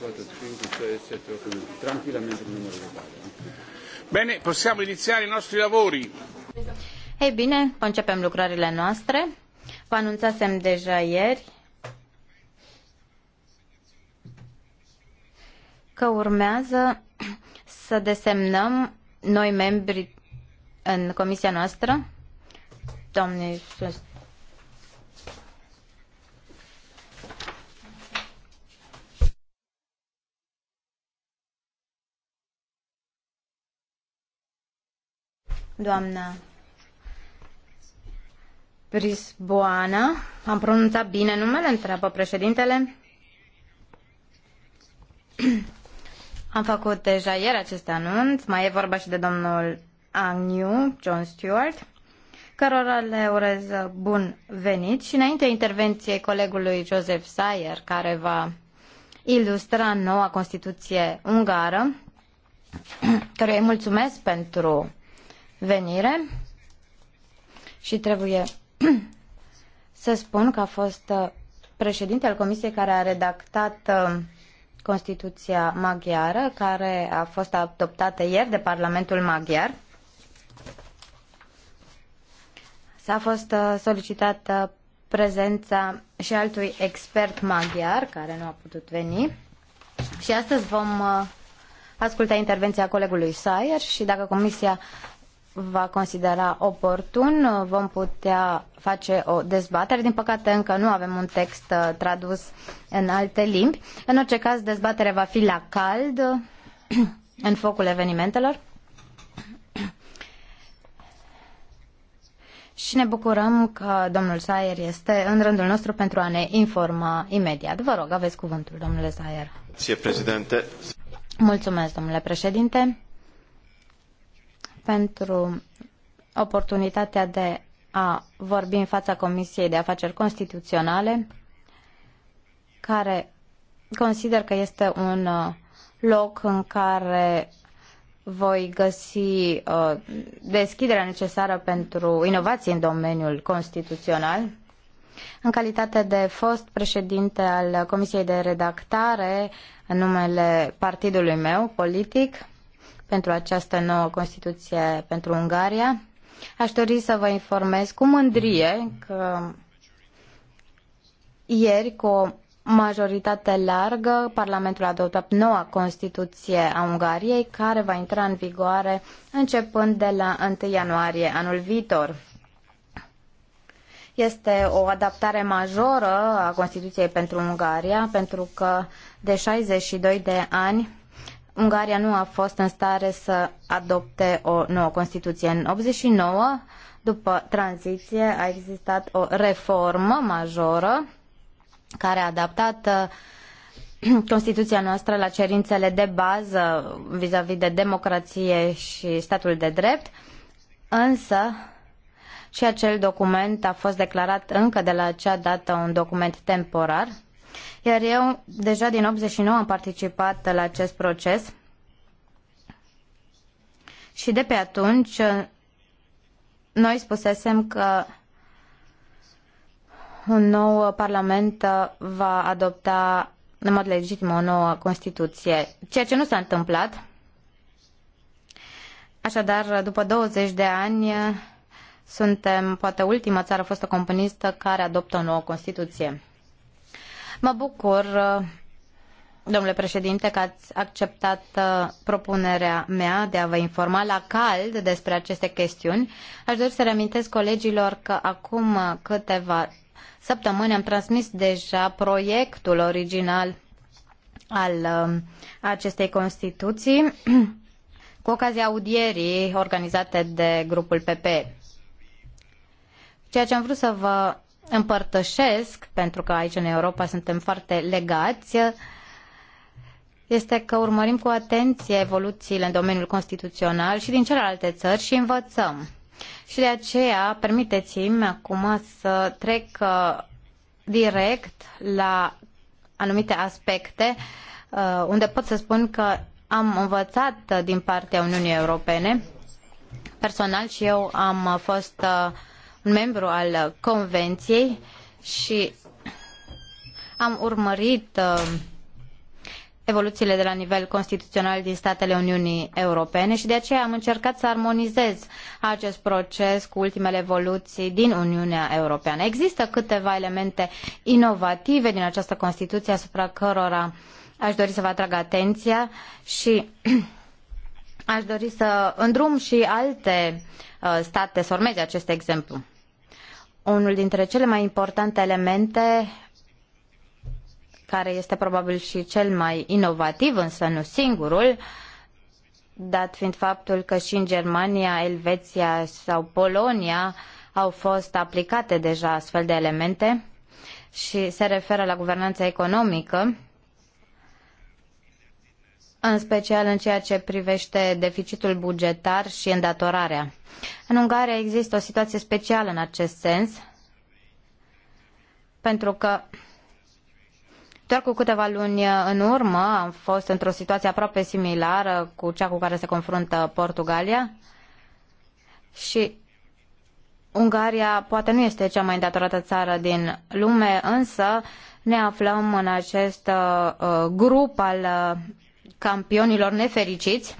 4, 5, 6, 7, 8, 9, tranquillamente il numero totale. Bene, possiamo iniziare i nostri lavori. Ei bine, începem lucrările noastre. Vă anunțasem deja ieri că urmează să desemnăm noi membri în comisia noastră, domnul doamna Prisboana. Am pronunțat bine numele, întreabă președintele. Am făcut deja ieri acest anunț. Mai e vorba și de domnul Agnew, John Stewart, cărora le urez bun venit și înainte intervenției colegului Joseph Sayer, care va ilustra noua Constituție ungară, căruia îi mulțumesc pentru venire și trebuie să spun că a fost uh, președinte al comisiei care a redactat uh, Constituția maghiară, care a fost adoptată ieri de Parlamentul maghiar. S-a fost uh, solicitată prezența și altui expert maghiar care nu a putut veni. Și astăzi vom asculta intervenția colegului Sayer și dacă Comisia va considera oportun, vom putea face o dezbatere. Din păcate, încă nu avem un text uh, tradus în alte limbi. În orice caz, dezbaterea va fi la cald, în focul evenimentelor. Și ne bucurăm că domnul Sayer este în rândul nostru pentru a ne informa imediat. Vă rog, aveți cuvântul, domnule Sayer. Mulțumesc, domnule președinte pentru oportunitatea de a vorbi în fața Comisiei de Afaceri Constituționale, care consider că este un uh, loc în care voi găsi uh, deschiderea necesară pentru inovații în domeniul constituțional. În calitate de fost președinte al Comisiei de Redactare, în numele partidului meu politic, pentru această nouă Constituție pentru Ungaria. Aș dori să vă informez cu mândrie că ieri, cu o majoritate largă, Parlamentul a adoptat noua Constituție a Ungariei, care va intra în vigoare începând de la 1 ianuarie anul viitor. Este o adaptare majoră a Constituției pentru Ungaria, pentru că de 62 de ani Ungaria nu a fost în stare să adopte o nouă Constituție. În 89, după tranziție, a existat o reformă majoră care a adaptat uh, Constituția noastră la cerințele de bază vis-a-vis de democrație și statul de drept, însă și acel document a fost declarat încă de la acea dată un document temporar iar eu, deja din 89, am participat la acest proces și de pe atunci noi spusesem că un nou parlament va adopta în mod legitim o nouă Constituție, ceea ce nu s-a întâmplat. Așadar, după 20 de ani, suntem poate ultima țară fostă comunistă care adoptă o nouă Constituție. Mă bucur, uh, domnule președinte, că ați acceptat uh, propunerea mea de a vă informa la cald despre aceste chestiuni. Aș dori să reamintesc colegilor că acum uh, câteva săptămâni am transmis deja proiectul original al acestei Constituții cu ocazia audierii organizate de grupul PP. Ceea ce am vrut să vă împărtășesc, pentru că aici în Europa suntem foarte legați, este că urmărim cu atenție evoluțiile în domeniul constituțional și din celelalte țări și învățăm. Și de aceea, permiteți-mi acum să trec uh, direct la anumite aspecte uh, unde pot să spun că am învățat din partea Uniunii Europene. Personal și eu am fost uh, membru al convenției și am urmărit uh, evoluțiile de la nivel constituțional din statele Uniunii Europene și de aceea am încercat să armonizez acest proces cu ultimele evoluții din Uniunea Europeană. Există câteva elemente inovative din această Constituție asupra cărora aș dori să vă atrag atenția și Aș dori să îndrum și alte uh, state să urmeze acest exemplu. Unul dintre cele mai importante elemente care este probabil și cel mai inovativ, însă nu singurul, dat fiind faptul că și în Germania, Elveția sau Polonia au fost aplicate deja astfel de elemente și se referă la guvernanța economică, în special în ceea ce privește deficitul bugetar și îndatorarea. În Ungaria există o situație specială în acest sens, pentru că doar cu câteva luni în urmă am fost într-o situație aproape similară cu cea cu care se confruntă Portugalia și Ungaria poate nu este cea mai îndatorată țară din lume, însă ne aflăm în acest uh, grup al uh, campionilor nefericiți.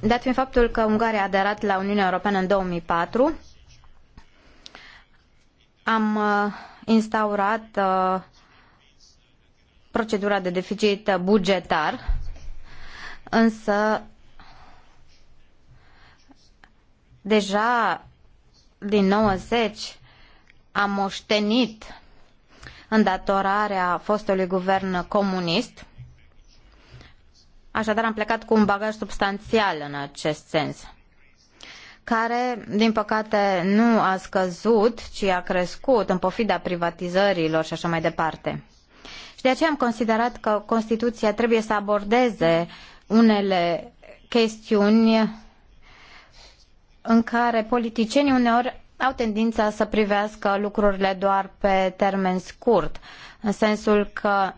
Dat fiind faptul că Ungaria a aderat la Uniunea Europeană în 2004, am uh, instaurat uh, procedura de deficit bugetar, însă deja din 90 am moștenit îndatorarea fostului guvern comunist. Așadar am plecat cu un bagaj substanțial în acest sens care, din păcate, nu a scăzut, ci a crescut în pofida privatizărilor și așa mai departe. Și de aceea am considerat că Constituția trebuie să abordeze unele chestiuni în care politicienii uneori au tendința să privească lucrurile doar pe termen scurt, în sensul că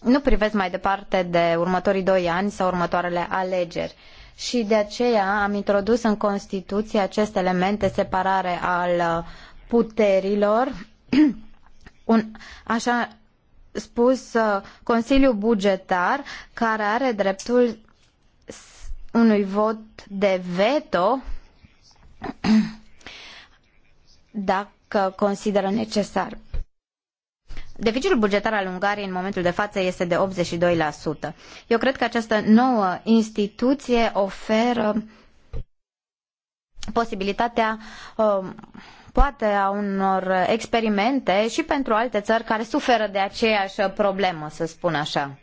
nu privesc mai departe de următorii doi ani sau următoarele alegeri. Și de aceea am introdus în Constituție acest element de separare al puterilor, un așa spus Consiliu Bugetar, care are dreptul unui vot de veto dacă consideră necesar. Deficitul bugetar al Ungariei în momentul de față este de 82%. Eu cred că această nouă instituție oferă posibilitatea um, poate a unor experimente și pentru alte țări care suferă de aceeași problemă, să spun așa.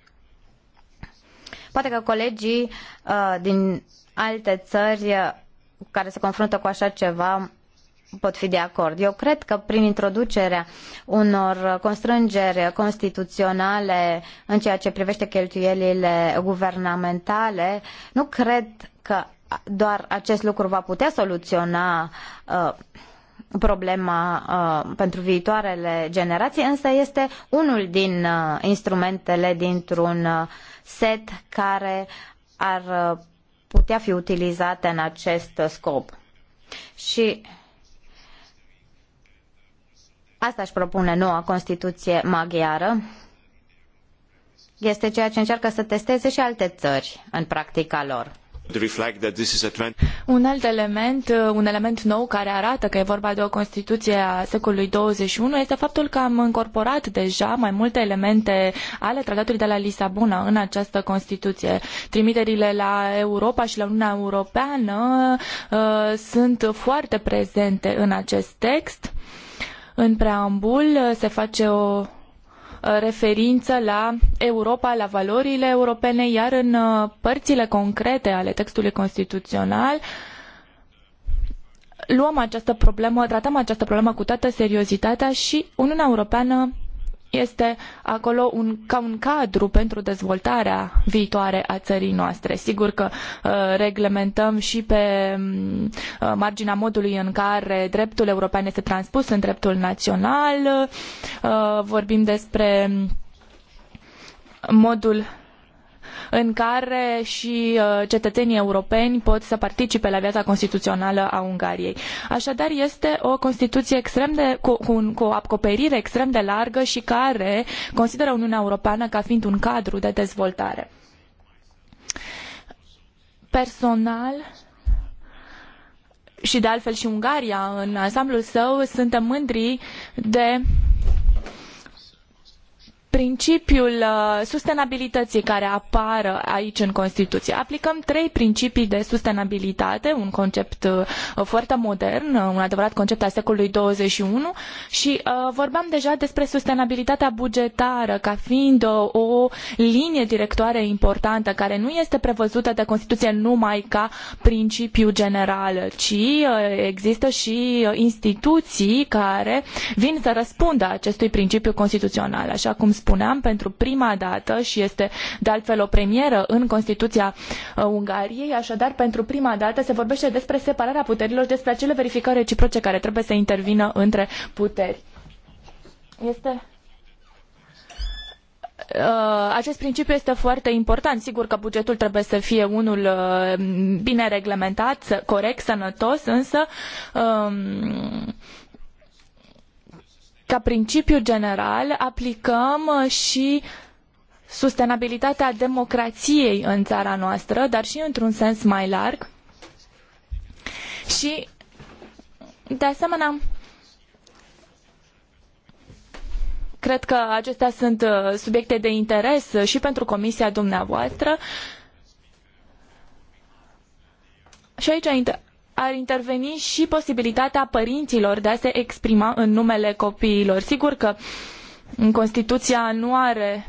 Poate că colegii uh, din alte țări uh, care se confruntă cu așa ceva pot fi de acord. Eu cred că prin introducerea unor constrângeri constituționale în ceea ce privește cheltuielile guvernamentale, nu cred că doar acest lucru va putea soluționa uh, problema uh, pentru viitoarele generații, însă este unul din uh, instrumentele dintr-un uh, set care ar uh, putea fi utilizate în acest scop. Și Asta își propune noua Constituție maghiară. Este ceea ce încearcă să testeze și alte țări în practica lor. Un alt element, uh, un element nou care arată că e vorba de o Constituție a secolului 21 este faptul că am incorporat deja mai multe elemente ale tratatului de la Lisabona în această Constituție. Trimiterile la Europa și la Uniunea Europeană uh, sunt foarte prezente în acest text. Uh, în preambul uh, se face o uh, referință la Europa, la valorile europene, iar în uh, părțile concrete ale textului constituțional luăm această problemă, tratăm această problemă cu toată seriozitatea și Uniunea Europeană este acolo un, ca un cadru pentru dezvoltarea viitoare a țării noastre. Sigur că uh, reglementăm și pe mm, uh, marginea modului în care dreptul european este transpus în dreptul național, uh, vorbim despre modul în care și uh, cetățenii europeni pot să participe la viața constituțională a Ungariei. Așadar, este o Constituție extrem de, cu, cu o acoperire extrem de largă și care consideră Uniunea Europeană ca fiind un cadru de dezvoltare. Personal, și de altfel și Ungaria în ansamblul său, suntem mândri de principiul uh, sustenabilității care apare aici în Constituție. Aplicăm trei principii de sustenabilitate, un concept uh, foarte modern, uh, un adevărat concept al secolului 21 și vorbeam deja despre sustenabilitatea bugetară ca fiind o, o linie directoare importantă care nu este prevăzută de Constituție numai ca principiu general, ci există și instituții care vin să răspundă acestui principiu constituțional, așa cum spuneam, pentru prima dată și este de altfel o premieră în Constituția uh, Ungariei, așadar pentru prima dată se vorbește despre separarea puterilor, despre acele verificări reciproce care trebuie să intervină între puteri. Este uh, acest principiu este foarte important. Sigur că bugetul trebuie să fie unul uh, bine reglementat, corect, sănătos, însă um, ca principiu general aplicăm uh, și sustenabilitatea democrației în țara noastră, dar și într-un sens mai larg. Și, de asemenea, cred că acestea sunt uh, subiecte de interes uh, și pentru comisia dumneavoastră. Și aici ar interveni și posibilitatea părinților de a se exprima în numele copiilor. Sigur că Constituția nu are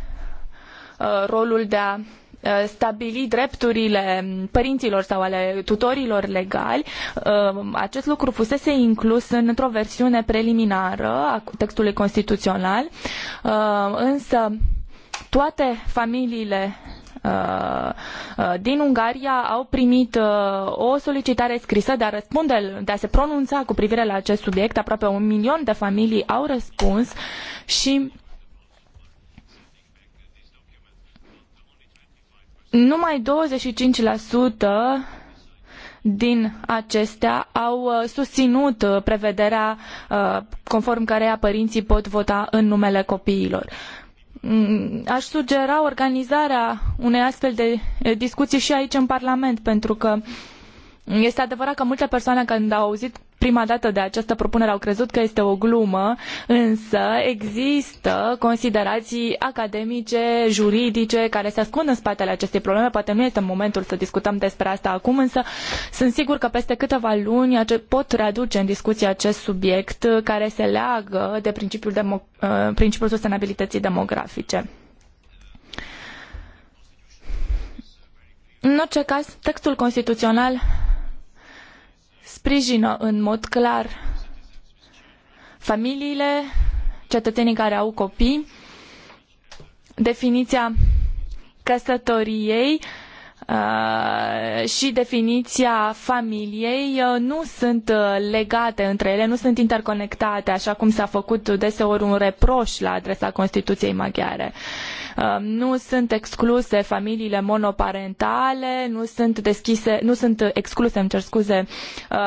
uh, rolul de a uh, stabili drepturile părinților sau ale tutorilor legali. Uh, acest lucru fusese inclus într-o versiune preliminară a textului constituțional, însă toate familiile Uh, uh, din Ungaria au primit uh, o solicitare scrisă de a răspunde, de a se pronunța cu privire la acest subiect. Aproape un milion de familii au răspuns și numai 25% din acestea au susținut prevederea conform căreia părinții pot vota în numele copiilor. Mm, aș sugera organizarea unei astfel de eh, discuții și aici în Parlament, pentru că este adevărat că multe persoane când au auzit prima dată de această propunere au crezut că este o glumă, însă există considerații academice, juridice, care se ascund în spatele acestei probleme. Poate nu este momentul să discutăm despre asta acum, însă sunt sigur că peste câteva luni pot readuce în discuție acest subiect care se leagă de principiul, demo- uh, principiul sustenabilității demografice. În orice caz, textul constituțional sprijină în mod clar familiile, cetățenii care au copii, definiția căsătoriei uh, Uh, și definiția familiei uh, nu sunt uh, legate între ele, nu sunt interconectate, așa cum s-a făcut deseori un reproș la adresa Constituției maghiare. Nu sunt excluse familiile monoparentale, nu sunt deschise, nu sunt excluse, îmi cer scuze,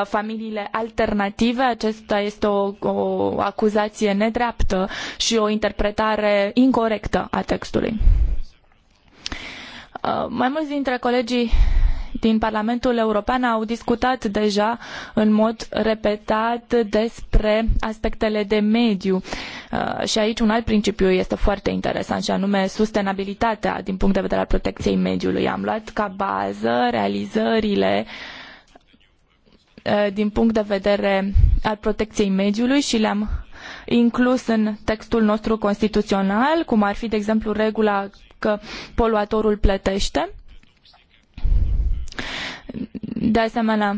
familiile alternative. Acesta este o, o acuzație nedreaptă și o interpretare incorrectă a textului. Uh, mai mulți dintre colegii din Parlamentul European au discutat deja în mod repetat despre aspectele de mediu. Uh, și aici un alt principiu este foarte interesant și anume sustenabilitatea din punct de vedere al protecției mediului. Am luat ca bază realizările uh, din punct de vedere al protecției mediului și le-am inclus în textul nostru constituțional, cum ar fi, de exemplu, regula că poluatorul plătește. De asemenea,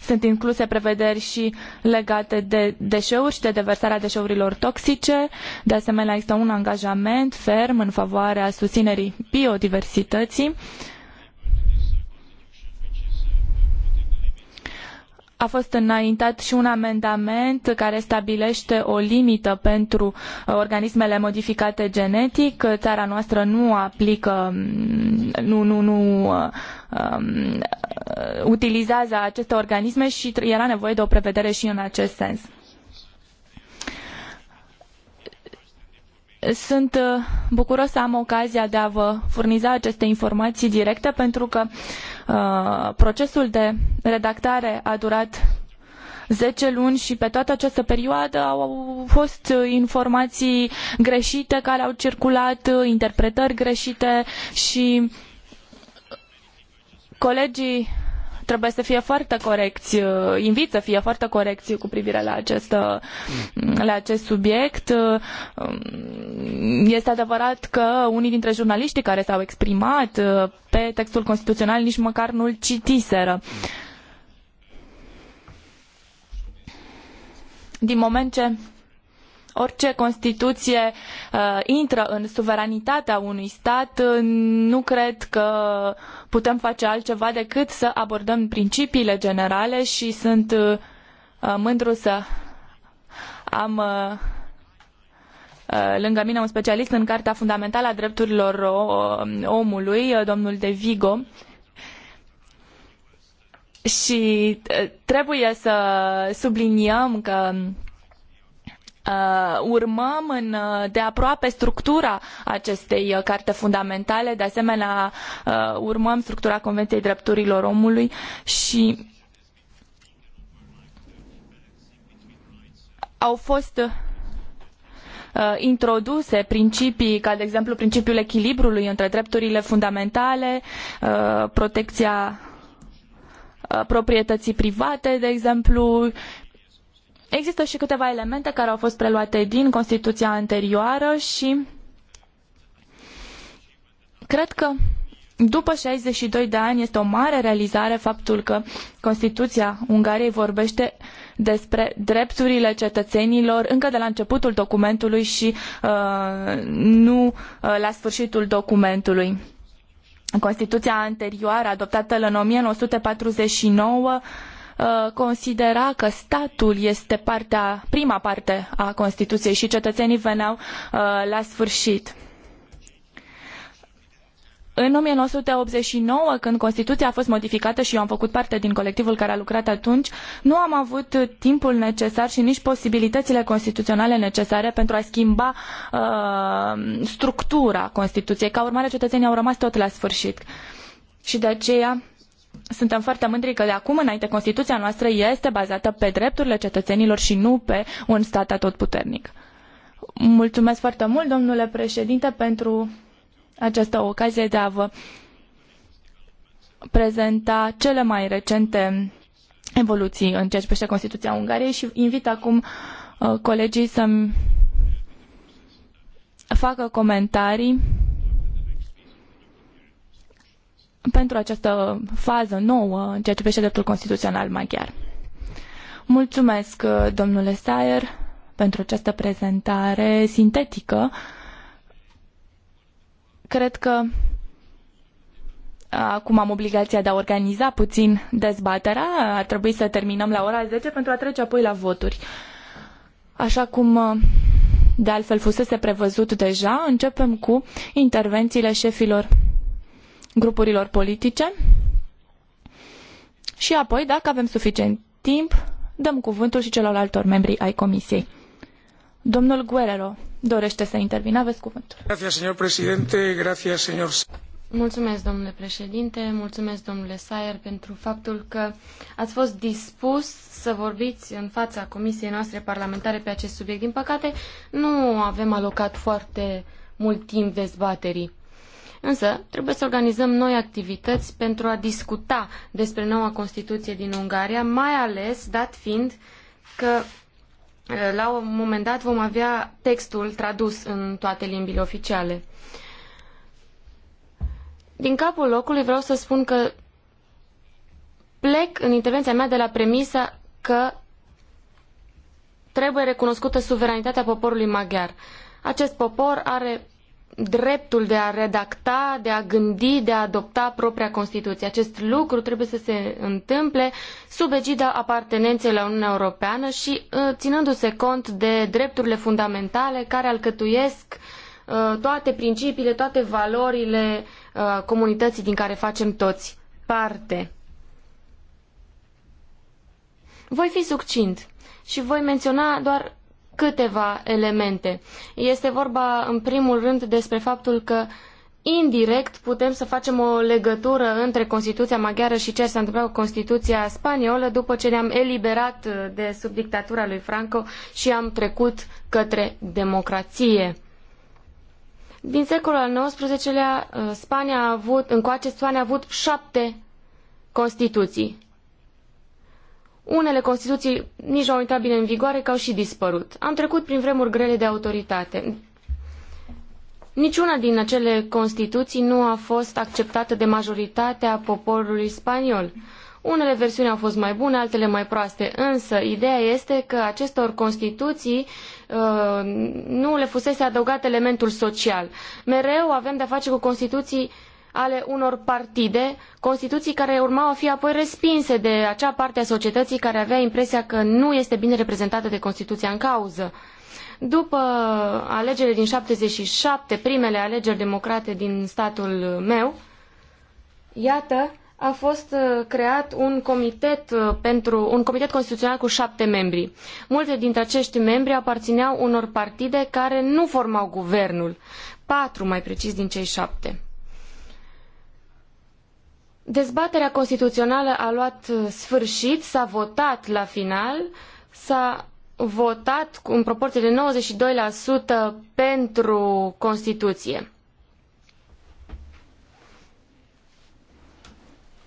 sunt incluse prevederi și legate de deșeuri și de deversarea deșeurilor toxice. De asemenea, există un angajament ferm în favoarea susținerii biodiversității. Uh, a fost înaintat și un amendament care stabilește o limită pentru uh, organismele modificate genetic. Țara noastră nu aplică, mm, nu, nu, nu uh, um, uh, utilizează aceste organisme și era nevoie de o prevedere și în acest sens. Sunt bucuros să am ocazia de a vă furniza aceste informații directe pentru că uh, Uh, procesul de redactare a durat zece luni și pe toată această perioadă au fost informații greșite care au circulat, interpretări greșite și colegii trebuie să fie foarte corecți, uh, invit să fie foarte corecți cu privire la acest, uh, mm. la acest subiect. Uh, este adevărat că unii dintre jurnaliștii care s-au exprimat pe textul constituțional nici măcar nu-l citiseră. Din moment ce orice Constituție uh, intră în suveranitatea unui stat, nu cred că uh, putem face altceva decât să abordăm principiile generale și sunt uh, uh, mândru să am uh, lângă mine un specialist în Carta Fundamentală a Drepturilor Omului, domnul De Vigo, și trebuie să subliniem că Uh, urmăm în, uh, de aproape structura acestei uh, carte fundamentale, de asemenea urmăm structura Convenției Drepturilor Omului și au fost introduse principii ca de exemplu principiul echilibrului între drepturile fundamentale, protecia proprietății private, de exemplu, Există și câteva elemente care au fost preluate din Constituția anterioară și cred că după 62 de ani este o mare realizare faptul că Constituția Ungariei vorbește despre drepturile cetățenilor încă de la începutul documentului și uh, nu uh, la sfârșitul documentului. Constituția anterioară, adoptată în 1949, Uh, considera că statul este partea, prima parte a Constituției și cetățenii veneau uh, la sfârșit. În 1989, când Constituția a fost modificată și eu am făcut parte din colectivul care a lucrat atunci, nu am avut timpul necesar și nici posibilitățile constituționale necesare pentru a schimba uh, structura Constituției. Ca urmare, cetățenii au rămas tot la sfârșit. Și de aceea suntem foarte mândri că de acum înainte Constituția noastră este bazată pe drepturile cetățenilor și nu pe un stat atotputernic. Mulțumesc foarte mult, domnule președinte, pentru această ocazie de a vă prezenta cele mai recente evoluții în ceea ce privește Constituția Ungariei și invit acum uh, colegii să-mi facă comentarii pentru această fază nouă în ceea ce privește dreptul constituțional maghiar. Mulțumesc, uh, domnule Sayer, pentru această prezentare sintetică. Cred că acum am obligația de a organiza puțin dezbaterea. Ar trebui să terminăm la ora 10 pentru a trece apoi la voturi. Așa cum uh, de altfel fusese prevăzut deja, începem cu intervențiile șefilor grupurilor politice. Și apoi, dacă avem suficient timp, dăm cuvântul și celorlaltor membri ai comisiei. Domnul Guerrero dorește să intervină. Aveți cuvântul. Mulțumesc, domnule președinte, mulțumesc, domnule Sayer, pentru faptul că ați fost dispus să vorbiți în fața comisiei noastre parlamentare pe acest subiect. Din păcate, nu avem alocat foarte mult timp dezbaterii. Însă, trebuie să organizăm noi activități pentru a discuta despre noua Constituție din Ungaria, mai ales dat fiind că eh, la un moment dat vom avea textul tradus în toate limbile oficiale. Din capul locului vreau să spun că plec în intervenția mea de la premisa că trebuie recunoscută suveranitatea poporului maghiar. Acest popor are dreptul de a redacta, de a gândi, de a adopta propria Constituție. Acest lucru trebuie să se întâmple sub egida apartenenței la Uniunea Europeană și uh, ținându-se cont de drepturile fundamentale care alcătuiesc uh, toate principiile, toate valorile uh, comunității din care facem toți parte. Voi fi succint și voi menționa doar câteva elemente. Este vorba, în primul rând, despre faptul că indirect putem să facem o legătură între Constituția maghiară și ce s-a întâmplat cu Constituția spaniolă după ce ne-am eliberat uh, de sub dictatura lui Franco și am trecut către democrație. Din secolul al XIX-lea, uh, Spania a avut, încoace Spania a avut șapte Constituții. Unele Constituții nici nu au intrat bine în vigoare, că au și dispărut. Am trecut prin vremuri grele de autoritate. Niciuna din acele Constituții nu a fost acceptată de majoritatea poporului spaniol. Unele versiuni au fost mai bune, altele mai proaste, însă ideea este că acestor Constituții uh, nu le fusese adăugat elementul social. Mereu avem de-a face cu Constituții uh, ale unor partide, constituții care urmau a fi apoi respinse de acea parte a societății care avea impresia că nu este bine reprezentată de Constituția în cauză. După alegerile din 77, primele alegeri democrate din statul meu, iată, a fost uh, creat un comitet uh, pentru un comitet constituțional cu șapte membri. Multe dintre acești membri aparțineau unor partide care nu formau guvernul, patru mai precis din cei șapte. Dezbaterea constituțională a luat uh, sfârșit, s-a votat la final, s-a votat în proporție de 92% pentru Constituție.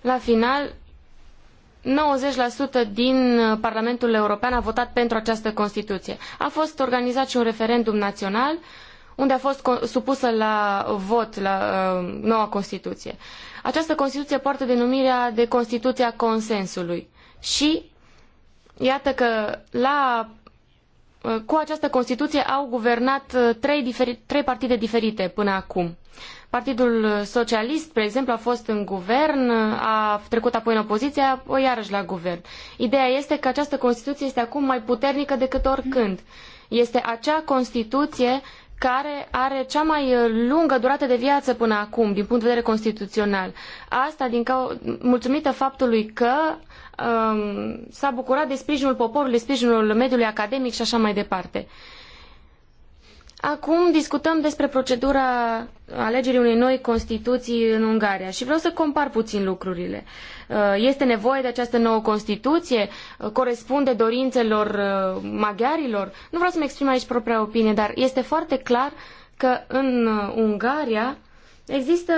La final, 90% din uh, Parlamentul European a votat pentru această Constituție. A fost organizat și un referendum național unde a fost supusă la vot la uh, noua Constituție. Această Constituție poartă denumirea de Constituția Consensului. Și iată că la, cu această Constituție au guvernat uh, trei, diferi, trei partide diferite până acum. Partidul Socialist, spre exemplu, a fost în guvern, a trecut apoi în opoziție, apoi iarăși la guvern. Ideea este că această Constituție este acum mai puternică decât oricând. Este acea Constituție care are cea mai uh, lungă durată de viață până acum, din punct de vedere constituțional. Asta din cau- mulțumită faptului că um, s-a bucurat de sprijinul poporului, sprijinul mediului academic și așa mai departe. Uh, Acum discutăm despre procedura alegerii unei noi Constituții în Ungaria și vreau să compar puțin lucrurile. Uh, este nevoie de această nouă Constituție? Uh, corespunde dorințelor uh, maghiarilor? Nu vreau să-mi exprim aici propria opinie, dar este foarte clar că în Ungaria există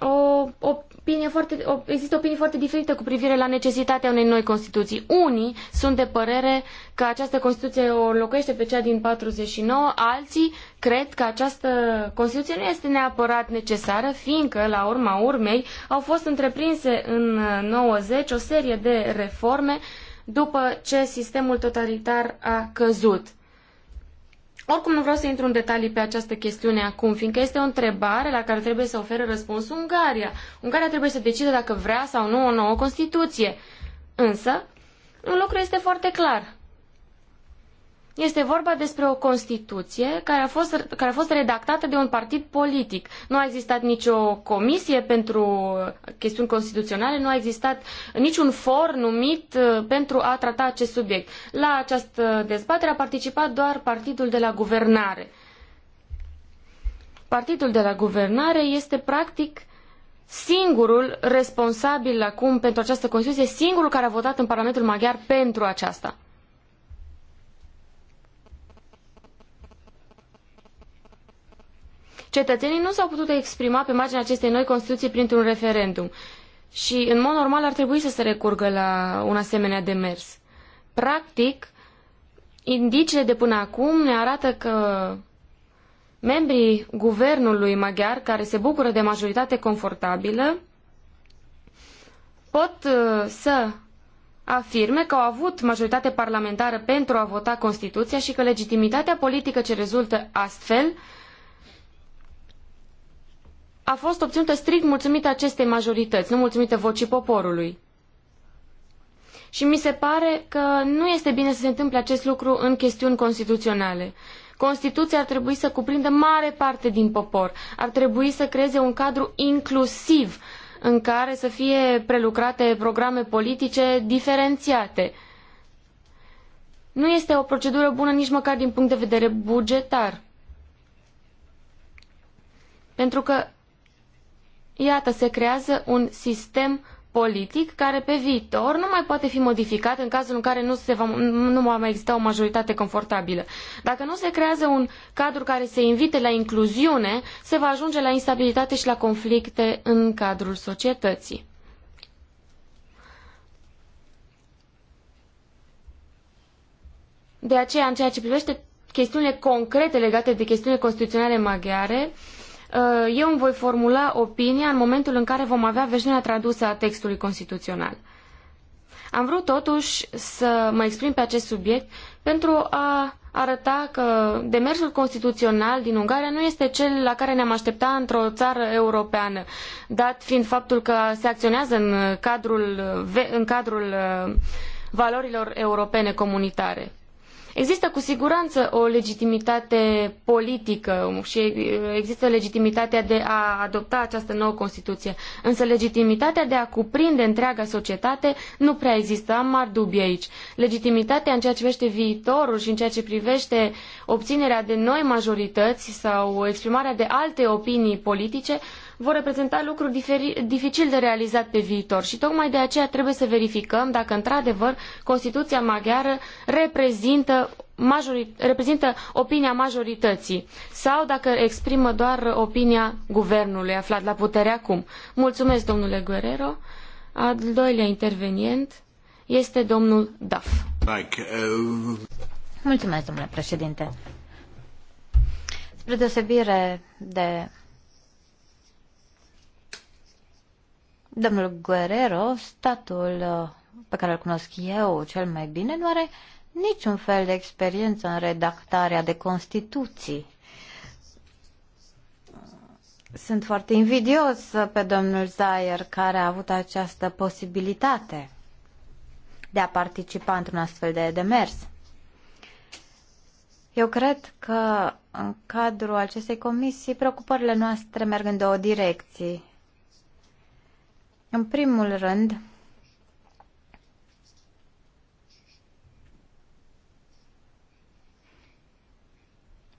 o, o opinie foarte, există opinii foarte diferite cu privire la necesitatea unei noi Constituții. Unii sunt de părere că această Constituție o locuiește pe cea din 49, alții cred că această Constituție nu este neapărat necesară, fiindcă, la urma urmei, au fost întreprinse în 90 o serie de reforme după ce sistemul totalitar a căzut. Oricum nu vreau să intru în detalii pe această chestiune acum, fiindcă este o întrebare la care trebuie să ofere răspuns Ungaria. Ungaria trebuie să decide dacă vrea sau nu o nouă Constituție. Însă, un lucru este foarte clar. Este vorba despre o Constituție care a, fost, care a fost redactată de un partid politic. Nu a existat nicio comisie pentru chestiuni constituționale, nu a existat niciun for numit uh, pentru a trata acest subiect. La această dezbatere a participat doar partidul de la guvernare. Partidul de la guvernare este practic singurul responsabil acum pentru această Constituție, singurul care a votat în Parlamentul Maghiar pentru aceasta. cetățenii nu s-au putut exprima pe marginea acestei noi Constituții printr-un referendum. Și, în mod normal, ar trebui să se recurgă la un asemenea demers. Practic, indiciile de până acum ne arată că membrii guvernului maghiar, care se bucură de majoritate confortabilă, pot uh, să afirme că au avut majoritate parlamentară pentru a vota Constituția și că legitimitatea politică ce rezultă astfel uh, a fost obținută strict mulțumită acestei majorități, nu mulțumită vocii poporului. Și mi se pare că nu este bine să se întâmple acest lucru în chestiuni constituționale. Constituția ar trebui să cuprindă mare parte din popor. Ar trebui să creeze un cadru inclusiv în care să fie prelucrate programe politice diferențiate. Nu este o procedură bună nici măcar din punct de vedere bugetar. Pentru că Iată, se creează un sistem politic care pe viitor nu mai poate fi modificat în cazul în care nu, se va, nu va mai exista o majoritate confortabilă. Dacă nu se creează un cadru care se invite la incluziune, se va ajunge la instabilitate și la conflicte în cadrul societății. De aceea, în ceea ce privește chestiunile concrete legate de chestiunile constituționale maghiare, uh, Uh, eu îmi voi formula opinia în momentul în care vom avea versiunea tradusă a textului constituțional. Am vrut totuși să mă exprim pe acest subiect pentru a arăta că demersul constituțional din Ungaria nu este cel la care ne-am aștepta într-o țară europeană, dat fiind faptul că se acționează în cadrul, în cadrul uh, valorilor europene comunitare. Există cu siguranță o legitimitate politică și există legitimitatea de a adopta această nouă Constituție, însă legitimitatea de a cuprinde întreaga societate nu prea există. Am mari dubii aici. Legitimitatea în ceea ce privește viitorul și în ceea ce privește obținerea de noi majorități sau exprimarea de alte opinii politice vor reprezenta lucruri diferi, dificil de realizat pe viitor și tocmai de aceea trebuie să verificăm dacă într-adevăr Constituția maghiară reprezintă, majorit, reprezintă opinia majorității sau dacă exprimă doar opinia guvernului aflat la putere acum. Mulțumesc, domnule Guerrero. Al doilea intervenient este domnul Duff. Uh, Mulțumesc, domnule președinte. Spre deosebire de domnul Guerrero, statul uh, pe care îl cunosc eu cel mai bine, nu are niciun fel de experiență în redactarea de Constituții. Sunt foarte invidios pe domnul Zayer care a avut această posibilitate de a participa într-un astfel de demers. Eu cred că în cadrul acestei comisii preocupările noastre merg în două direcții. În primul rând,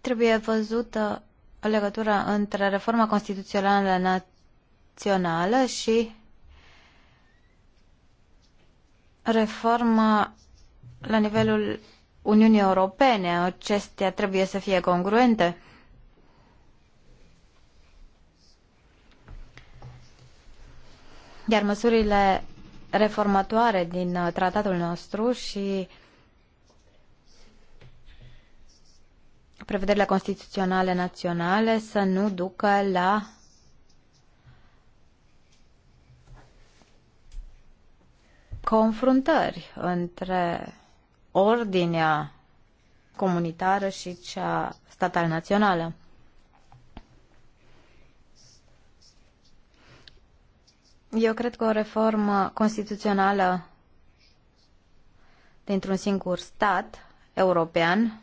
trebuie văzută legătura între reforma constituțională națională și reforma la nivelul Uniunii Europene. Acestea trebuie să fie congruente. Iar măsurile reformatoare din uh, tratatul nostru și prevederile constituționale naționale să nu ducă la confruntări între ordinea comunitară și cea statal națională. Eu cred că o reformă constituțională dintr-un singur stat european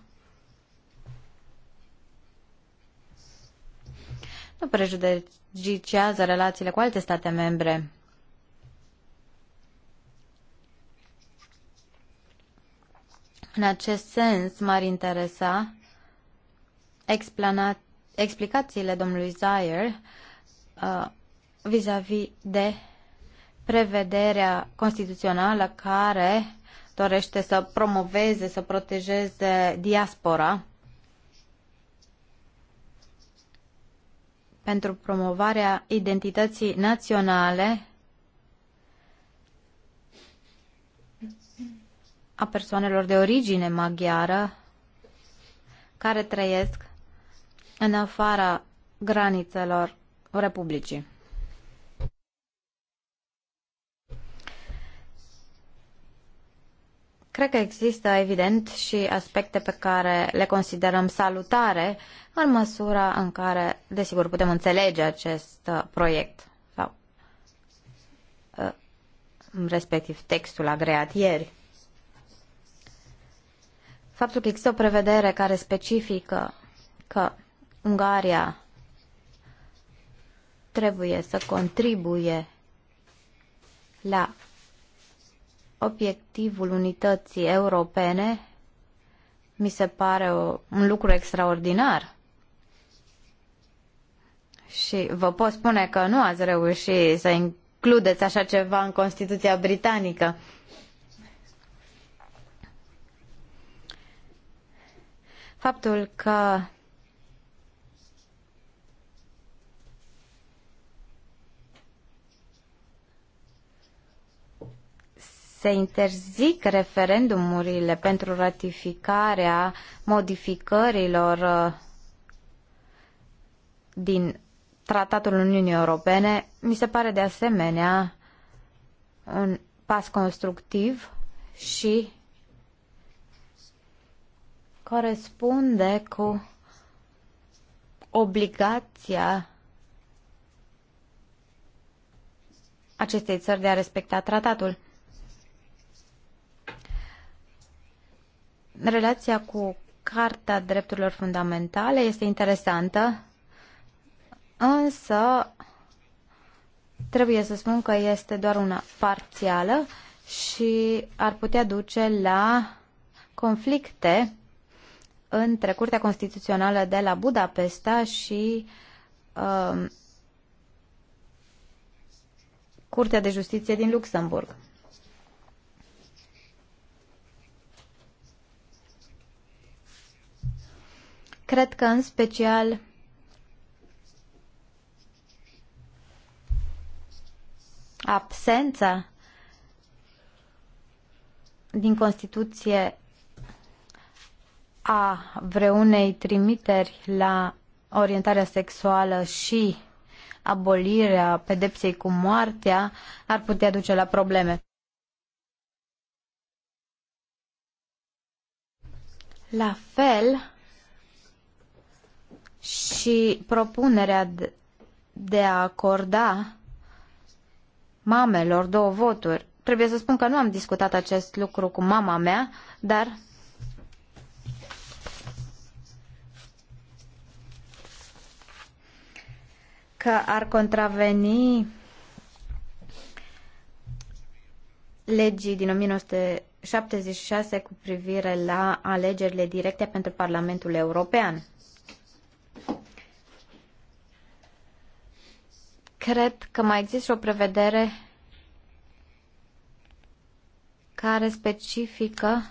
nu prejudicează relațiile cu alte state membre. În acest sens, m-ar interesa explicațiile domnului Zayer. uh, vis-a-vis -vis de prevederea constituțională care dorește să promoveze, să protejeze diaspora pentru promovarea identității naționale a persoanelor de origine maghiară care trăiesc în afara granițelor Republicii. Cred că există, evident, și aspecte pe care le considerăm salutare în măsura în care, desigur, putem înțelege acest uh, proiect sau uh, respectiv textul agreat ieri. Faptul că există o prevedere care specifică că Ungaria trebuie să contribuie la obiectivul unității europene mi se pare o, un lucru extraordinar. Și vă pot spune că nu ați reușit să includeți așa ceva în Constituția Britanică. Faptul că se interzic referendumurile pentru ratificarea modificărilor uh, din Tratatul Uniunii Europene, mi se pare de asemenea un pas constructiv și corespunde cu obligația acestei țări de a respecta tratatul. Relația cu Carta Drepturilor Fundamentale este interesantă, însă trebuie să spun că este doar una parțială și ar putea duce la conflicte între Curtea Constituțională de la Budapesta și uh, Curtea de Justiție din Luxemburg. Cred că în special absența din Constituție a vreunei trimiteri la orientarea sexuală și abolirea pedepsei cu moartea ar putea duce la probleme. La fel, și propunerea de a acorda mamelor două voturi. Trebuie să spun că nu am discutat acest lucru cu mama mea, dar că ar contraveni legii din 1976 cu privire la alegerile directe pentru Parlamentul European. cred că mai există o prevedere care specifică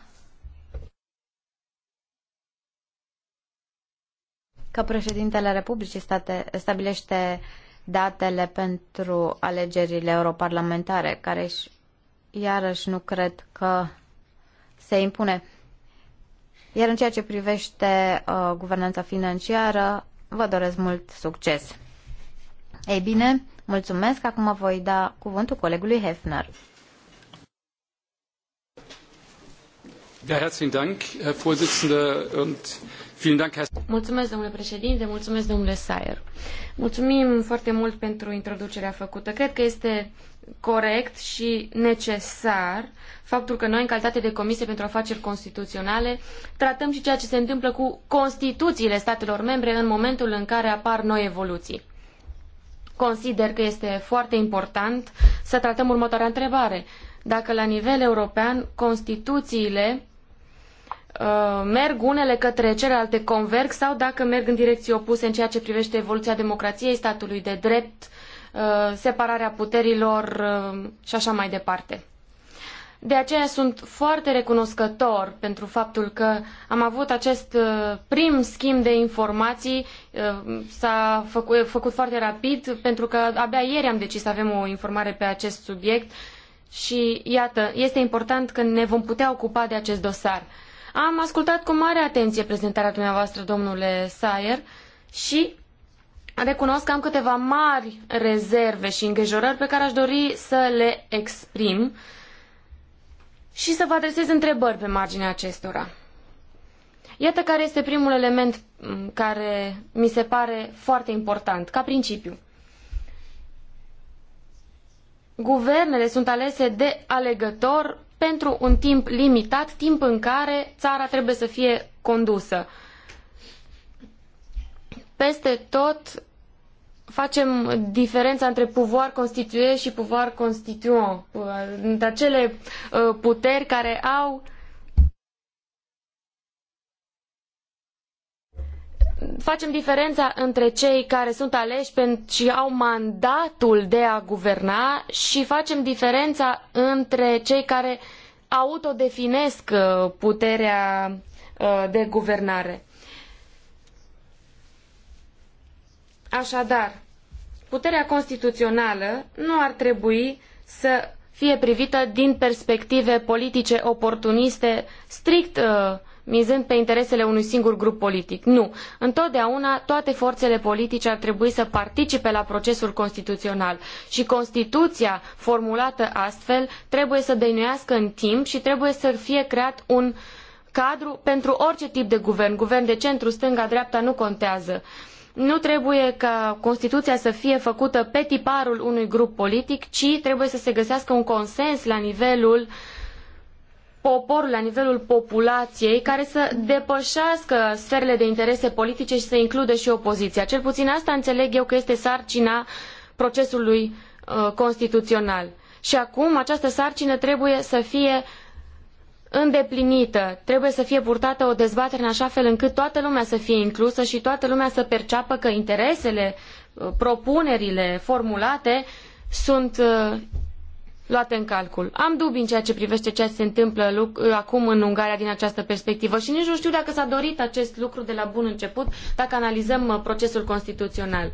că președintele Republicii state, stabilește datele pentru alegerile europarlamentare, care iarăși nu cred că se impune. Iar în ceea ce privește uh, guvernanța financiară, vă doresc mult succes! Ei bine, mulțumesc. Acum voi da cuvântul colegului Hefner. Mulțumesc, domnule președinte, mulțumesc, domnule Sayer. Mulțumim foarte mult pentru introducerea făcută. Cred că este corect și necesar faptul că noi, în calitate de Comisie pentru Afaceri Constituționale, tratăm și ceea ce se întâmplă cu Constituțiile statelor membre în momentul în care apar noi evoluții consider că este foarte important să tratăm următoarea întrebare. Dacă la nivel european constituțiile uh, merg unele către celelalte converg sau dacă merg în direcții opuse în ceea ce privește evoluția democrației, statului de drept, uh, separarea puterilor uh, și așa mai departe. De aceea sunt foarte recunoscător pentru faptul că am avut acest uh, prim schimb de informații, uh, s-a făcut, făcut foarte rapid, pentru că abia ieri am decis să avem o informare pe acest subiect și iată, este important că ne vom putea ocupa de acest dosar. Am ascultat cu mare atenție prezentarea dumneavoastră, domnule Sayer, și recunosc că am câteva mari rezerve și îngrijorări pe care aș dori să le exprim uh, și să vă adresez întrebări pe marginea acestora. Iată care este primul element care mi se pare foarte important, ca principiu. Guvernele sunt alese de alegător pentru un timp limitat, timp în care țara trebuie să fie condusă. Peste tot facem diferența între pouvoir constitué și pouvoir constituant, uh, între acele uh, puteri care au facem diferența între cei care sunt aleși și au mandatul de a guverna și facem diferența între cei care autodefinesc uh, puterea de guvernare. Așadar, puterea constituțională nu ar trebui să fie privită din perspective politice oportuniste, strict uh, mizând pe interesele unui singur grup politic. Nu. Întotdeauna toate forțele politice ar trebui să participe la procesul constituțional și Constituția formulată astfel trebuie să dăinuiască în timp și trebuie să fie creat un cadru pentru orice tip de guvern. Guvern de centru, stânga, dreapta, nu contează. Uh, nu trebuie ca Constituția să fie făcută pe tiparul unui grup politic, ci trebuie să se găsească un consens la nivelul poporul la nivelul populației care să depășească sferele de interese politice și să includă și opoziția. Cel puțin asta înțeleg eu că este sarcina procesului uh, constituțional. Și acum această sarcină trebuie să fie îndeplinită, trebuie să fie purtată o dezbatere în așa fel încât toată lumea să fie inclusă și toată lumea să perceapă că interesele, uh, propunerile formulate sunt uh, luate în calcul. Am dubii în ceea ce privește ceea ce se întâmplă uh, acum în Ungaria din această perspectivă și nici nu știu dacă s-a dorit acest lucru de la bun început, dacă analizăm procesul constituțional.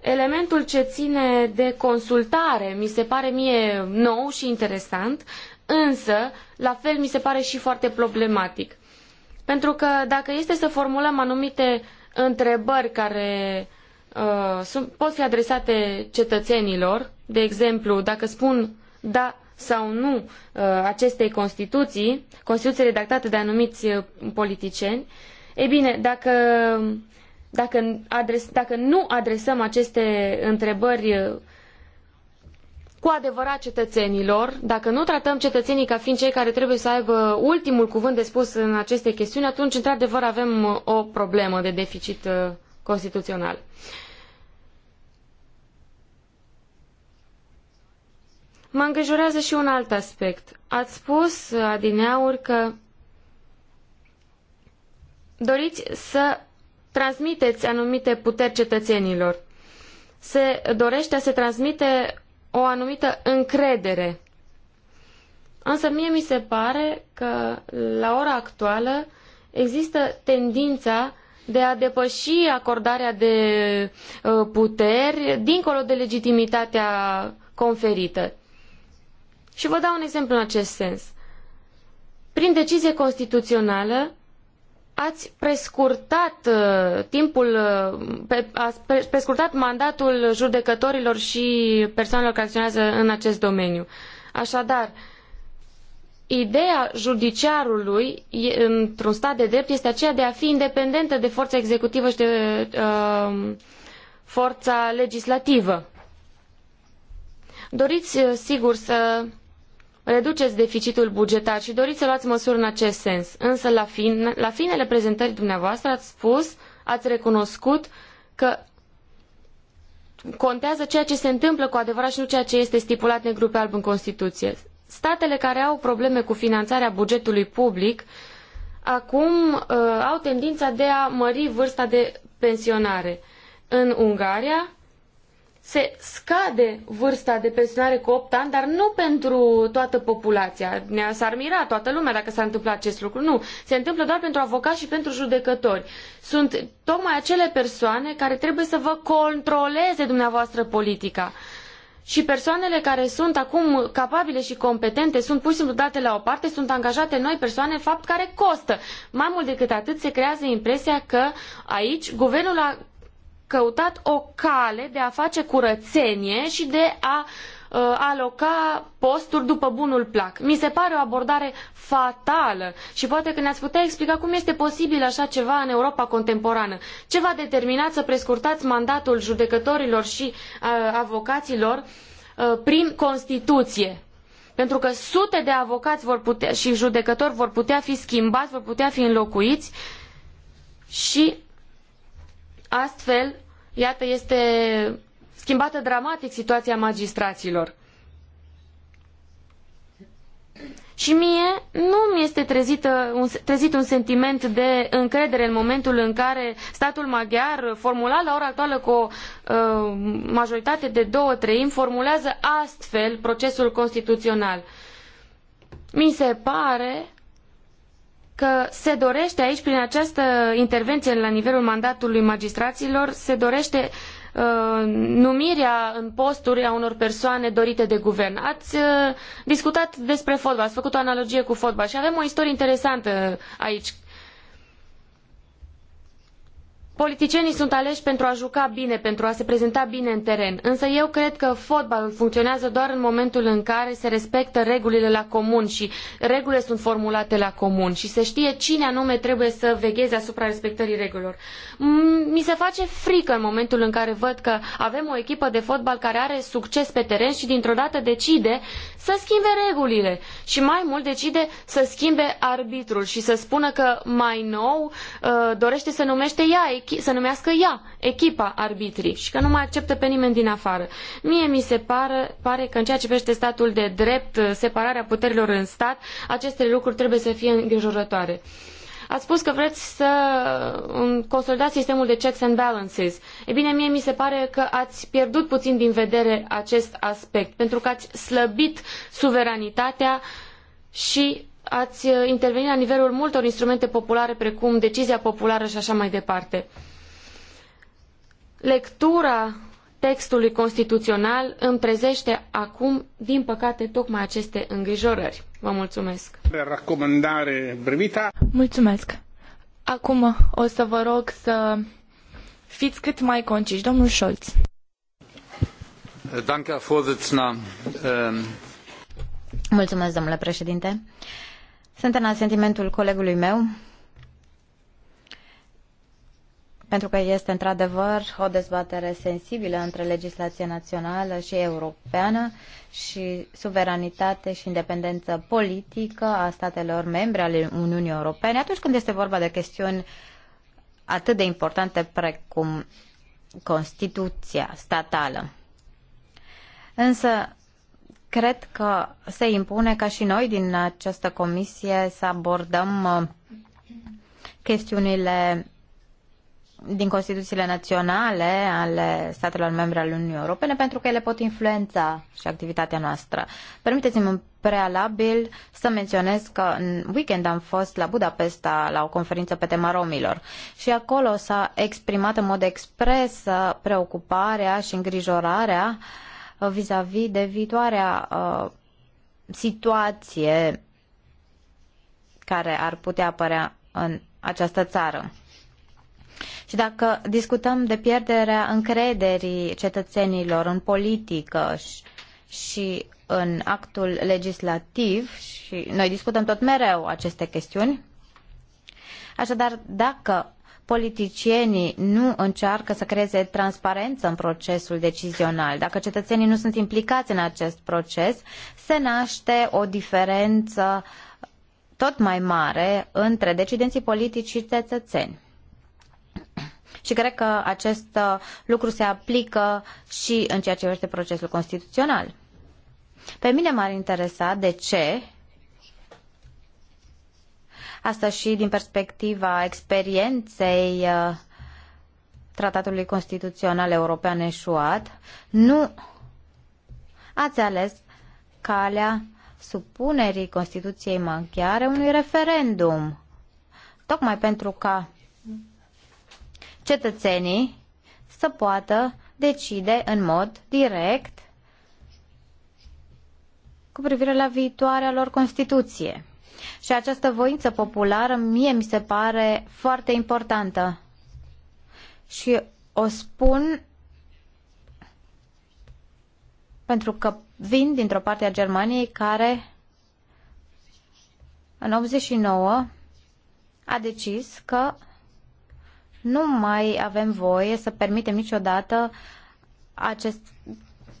Elementul ce ține de consultare mi se pare mie nou și interesant, însă la fel mi se pare și foarte problematic. Pentru că dacă este să formulăm anumite întrebări care uh, sunt, pot fi adresate cetățenilor, de exemplu, dacă spun da sau nu uh, acestei Constituții, Constituții redactate de anumiți uh, politicieni, e bine, dacă, dacă, adres, dacă nu adresăm aceste întrebări uh, cu adevărat cetățenilor, dacă nu tratăm cetățenii ca fiind cei care trebuie să aibă ultimul cuvânt de spus în aceste chestiuni, atunci, într-adevăr, avem uh, o problemă de deficit uh, constituțional. Mă îngrijorează și un alt aspect. Ați spus, uh, adineauri, că doriți să transmiteți anumite puteri cetățenilor. Se dorește a se transmite o anumită încredere. Însă mie mi se pare că la ora actuală există tendința de a depăși acordarea de ă, puteri dincolo de legitimitatea conferită. Și vă dau un exemplu în acest sens. Prin decizie constituțională, ați prescurtat uh, timpul, uh, ați prescurtat mandatul judecătorilor și persoanelor care acționează în acest domeniu. Așadar, ideea judiciarului într-un stat de drept este aceea de a fi independentă de forța executivă și de uh, forța legislativă. Doriți, uh, sigur, să reduceți deficitul bugetar și doriți să luați măsuri în acest sens. Însă la, fin, la finele prezentării dumneavoastră ați spus, ați recunoscut că contează ceea ce se întâmplă cu adevărat și nu ceea ce este stipulat negru pe alb în Constituție. Statele care au probleme cu finanțarea bugetului public acum uh, au tendința de a mări vârsta de pensionare. În Ungaria, se scade vârsta de pensionare cu 8 ani, dar nu pentru toată populația. S-ar mira toată lumea dacă s-ar întâmpla acest lucru. Nu. Se întâmplă doar pentru avocați și pentru judecători. Sunt tocmai acele persoane care trebuie să vă controleze dumneavoastră politica. Și persoanele care sunt acum capabile și competente sunt pur și simplu date la o parte, sunt angajate noi persoane, fapt care costă. Mai mult decât atât, se creează impresia că aici guvernul a căutat o cale de a face curățenie și de a uh, aloca posturi după bunul plac. Mi se pare o abordare fatală și poate că ne-ați putea explica cum este posibil așa ceva în Europa contemporană. Ce v-a determinat să prescurtați mandatul judecătorilor și uh, avocaților uh, prin Constituție? Pentru că sute de avocați vor putea, și judecători vor putea fi schimbați, vor putea fi înlocuiți și Astfel, iată, este schimbată dramatic situația magistraților. Și mie nu mi este un, trezit un sentiment de încredere în momentul în care statul maghiar, formulat la ora actuală cu o uh, majoritate de două treimi, formulează astfel procesul constituțional. Mi se pare că se dorește aici, prin această intervenție la nivelul mandatului magistraților, se dorește uh, numirea în posturi a unor persoane dorite de guvern. Ați uh, discutat despre fotbal, ați făcut o analogie cu fotbal și avem o istorie interesantă aici Politicienii sunt aleși pentru a juca bine, pentru a se prezenta bine în teren, însă eu cred că fotbalul funcționează doar în momentul în care se respectă regulile la comun și regulile sunt formulate la comun și se știe cine anume trebuie să vegheze asupra respectării regulilor. Mm, mi se face frică în momentul în care văd că avem o echipă de fotbal care are succes pe teren și dintr-o dată decide să schimbe regulile și mai mult decide să schimbe arbitrul și să spună că mai nou uh, dorește să numește ea să numească ea echipa arbitrii și că nu mai acceptă pe nimeni din afară. Mie mi se pare, pare că în ceea ce privește statul de drept, separarea puterilor în stat, aceste lucruri trebuie să fie îngrijorătoare. Ați spus că vreți să um, consolidați sistemul de checks and balances. E bine, mie mi se pare că ați pierdut puțin din vedere acest aspect, pentru că ați slăbit suveranitatea și ai uh, intervenit la nivelul multor instrumente populare, precum decizia populară și așa mai departe. Lectura textului constituțional îmi trezește acum, din păcate, tocmai aceste îngrijorări. Vă mulțumesc. Recomandare brevita. Mulțumesc. Acum o să vă rog să fiți cât mai conciși. Domnul Scholz. Mulțumesc, domnule președinte. Sunt în asentimentul colegului meu, pentru că este într-adevăr o dezbatere sensibilă între legislația națională și europeană și suveranitate și independență politică a statelor membre ale Uniunii Europene atunci când este vorba de chestiuni atât de importante precum Constituția statală. Însă, cred că se impune ca și noi din această comisie să abordăm uh, chestiunile din Constituțiile naționale ale statelor membre ale Uniunii Europene pentru că ele pot influența și activitatea noastră. Permiteți-mi în prealabil să menționez că în weekend am fost la Budapesta la o conferință pe tema romilor și acolo s-a exprimat în mod expres uh, preocuparea și îngrijorarea uh, Uh, vis-a-vis -vis de viitoarea uh, situație care ar putea apărea în această țară. Și dacă discutăm de pierderea încrederii cetățenilor în politică și în actul legislativ, și noi discutăm tot mereu aceste chestiuni, așadar, dacă politicienii nu încearcă să creeze transparență în procesul decizional, dacă cetățenii nu sunt implicați în acest proces, se naște o diferență tot mai mare între decidenții politici și cetățeni. Și cred că acest lucru se aplică și în ceea ce privește procesul constituțional. Pe mine m-ar interesa de ce Asta și din perspectiva experienței uh, Tratatului Constituțional European eșuat, nu ați ales calea supunerii Constituției maghiare unui referendum, tocmai pentru ca cetățenii să poată decide în mod direct cu privire la viitoarea lor Constituție. Și această voință populară mie mi se pare foarte importantă. Și o spun pentru că vin dintr-o parte a Germaniei care în 89 a decis că nu mai avem voie să permitem niciodată acest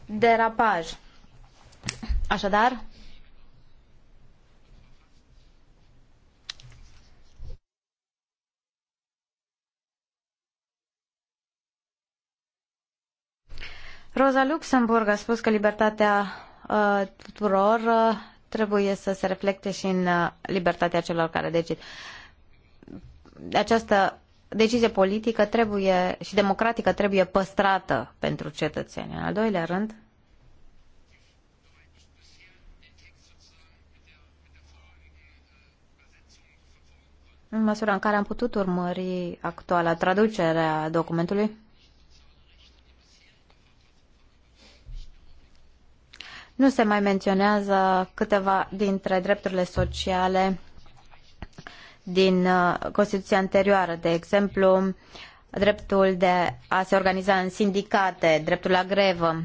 derapaj. Așadar, Rosa Luxemburg a spus că libertatea uh, tuturor uh, trebuie să se reflecte și în uh, libertatea celor care decid. Această decizie politică trebuie și democratică trebuie păstrată pentru cetățeni. În al doilea rând, în măsura în care am putut urmări actuala traducere a documentului, Nu se mai menționează câteva dintre drepturile sociale din uh, Constituția anterioară, de exemplu, dreptul de a se organiza în sindicate, dreptul la grevă,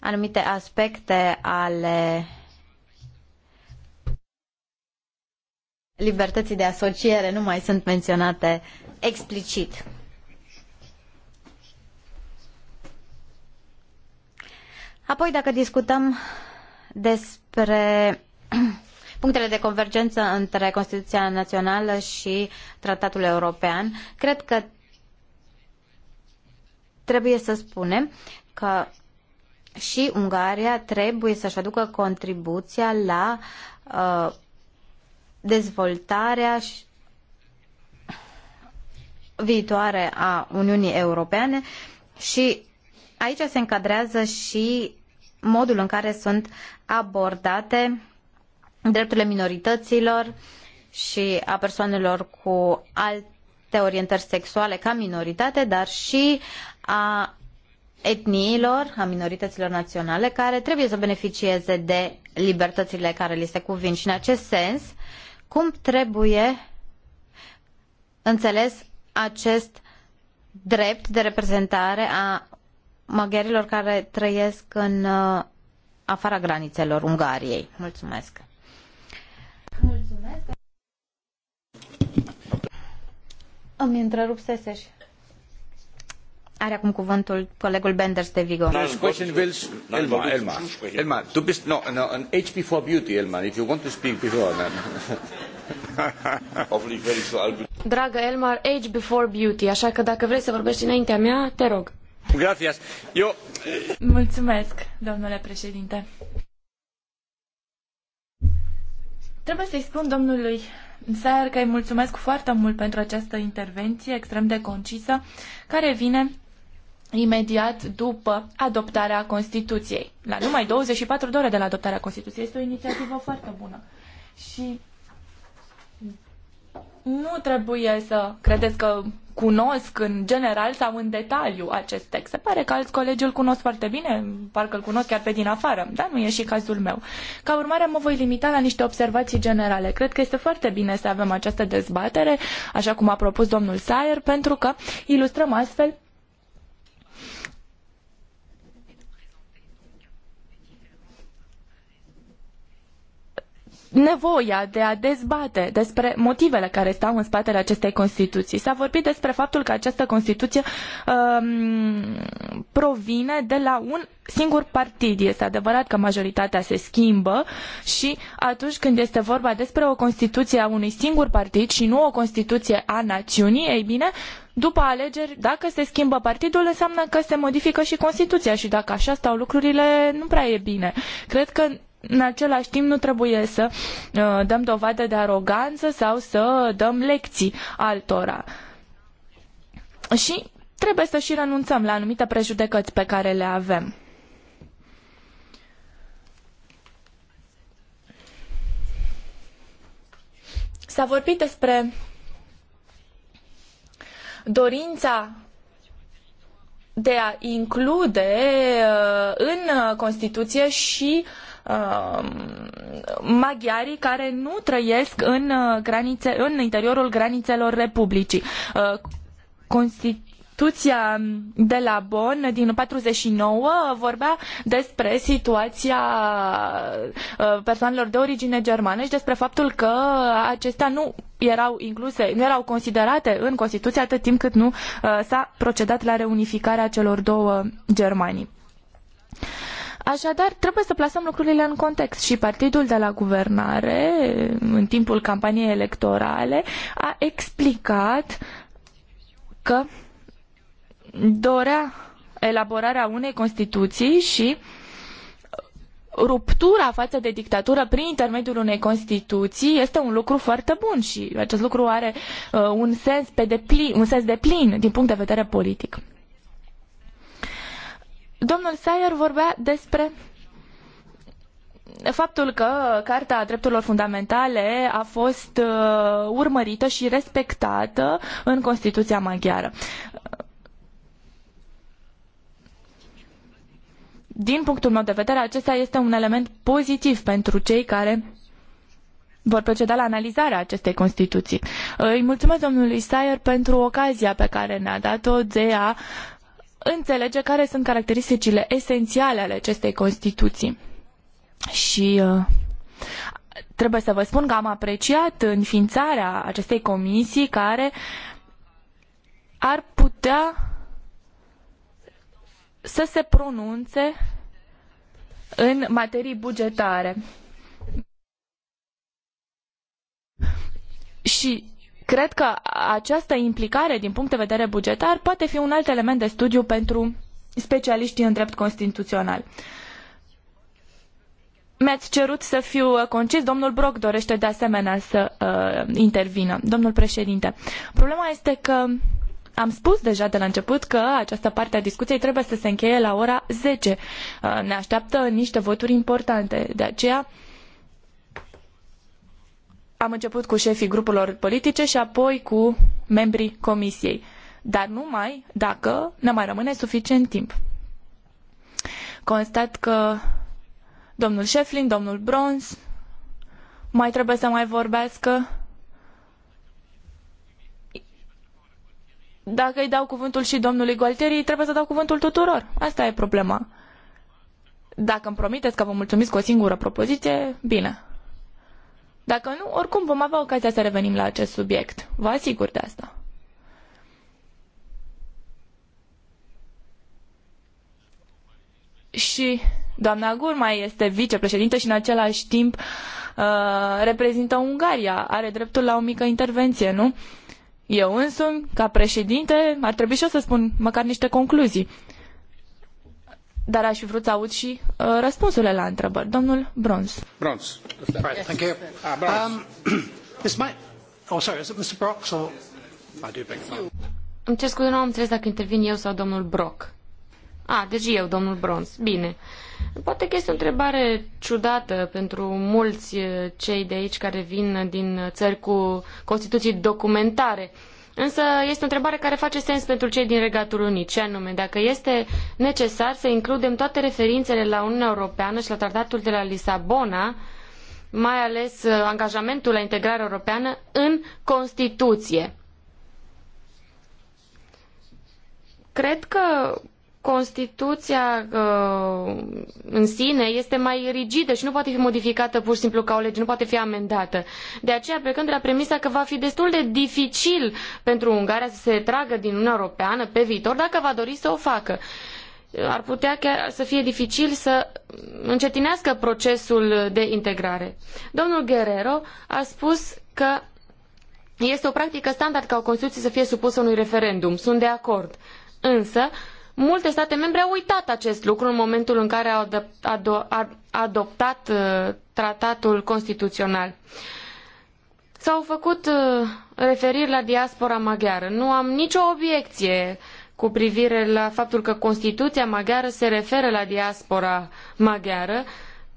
anumite aspecte ale libertății de asociere nu mai sunt menționate explicit. Apoi, dacă discutăm despre punctele de convergență între Constituția Națională și Tratatul European, cred că trebuie să spunem că și Ungaria trebuie să-și aducă contribuția la uh, dezvoltarea și viitoare a Uniunii Europene și aici se încadrează și modul în care sunt abordate drepturile minorităților și a persoanelor cu alte orientări sexuale ca minoritate, dar și a etniilor, a minorităților naționale, care trebuie să beneficieze de libertățile care li se cuvin. Și în acest sens, cum trebuie înțeles acest drept de reprezentare a maghiarilor care trăiesc în uh, afara granițelor Ungariei. Mulțumesc! Mulțumesc! Îmi întrerupsese și are acum cuvântul colegul Benders de Vigo. Elmar, Elmar, Elmar, tu bist, no, no, an beauty, Elmar, if you want to speak before Dragă Elmar, age before beauty, așa că dacă vrei să vorbești înaintea mea, te rog. Mulțumesc, domnule președinte. Trebuie să-i spun domnului Saer că îi mulțumesc foarte mult pentru această intervenție extrem de concisă, care vine imediat după adoptarea Constituției. La numai 24 de ore de la adoptarea Constituției. Este o inițiativă foarte bună. Și nu trebuie să credeți că cunosc în general sau în detaliu acest text. Se pare că alți colegi îl cunosc foarte bine, parcă îl cunosc chiar pe din afară, dar nu e și cazul meu. Ca urmare, mă voi limita la niște observații generale. Cred că este foarte bine să avem această dezbatere, așa cum a propus domnul Sayer, pentru că ilustrăm astfel nevoia de a dezbate despre motivele care stau în spatele acestei Constituții. S-a vorbit despre faptul că această Constituție um, provine de la un singur partid. Este adevărat că majoritatea se schimbă și atunci când este vorba despre o Constituție a unui singur partid și nu o Constituție a națiunii, ei bine, după alegeri, dacă se schimbă partidul, înseamnă că se modifică și Constituția și dacă așa stau lucrurile, nu prea e bine. Cred că în același timp nu trebuie să uh, dăm dovadă de aroganță sau să dăm lecții altora. Și trebuie să și renunțăm la anumite prejudecăți pe care le avem. S-a vorbit despre dorința de a include uh, în Constituție și uh, Um, maghiarii care nu trăiesc în, uh, granițe, în interiorul granițelor Republicii. Uh, Constituția de la Bonn din 49 vorbea despre situația uh, persoanelor de origine germană și despre faptul că acestea nu erau incluse, nu erau considerate în Constituție atât timp cât nu s-a procedat la reunificarea celor două Germanii. Așadar, trebuie să plasăm lucrurile în context și partidul de la guvernare, în timpul campaniei electorale, a explicat că dorea elaborarea unei Constituții și ruptura față de dictatură prin intermediul unei Constituții este un lucru foarte bun și acest lucru are uh, un, sens pe deplin, un sens de plin din punct de vedere politic. Domnul Sayer vorbea despre faptul că Carta Drepturilor Fundamentale a fost uh, urmărită și respectată în Constituția maghiară. Din punctul meu de vedere, acesta este un element pozitiv pentru cei care vor proceda la analizarea acestei Constituții. Îi mulțumesc domnului Sayer pentru ocazia pe care ne-a dat-o de a înțelege care sunt caracteristicile esențiale ale acestei Constituții. Și uh, trebuie să vă spun că am apreciat înființarea acestei comisii care ar putea să se pronunțe în materii bugetare. Și Cred că această implicare din punct de vedere bugetar poate fi un alt element de studiu pentru specialiștii în drept constituțional. Mi-ați cerut să fiu uh, concis. Domnul Brok dorește de asemenea să uh, intervină. Domnul președinte, problema este că am spus deja de la început că această parte a discuției trebuie să se încheie la ora zece. Uh, ne așteaptă niște voturi importante. De aceea uh, am început cu șefii grupurilor politice și apoi cu membrii comisiei, dar numai dacă ne mai rămâne suficient timp. Constat că domnul Șeflin, domnul Bronz, mai trebuie să mai vorbească. Dacă îi dau cuvântul și domnului Gualtieri, trebuie să dau cuvântul tuturor. Asta e problema. Dacă îmi promiteți că vă mulțumiți cu o singură propoziție, bine. Dacă nu, oricum vom avea ocazia să revenim la acest subiect. Vă asigur de asta. Și doamna Gurma este vicepreședintă și în același timp uh, reprezintă Ungaria. Are dreptul la o mică intervenție, nu? Eu însumi, ca președinte, ar trebui și eu să spun măcar niște concluzii. Uh, dar aș fi vrut să aud și uh, răspunsurile la întrebări. Domnul Bruns. Bruns. thank you. Ah, Brons. Um, oh, sorry, is it Mr. Brock or... I do beg pardon. Îmi cer scuze, nu am înțeles dacă intervin eu sau domnul Brock. A, ah, deci eu, domnul Bruns. Bine. Poate că este o întrebare ciudată pentru mulți uh, cei de aici care vin din uh, țări cu constituții documentare. Uh, Însă este o întrebare care face sens pentru cei din Regatul Unit, și anume dacă este necesar să includem toate referințele la Uniunea Europeană și la Tratatul de la Lisabona, mai ales uh, angajamentul la integrare europeană, în Constituție. Cred că Constituția uh, în sine este mai rigidă și nu poate fi modificată pur și simplu ca o lege, nu poate fi amendată. De aceea, plecând de la premisa că va fi destul de dificil pentru Ungaria să se tragă din Uniunea Europeană pe viitor, dacă va dori să o facă ar putea chiar să fie dificil să încetinească procesul de integrare. Domnul Guerrero a spus că este o practică standard ca o Constituție să fie supusă unui referendum. Sunt de acord. Însă, Multe state membre au uitat acest lucru în momentul în care au adoptat uh, tratatul constituțional. S-au făcut uh, referiri la diaspora maghiară. Nu am nicio obiecție cu privire la faptul că Constituția maghiară se referă la diaspora maghiară,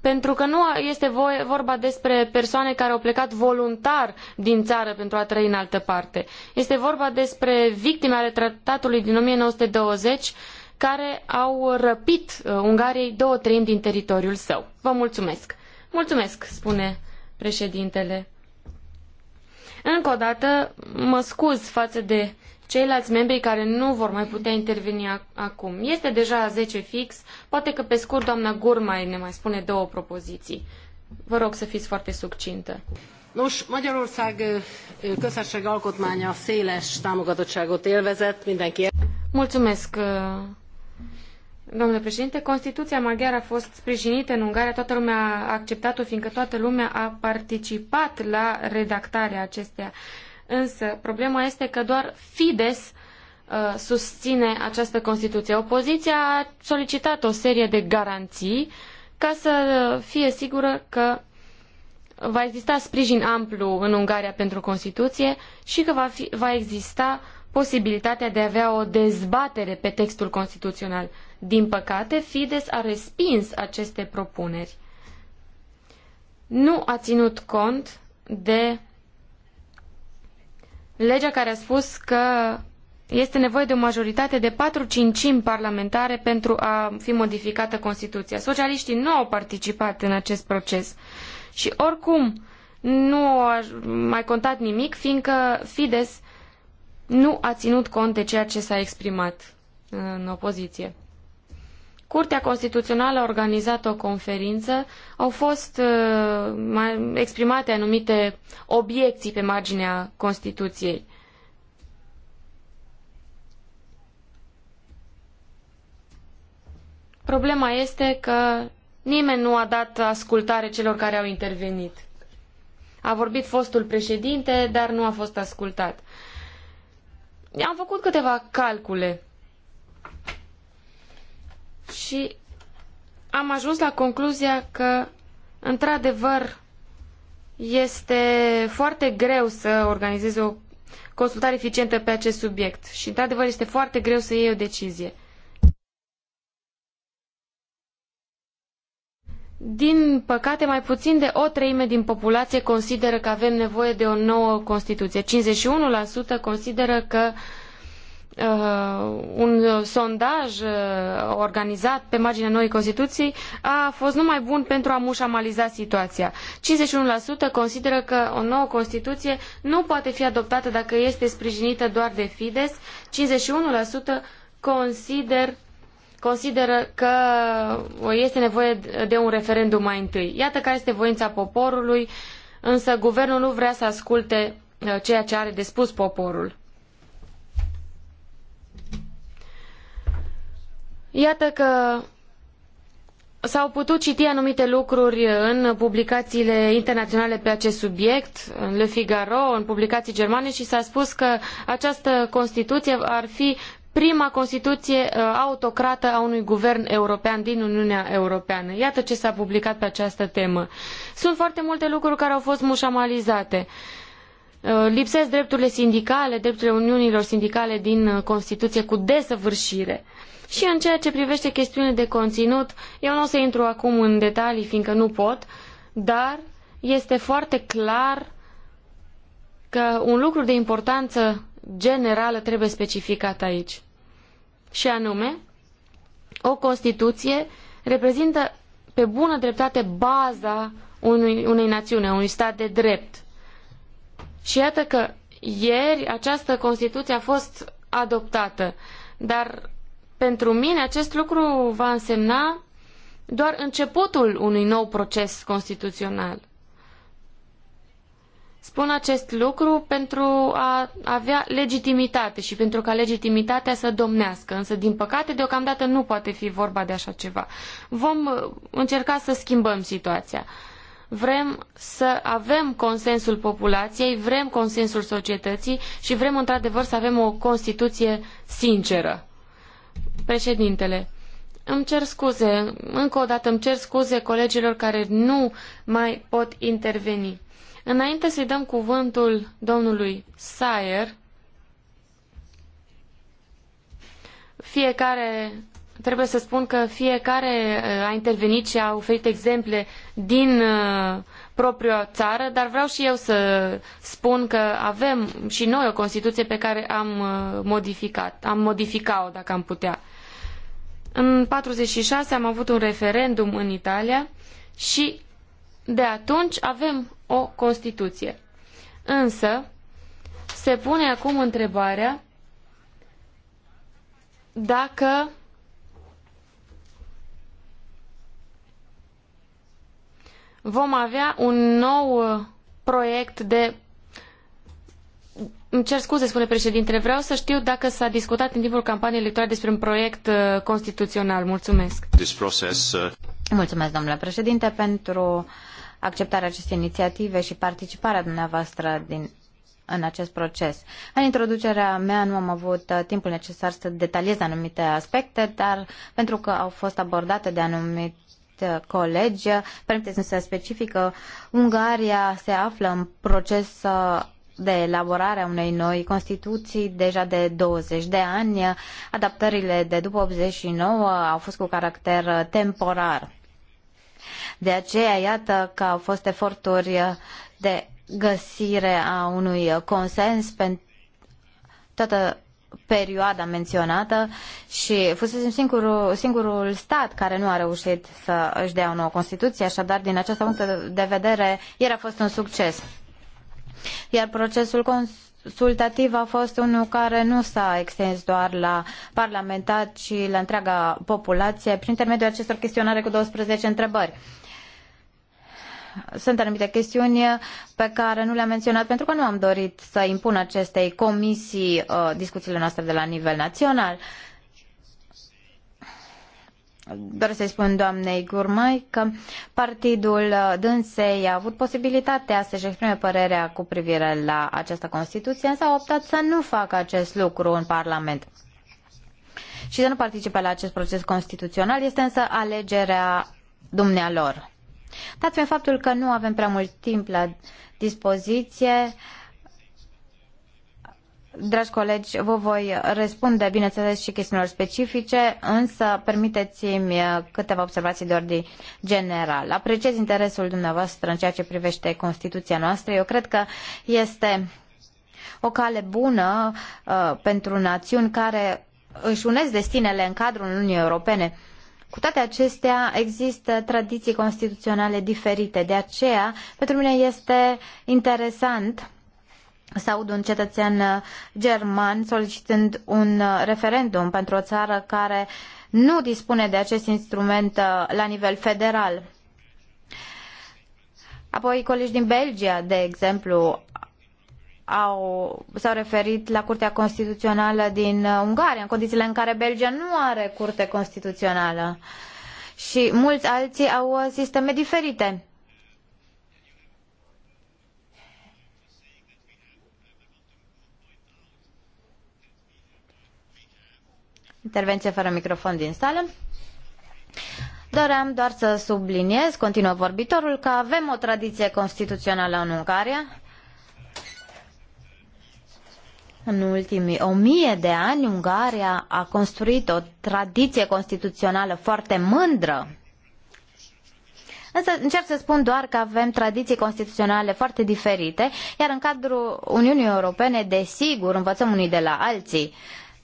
pentru că nu este vorba despre persoane care au plecat voluntar din țară pentru a trăi în altă parte. Este vorba despre victime ale tratatului din 1920 care au răpit uh, Ungariei două treimi din teritoriul său. Vă mulțumesc! Mulțumesc, spune președintele. Încă o dată mă scuz față de ceilalți membri care nu vor mai putea interveni acum. Este deja 10 fix, poate că pe scurt doamna Gurmai ne mai spune două propoziții. Vă rog să fiți foarte succintă. Nos, Magyarország közösség alkotmánya széles támogatottságot élvezett, mindenki... Mulțumesc, domnule președinte. Constituția maghiară a fost sprijinită în Ungaria, toată lumea a acceptat-o, fiindcă toată lumea a participat la redactarea acesteia. Uh, Însă, problema este că doar Fides uh, susține această Constituție. Opoziția a solicitat o serie de garanții ca să fie sigură că va exista sprijin amplu în Ungaria pentru Constituție și că va, fi, va exista posibilitatea de a avea o dezbatere pe textul constituțional. Din păcate, Fides a respins aceste propuneri. Nu a ținut cont de legea care a spus că este nevoie de o majoritate de patru cincimi parlamentare pentru a fi modificată Constituția. Socialiștii nu au participat în acest proces și oricum nu a mai contat nimic, fiindcă Fides nu a ținut cont de ceea ce s-a exprimat în opoziție. Curtea Constituțională a organizat o conferință, au fost uh, exprimate anumite obiecții pe marginea Constituției. Problema este că nimeni nu a dat ascultare celor care au intervenit. A vorbit fostul președinte, dar nu a fost ascultat. Am făcut câteva calcule și am ajuns la concluzia că, într-adevăr, este foarte greu să organizezi o consultare eficientă pe acest subiect și, într-adevăr, este foarte greu să iei o decizie. Din păcate, mai puțin de o treime din populație consideră că avem nevoie de o nouă Constituție. 51% consideră că uh, Uh, un sondaj uh, organizat pe marginea noii Constituții a fost numai bun pentru a mușamaliza situația. 51% consideră că o nouă Constituție nu poate fi adoptată dacă este sprijinită doar de Fides, 51% consider, consideră că este nevoie de un referendum mai întâi. Iată care este voința poporului, însă guvernul nu vrea să asculte uh, ceea ce are de spus poporul. Iată că s-au putut citi anumite lucruri în publicațiile internaționale pe acest subiect, în Le Figaro, în publicații germane și s-a spus că această Constituție ar fi prima Constituție uh, autocrată a unui guvern european din Uniunea Europeană. Iată ce s-a publicat pe această temă. Sunt foarte multe lucruri care au fost mușamalizate. Uh, lipsesc drepturile sindicale, drepturile uniunilor sindicale din uh, Constituție cu desăvârșire. Și în ceea ce privește chestiunile de conținut, eu nu o să intru acum în detalii, fiindcă nu pot, dar este foarte clar că un lucru de importanță generală trebuie specificat aici. Și anume, o Constituție reprezintă pe bună dreptate baza unui, unei națiuni, unui stat de drept. Și iată că ieri această Constituție a fost adoptată, dar pentru mine acest lucru va însemna doar începutul unui nou proces constituțional. Spun acest lucru pentru a avea legitimitate și pentru ca legitimitatea să domnească, însă din păcate deocamdată nu poate fi vorba de așa ceva. Vom uh, încerca să schimbăm situația. Vrem să avem consensul populației, vrem consensul societății și vrem într-adevăr să avem o Constituție sinceră. Președintele, îmi cer scuze, încă o dată îmi cer scuze colegilor care nu mai pot interveni. Înainte să-i dăm cuvântul domnului Sayer, fiecare, trebuie să spun că fiecare uh, a intervenit și a oferit exemple din uh, propria țară, dar vreau și eu să spun că avem și noi o Constituție pe care am uh, modificat, am modificat o dacă am putea. În 46 am avut un referendum în Italia și de atunci avem o Constituție. Însă, se pune acum întrebarea dacă vom avea un nou uh, proiect de îmi cer scuze, spune președintele, vreau să știu dacă s-a discutat în timpul campaniei electorale despre un proiect uh, constituțional. Mulțumesc. Uh, Mulțumesc, domnule președinte, pentru acceptarea acestei inițiative și participarea dumneavoastră din, în acest proces. În introducerea mea nu am avut timpul necesar să detaliez anumite aspecte, dar pentru că au fost abordate de anumit Uh, colegi. Permiteți-mi să specific că Ungaria se află în proces uh, de elaborare a unei noi Constituții deja de 20 de ani. Adaptările de după 89 au fost cu caracter uh, temporar. De aceea, iată că au fost eforturi de găsire a unui consens pentru toată perioada menționată și fusese singurul, singurul stat care nu a reușit să își dea o nouă Constituție, așadar din acest punct de vedere el a fost un succes. Iar procesul consultativ a fost unul care nu s-a extins doar la parlamentar, ci la întreaga populație prin intermediul acestor chestionare cu 12 întrebări sunt anumite chestiuni pe care nu le-am menționat pentru că nu am dorit să impun acestei comisii uh, discuțiile noastre de la nivel național. Doresc să-i spun doamnei Gurmai că partidul uh, dânsei a avut posibilitatea să-și exprime părerea cu privire la această Constituție, însă a optat să nu facă acest lucru în Parlament și să nu participe la acest proces constituțional. Este însă alegerea dumnealor. Dați mi faptul că nu avem prea mult timp la dispoziție. Dragi colegi, vă voi răspunde, bineînțeles, și chestiunilor specifice, însă permiteți-mi câteva observații de ordin general. Apreciez interesul dumneavoastră în ceea ce privește Constituția noastră. Eu cred că este o cale bună uh, pentru națiuni care își unesc destinele în cadrul Uniunii Europene. Uh, cu toate acestea, există tradiții constituționale diferite. De aceea, pentru mine este interesant să aud un cetățean german solicitând un referendum pentru o țară care nu dispune de acest instrument uh, la nivel federal. Apoi, colegi din Belgia, de exemplu, au, s-au referit la Curtea Constituțională din uh, Ungaria, în condițiile în care Belgia nu are Curte Constituțională. Și mulți alții au uh, sisteme diferite. Intervenție fără microfon din sală. Doream doar să subliniez, continuă vorbitorul, că avem o tradiție constituțională în Ungaria în ultimii o mie de ani, Ungaria a construit o tradiție constituțională foarte mândră. Însă încerc să spun doar că avem tradiții constituționale foarte diferite, iar în cadrul Uniunii Europene, desigur, învățăm unii de la alții.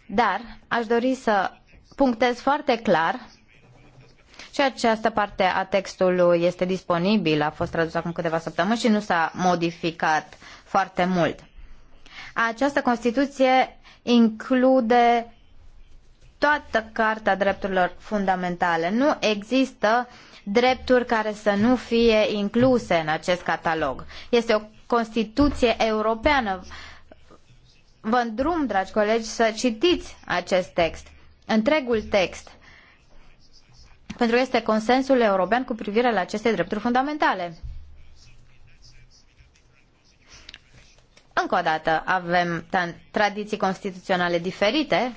Dar aș dori să punctez foarte clar și această parte a textului este disponibilă, a fost tradusă acum câteva săptămâni și nu s-a modificat foarte mult. Această Constituție include toată Carta Drepturilor Fundamentale. Nu există drepturi care să nu fie incluse în acest catalog. Este o Constituție europeană. Vă îndrum, dragi colegi, să citiți acest text, întregul text, pentru că este consensul european cu privire la aceste drepturi fundamentale. Încă o dată avem tradiții constituționale diferite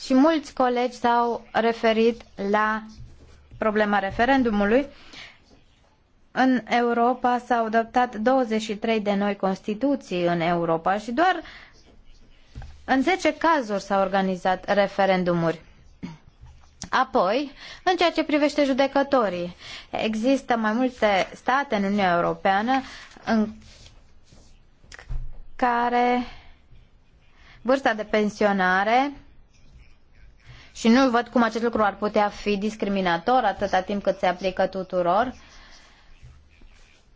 și mulți colegi s-au referit la problema referendumului. În Europa s-au adoptat 23 de noi constituții în Europa și doar în 10 cazuri s-au organizat referendumuri. Apoi, în ceea ce privește judecătorii, există mai multe state în Uniunea Europeană în care vârsta de pensionare și nu văd cum acest lucru ar putea fi discriminator atâta timp cât se aplică tuturor.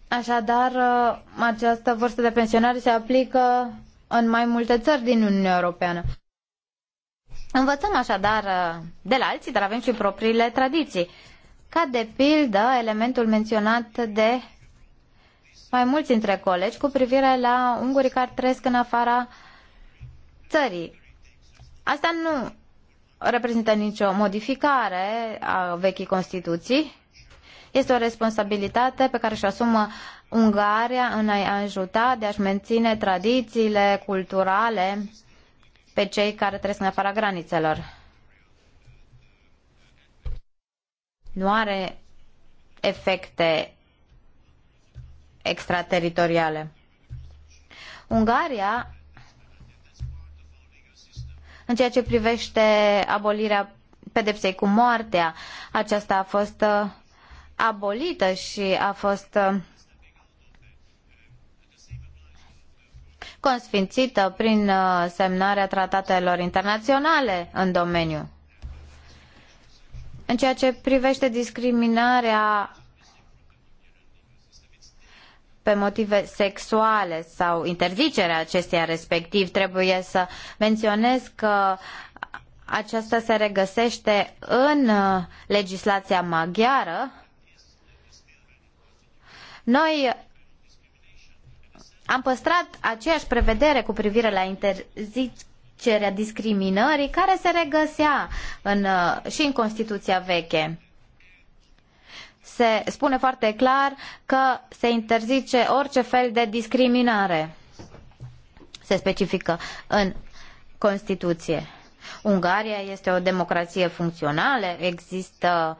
Așadar, uh, această vârstă de pensionare se aplică în mai multe țări din Uniunea Europeană. Învățăm așadar uh, de la alții, dar avem și propriile tradiții, ca de pildă elementul menționat de mai mulți dintre colegi cu privire la ungurii care trăiesc în afara țării. Asta nu reprezintă nicio modificare a vechii Constituții. Este o responsabilitate pe care și-o asumă Ungaria în a-i ajuta de a-și menține tradițiile culturale pe cei care trăiesc în afara granițelor. Nu are efecte extrateritoriale. Ungaria, în ceea ce privește abolirea pedepsei cu moartea, aceasta a fost uh, abolită și a fost uh, consfințită prin uh, semnarea tratatelor internaționale în domeniu. În ceea ce privește discriminarea pe motive sexuale sau interzicerea acesteia respectiv. Trebuie să menționez că aceasta se regăsește în uh, legislația maghiară. Noi am păstrat aceeași prevedere cu privire la interzicerea discriminării care se regăsea în, uh, și în Constituția veche se spune foarte clar că se interzice orice fel de discriminare. Se specifică în Constituție. Ungaria este o democrație funcțională, există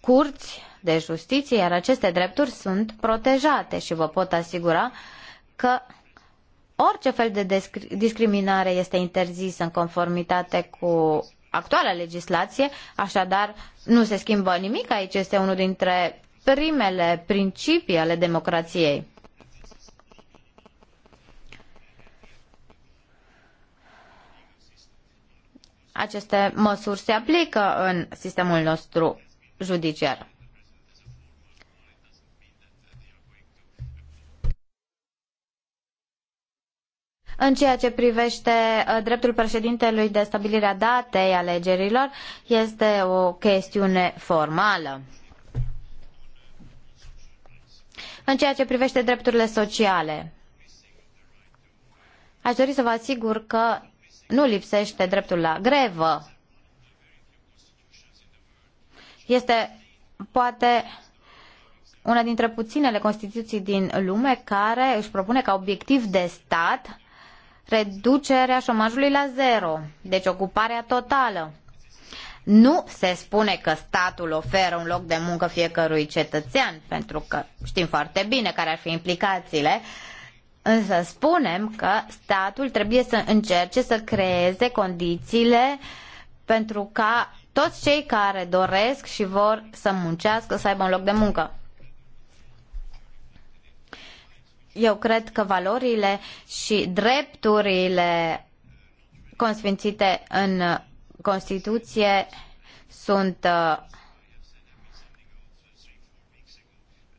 curți de justiție, iar aceste drepturi sunt protejate și vă pot asigura că orice fel de discriminare este interzisă în conformitate cu actuala legislație, așadar nu se schimbă nimic aici, este unul dintre primele principii ale democrației. Aceste măsuri se aplică în sistemul nostru judiciar. În ceea ce privește uh, dreptul președintelui de stabilire a datei alegerilor, este o chestiune formală. În ceea ce privește drepturile sociale, aș dori să vă asigur că nu lipsește dreptul la grevă. Este poate una dintre puținele constituții din lume care își propune ca obiectiv de stat reducerea șomajului la zero, deci ocuparea totală. Nu se spune că statul oferă un loc de muncă fiecărui cetățean, pentru că știm foarte bine care ar fi implicațiile, însă spunem că statul trebuie să încerce să creeze condițiile pentru ca toți cei care doresc și vor să muncească să aibă un loc de muncă. eu cred că valorile și drepturile consfințite în Constituție sunt uh,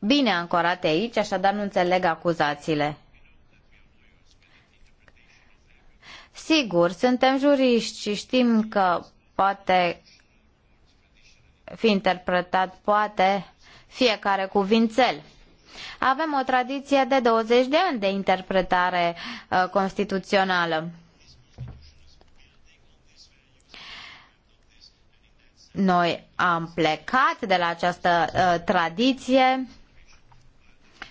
bine ancorate aici, așadar nu înțeleg acuzațiile. Sigur, suntem juriști și știm că poate fi interpretat, poate, fiecare cuvințel. Avem o tradiție de 20 de ani de interpretare uh, constituțională. Noi am plecat de la această uh, tradiție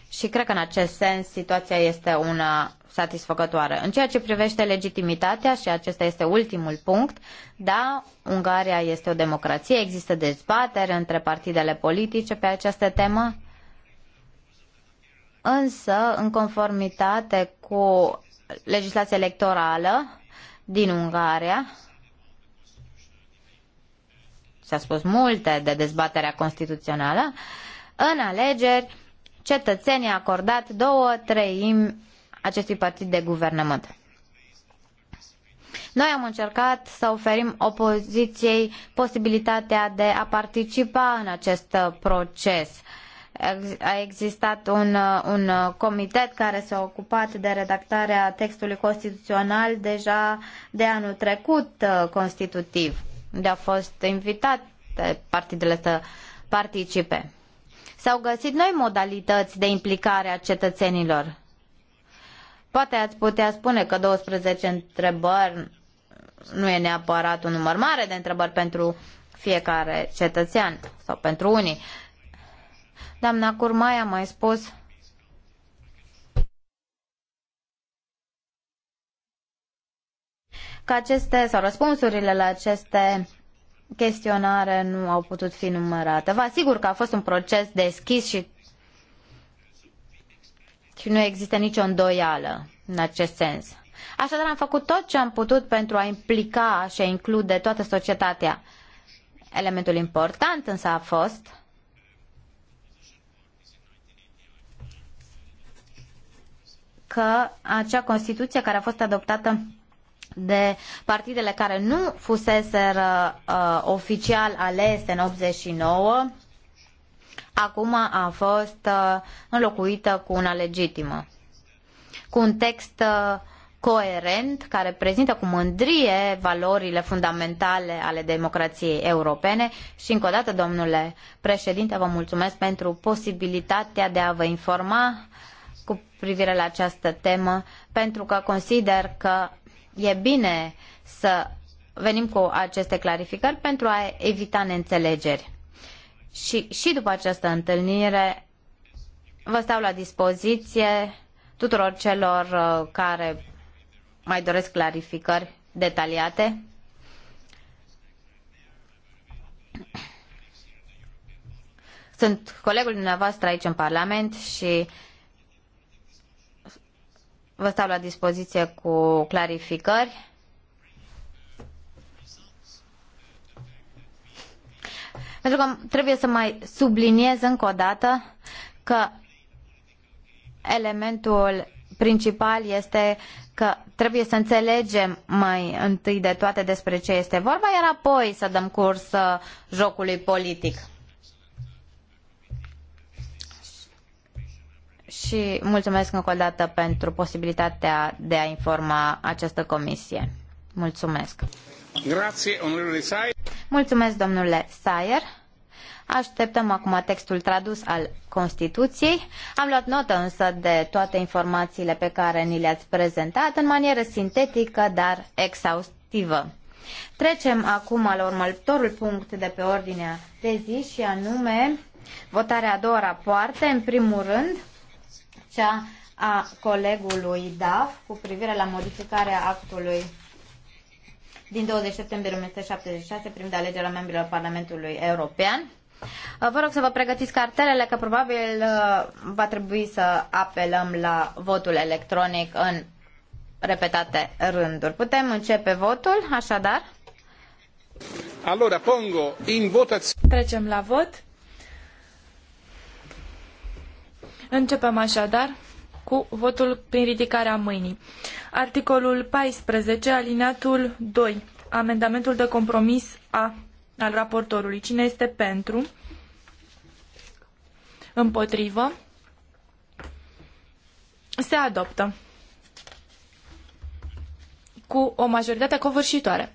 și cred că în acest sens situația este una satisfăcătoare. În ceea ce privește legitimitatea, și acesta este ultimul punct, da, Ungaria este o democrație, există dezbateri între partidele politice pe această temă, însă în conformitate cu legislația electorală din Ungaria, s-a spus multe de dezbaterea constituțională, în alegeri cetățenii a acordat două treimi acestui partid de guvernământ. Noi am încercat să oferim opoziției posibilitatea de a participa în acest proces. Uh, a existat un, uh, un uh, comitet care s-a ocupat de redactarea textului constituțional deja de anul trecut uh, constitutiv, unde au fost invitate partidele să participe. S-au găsit noi modalități de implicare a cetățenilor. Poate ați putea spune că 12 întrebări nu e neapărat un număr mare de întrebări pentru fiecare cetățean sau pentru unii, Doamna Curmai a mai spus că aceste sau răspunsurile la aceste chestionare nu au putut fi numărate. Vă asigur că a fost un proces deschis și, și nu există nicio îndoială în acest sens. Așadar am făcut tot ce am putut pentru a implica și a include toată societatea. Elementul important însă a fost că acea Constituție care a fost adoptată de partidele care nu fuseseră uh, oficial alese în 89, acum a fost uh, înlocuită cu una legitimă. Cu un text uh, coerent, care prezintă cu mândrie valorile fundamentale ale democrației europene și încă o dată, domnule președinte, vă mulțumesc pentru posibilitatea de a vă informa privire la această temă, pentru că consider că e bine să venim cu aceste clarificări pentru a evita neînțelegeri. Și, și după această întâlnire vă stau la dispoziție tuturor celor uh, care mai doresc clarificări detaliate. Sunt colegul dumneavoastră aici în Parlament și Vă stau la dispoziție cu clarificări. Pentru că trebuie să mai subliniez încă o dată că elementul principal este că trebuie să înțelegem mai întâi de toate despre ce este vorba, iar apoi să dăm curs uh, jocului politic. și mulțumesc încă o dată pentru posibilitatea de a informa această comisie. Mulțumesc. Grazie, Sayer. Mulțumesc, domnule Sayer. Așteptăm acum textul tradus al Constituției. Am luat notă însă de toate informațiile pe care ni le-ați prezentat în manieră sintetică, dar exhaustivă. Trecem acum la următorul punct de pe ordinea de zi și anume votarea a doua rapoarte. În primul rând, cea a colegului DAF cu privire la modificarea actului din 20 septembrie 1976 de alegerea membrilor Parlamentului European. Uh, vă rog să vă pregătiți cartelele, că probabil uh, va trebui să apelăm la votul electronic în repetate rânduri. Putem începe votul, așadar? Allora, pongo in votazione. Trecem la vot. Începem așadar cu votul prin ridicarea mâinii. Articolul 14, alineatul 2, amendamentul de compromis A al raportorului. Cine este pentru? Împotrivă? Se adoptă cu o majoritate covârșitoare.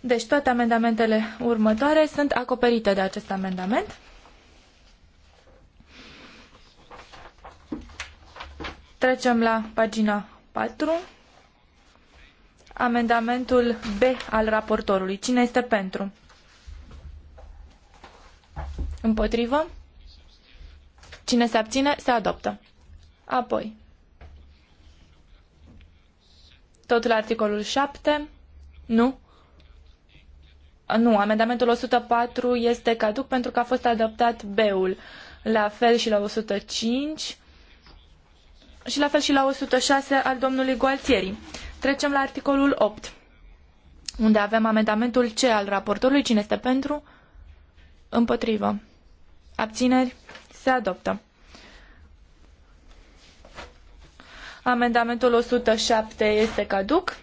Deci toate amendamentele următoare sunt acoperite de acest amendament. Trecem la pagina 4. Amendamentul B al raportorului. Cine este pentru? Împotrivă? Cine se abține, se adoptă. Apoi, tot la articolul 7, nu? Nu, amendamentul 104 este caduc pentru că a fost adoptat B-ul. La fel și la 105 și la fel și la 106 al domnului Gualtieri. Trecem la articolul 8, unde avem amendamentul C al raportorului. Cine este pentru? Împotrivă. Abțineri? Se adoptă. Amendamentul 107 este caduc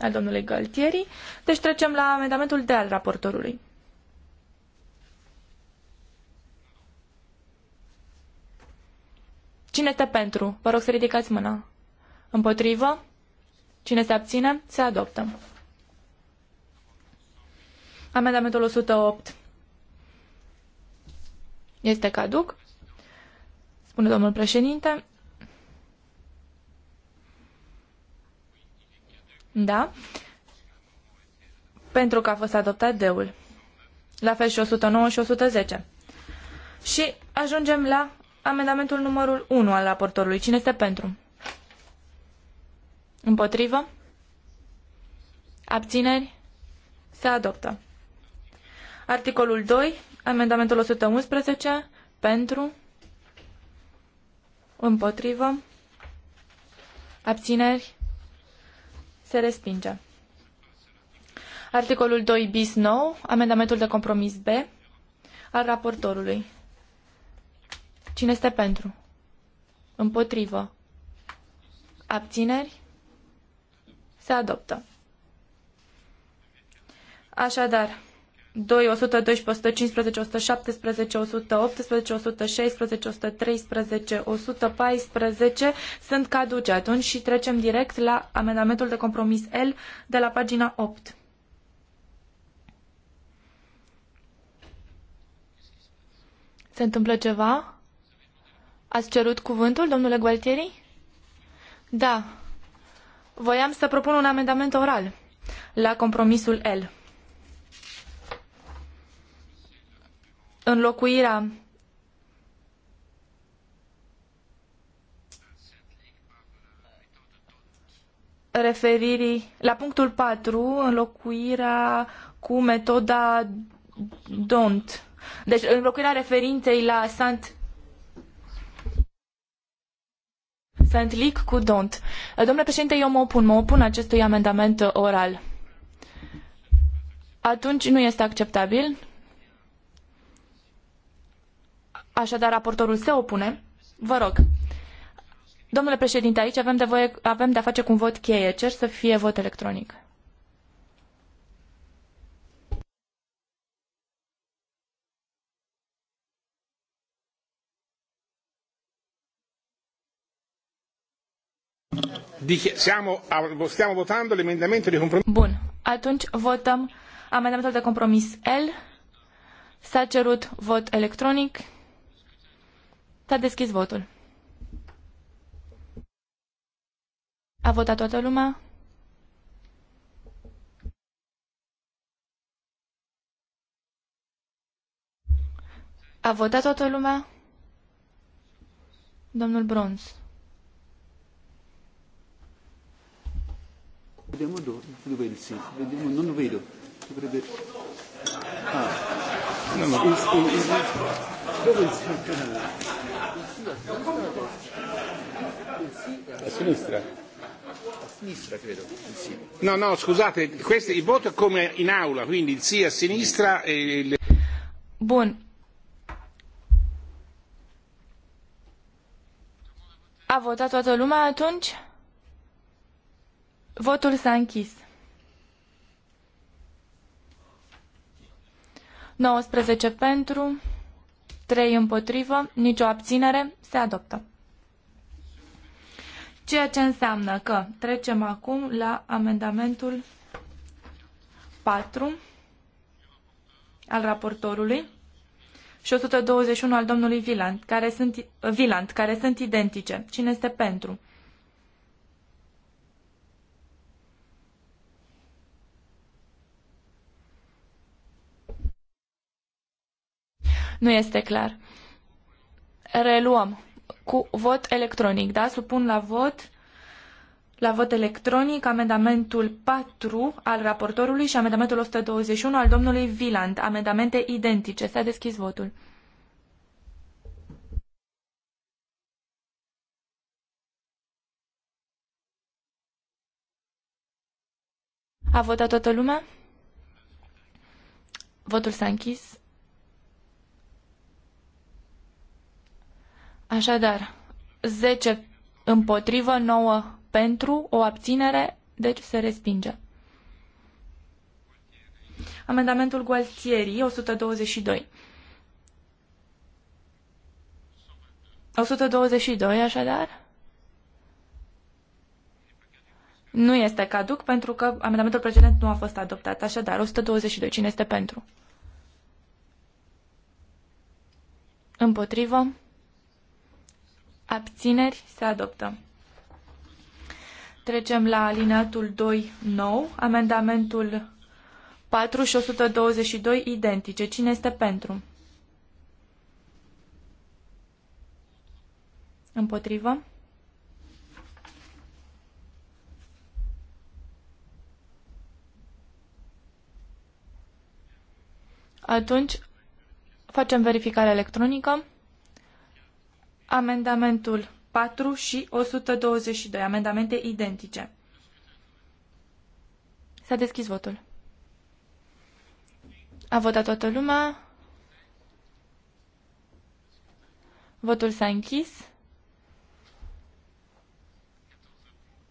al domnului Galtieri. Deci trecem la amendamentul D al raportorului. Cine este pentru? Vă rog să ridicați mâna. Împotrivă? Cine se abține? Se adoptă. Amendamentul 108 este caduc, spune domnul președinte. Da? Pentru că a fost adoptat deul. La fel și 109 și 110. Și ajungem la Amendamentul numărul 1 al raportorului. Cine este pentru? Împotrivă? Abțineri? Se adoptă. Articolul 2, amendamentul 111, pentru, împotrivă, abțineri, se respinge. Articolul 2 bis nou, amendamentul de compromis B al raportorului. Cine este pentru? Împotrivă. Abțineri? Se adoptă. Așadar, 2, 112, 115, 117, 118, 116, 113, 114 sunt caduce atunci și trecem direct la amendamentul de compromis L de la pagina 8. Se întâmplă ceva? Ați cerut cuvântul, domnule Gualtieri? Da. Voiam să propun un amendament oral la compromisul L. Înlocuirea referirii la punctul 4, înlocuirea cu metoda DONT. Deci înlocuirea referinței la Sant Fentlic cu Dont. Uh, domnule președinte, eu mă opun, mă opun acestui amendament uh, oral. Atunci nu este acceptabil. Așadar, raportorul se opune. Vă rog. Domnule președinte, aici avem de, voie, avem de a face cu un vot cheie. Cer să fie vot electronic. stiamo votando l'emendamento di compromesso. Bun, atunci votăm amendamentul de compromis L. S-a cerut vot electronic. S-a deschis votul. A votat toată lumea? A votat toată lumea? Domnul Bronz. Vediamo dove, dove è il sì, vediamo, non lo vedo. Dovrebbe... Ah, no, no. Il, il, il, dove è il sì? A sinistra. A sinistra credo. Il sì. No, no, scusate, questo, il voto è come in aula, quindi il sì a sinistra e il... Bun. A votat toată lumea atunci? Votul s-a închis. 19 pentru, 3 împotrivă, nicio abținere, se adoptă. Ceea ce înseamnă că trecem acum la amendamentul 4 al raportorului și 121 al domnului Viland, care sunt, Viland, care sunt identice. Cine este pentru? Nu este clar. Reluăm cu vot electronic, da? Supun la vot la vot electronic amendamentul 4 al raportorului și amendamentul 121 al domnului Viland. Amendamente identice. S-a deschis votul. A votat toată lumea? Votul s-a închis. Așadar, 10 împotrivă, 9 pentru, o abținere, deci se respinge. Amendamentul Gualtieri, 122. 122, așadar? Nu este caduc pentru că amendamentul precedent nu a fost adoptat. Așadar, 122. Cine este pentru? Împotrivă? abțineri, se adoptă. Trecem la alineatul 2 nou, amendamentul 4 și 122 identice. Cine este pentru? Împotrivă? Atunci facem verificare electronică amendamentul 4 și 122, amendamente identice. S-a deschis votul. A votat toată lumea. Votul s-a închis.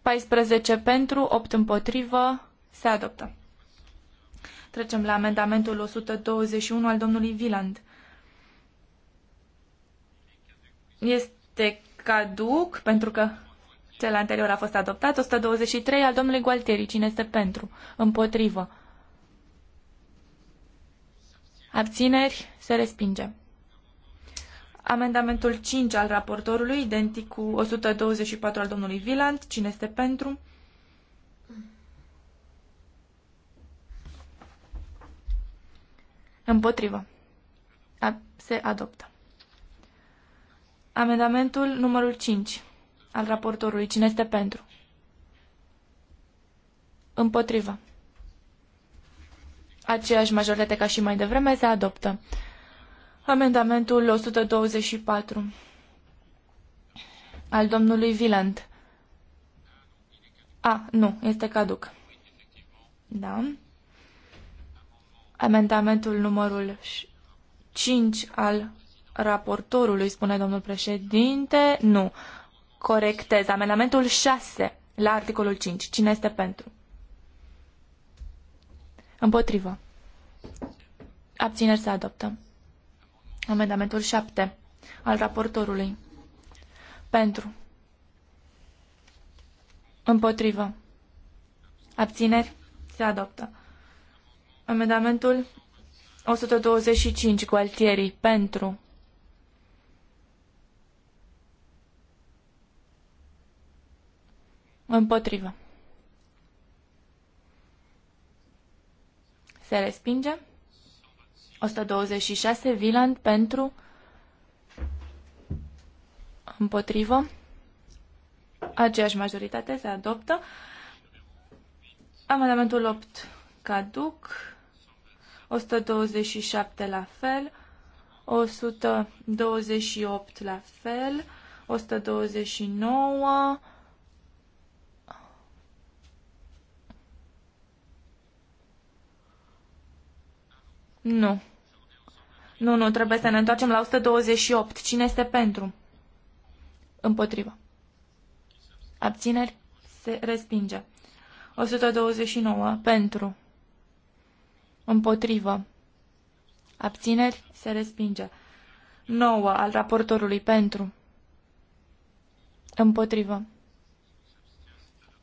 14 pentru, 8 împotrivă. Se adoptă. Trecem la amendamentul 121 al domnului Viland. este caduc pentru că cel anterior a fost adoptat. 123 al domnului Gualtieri. Cine este pentru? Împotrivă. Abțineri? Se respinge. Amendamentul 5 al raportorului, identic cu 124 al domnului Viland. Cine este pentru? Împotrivă. A- se adoptă. Amendamentul numărul 5 al raportorului. Cine este pentru? Împotrivă. Aceeași majoritate ca și mai devreme se adoptă. Amendamentul 124 al domnului Viland. A, nu, este caduc. Da. Amendamentul numărul 5 al raportorului, spune domnul președinte. Nu. Corectez. Amendamentul 6 la articolul 5. Cine este pentru? Împotrivă. Abțineri să adoptă. Amendamentul 7 al raportorului. Pentru. Împotrivă. Abțineri se adoptă. Amendamentul 125 Gualtieri pentru Împotrivă. Se respinge. 126. Viland pentru. Împotrivă. Aceeași majoritate se adoptă. Amendamentul 8 caduc. 127 la fel. 128 la fel. 129 Nu. Nu, nu, trebuie să ne întoarcem la 128. Cine este pentru? Împotrivă. Abțineri? Se respinge. 129. Pentru. Împotrivă. Abțineri? Se respinge. 9. Al raportorului. Pentru. Împotrivă.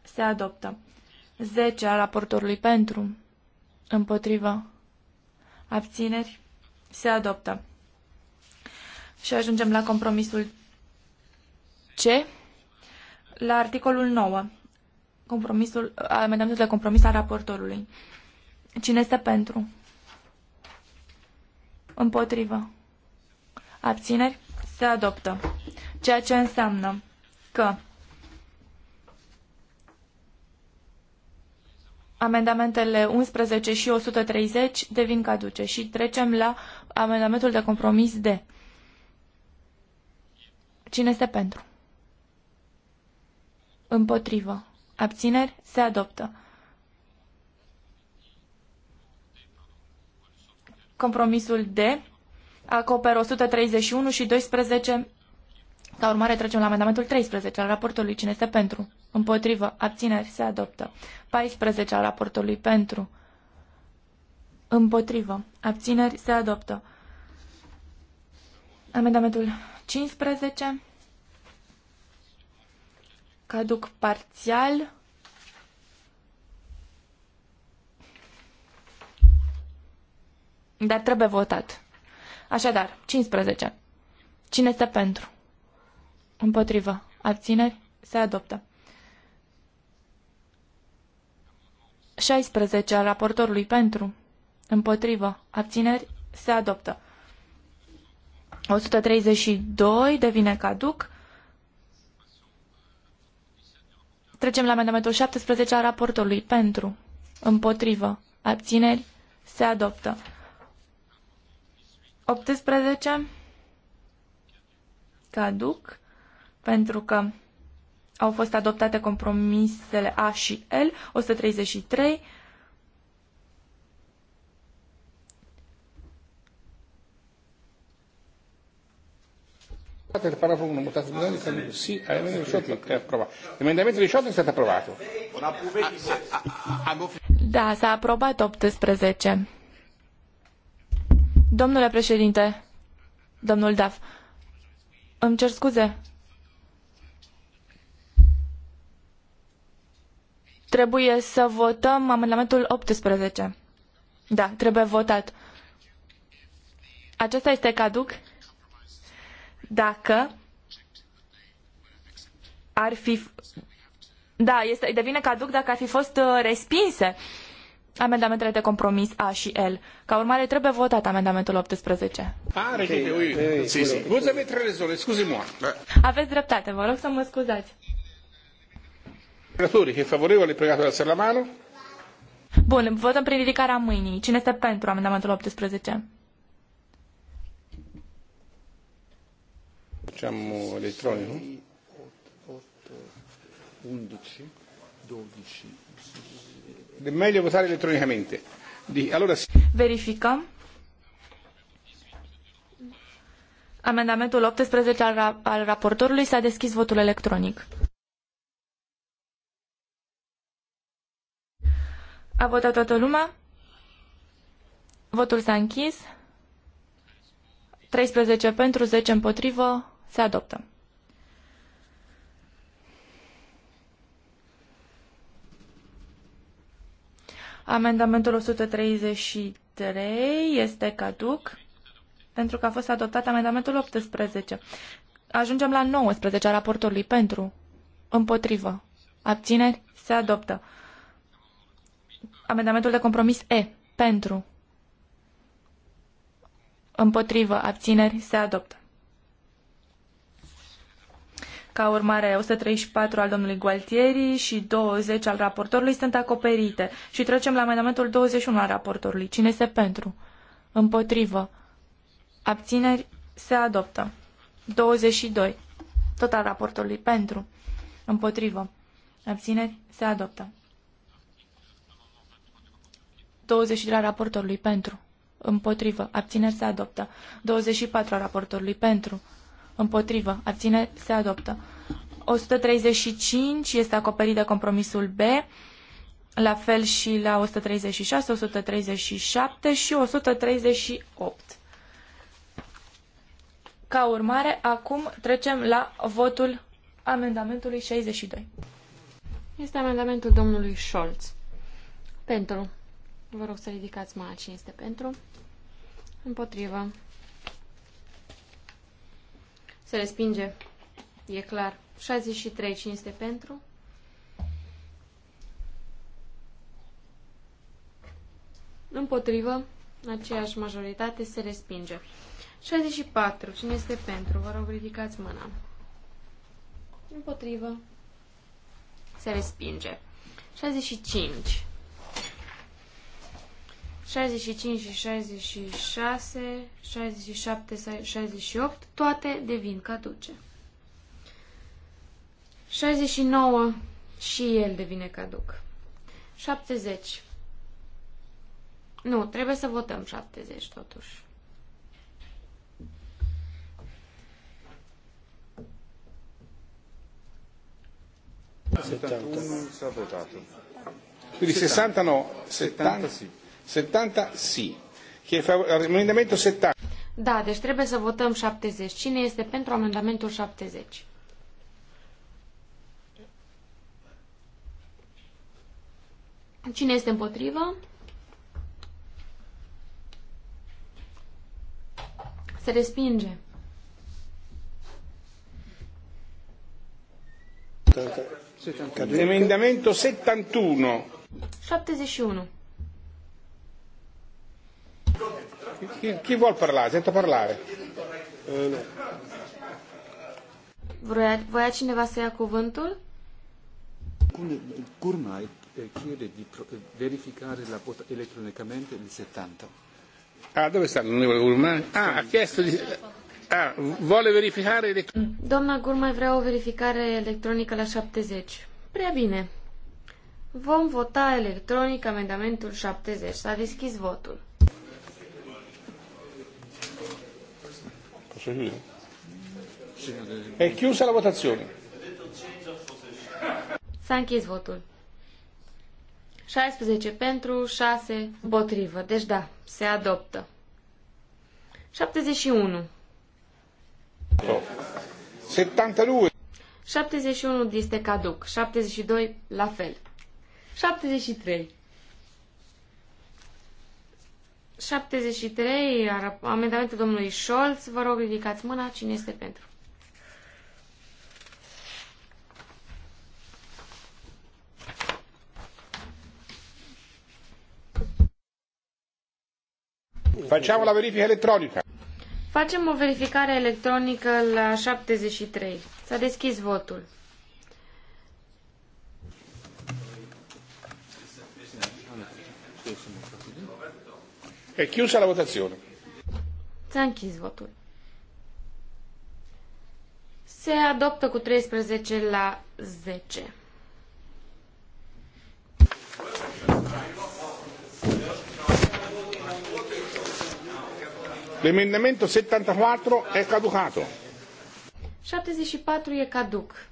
Se adoptă. 10. Al raportorului. Pentru. Împotrivă abțineri, se adoptă. Și ajungem la compromisul C, la articolul 9, compromisul, amendamentul de compromis al raportorului. Cine este pentru? Împotrivă. Abțineri? Se adoptă. Ceea ce înseamnă că Amendamentele 11 și 130 devin caduce și trecem la amendamentul de compromis D. Cine este pentru? Împotrivă. Abțineri? Se adoptă. Compromisul D acoperă 131 și 12 ca urmare trecem la amendamentul 13 al raportului. Cine este pentru? Împotrivă. Abțineri. Se adoptă. 14 al raportului. Pentru. Împotrivă. Abțineri. Se adoptă. Amendamentul 15. Caduc parțial. Dar trebuie votat. Așadar, 15. Cine este pentru? Împotrivă. Abțineri. Se adoptă. 16 al raportorului pentru. Împotrivă. Abțineri. Se adoptă. 132 devine caduc. Trecem la amendamentul 17 al raportorului pentru. Împotrivă. Abțineri. Se adoptă. 18. Caduc pentru că au fost adoptate compromisele A și L, 133, Il paragrafo 1 votato unanimemente sì all'emendamento 18 è approvato. L'emendamento 18 è stato approvato. Da, s-a aprobat 18. Domnule președinte, domnul Daf, îmi cer scuze, Trebuie să votăm amendamentul 18. Da, trebuie votat. Acesta este caduc dacă ar fi. Da, este, devine caduc dacă ar fi fost uh, respinse amendamentele de compromis A și L. Ca urmare, trebuie votat amendamentul 18. Ah, okay. aveți dreptate, vă rog să mă scuzați. Pregatori, e favorevole pregatul de alzare la mano? Bun, votăm prin ridicarea mâinii. Cine este pentru amendamentul 18? Facciamo uh, elettronico. 11, 12. È meglio votare elettronicamente. Di, allora... Verificăm. Amendamentul 18 al, ra- al raportorului s-a deschis votul electronic. A votat toată lumea? Votul s-a închis. 13 pentru, 10 împotrivă. Se adoptă. Amendamentul 133 este caduc pentru că a fost adoptat amendamentul 18. Ajungem la 19 a raportului pentru, împotrivă, abțineri, se adoptă. Amendamentul de compromis E. Pentru. Împotrivă. Abțineri. Se adoptă. Ca urmare, 134 al domnului Gualtieri și 20 al raportorului sunt acoperite. Și trecem la amendamentul 21 al raportorului. Cine este pentru? Împotrivă. Abțineri. Se adoptă. 22. Tot al raportorului. Pentru. Împotrivă. Abțineri. Se adoptă. 23 a raportorului pentru. Împotrivă. Abțineri se adoptă. 24 a raportorului pentru. Împotrivă. Abțineri se adoptă. 135 este acoperit de compromisul B, la fel și la 136, 137 și 138. Ca urmare, acum trecem la votul amendamentului 62. Este amendamentul domnului Scholz. Pentru. Vă rog să ridicați mâna cine este pentru. Împotrivă. Se respinge. E clar. 63. Cine este pentru? Împotrivă. Aceeași majoritate se respinge. 64. Cine este pentru? Vă rog, ridicați mâna. Împotrivă. Se respinge. 65. 65 și 66, 67, 68, toate devin caduce. 69 și el devine caduc. 70. Nu, trebuie să votăm 70 totuși. Quindi 60 no, 70, 70 sì. 70 sì. Chi è 70. Da, deci trebuie să votăm 70. Cine este pentru amendamentul 70? Cine este împotrivă? Se respinge. Amendamentul 71. 71. Chi, chi vuol parlare? Sento parlare. Uh, no. Vroia, voia cineva să ia cuvântul? Curmai chiede di verificare la vota elettronicamente il 70. Ah, dove sta l'onorevole Curmai? Ah, ha chiesto di... Ah, vuole verificare elettronicamente. Doamna Curmai vrea o verificare electronică la 70. Prea bine. Vom vota electronic amendamentul 70. S-a deschis votul. Cioè, è chiusa la votazione. S-a închis votul. 16 pentru, 6 împotrivă. Deci da, se adoptă. 71. 72. 71 este caduc. 72 la fel. 73. 73, amendamentul domnului Scholz. Vă rog, ridicați mâna. Cine este pentru? Facem la verifică electronică. Facem o verificare electronică la 73. S-a deschis votul. È chiusa la votazione. S-a închis votul. Se adoptă cu 13 la 10. L'emendamento 74 è caducato. 74 e caduc.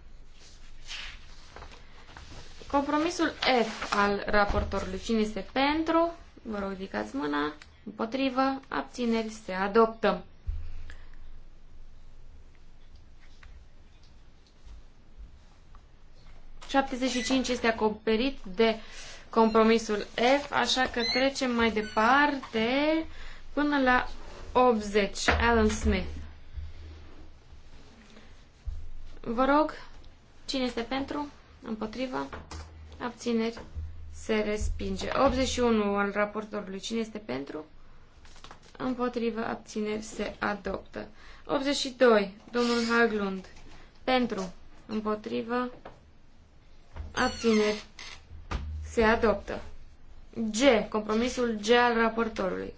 Compromisul F al raportorului. Cine este pentru? Vă rog, ridicați mâna. Împotrivă, abțineri, se adoptă. ...75 este acoperit de compromisul F, așa că trecem mai departe până la 80, Alan Smith. Vă rog, cine este pentru, împotrivă, abțineri, se respinge. 81 al raportorului, cine este pentru, împotrivă, abțineri, se adoptă. 82. Domnul Haglund. Pentru, împotrivă, abțineri, se adoptă. G. Compromisul G al raportorului.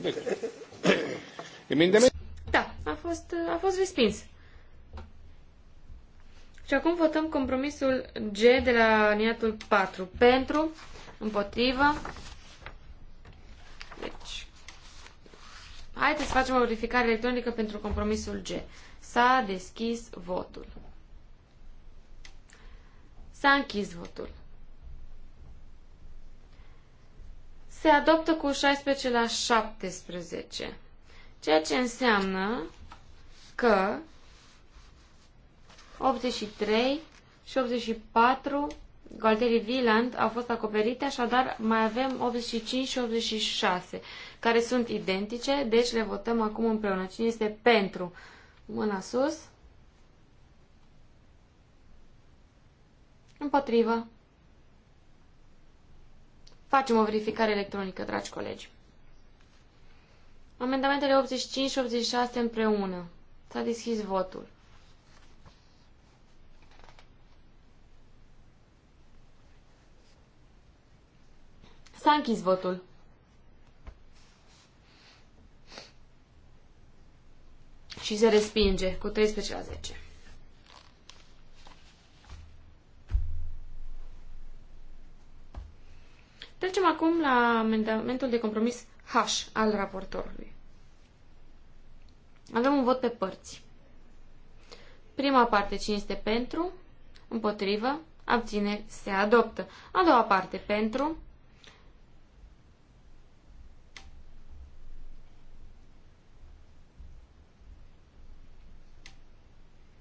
Deci. Da, a fost, a fost respins. Și acum votăm compromisul G de la aliniatul 4. Pentru, împotrivă. Deci, haideți să facem o verificare electronică pentru compromisul G. S-a deschis votul. S-a închis votul. Se adoptă cu 16 la 17, ceea ce înseamnă că 83 și 84, Galterii Wieland, au fost acoperite, așadar mai avem 85 și 86, care sunt identice, deci le votăm acum împreună. Cine este pentru? Mâna sus. Împotrivă. Facem o verificare electronică, dragi colegi. Amendamentele 85 și 86 împreună. S-a deschis votul. S-a închis votul. Și se respinge cu 13 la 10. Trecem acum la amendamentul de compromis H al raportorului. Avem un vot pe părți. Prima parte, cine este pentru, împotrivă, abține, se adoptă. A doua parte, pentru,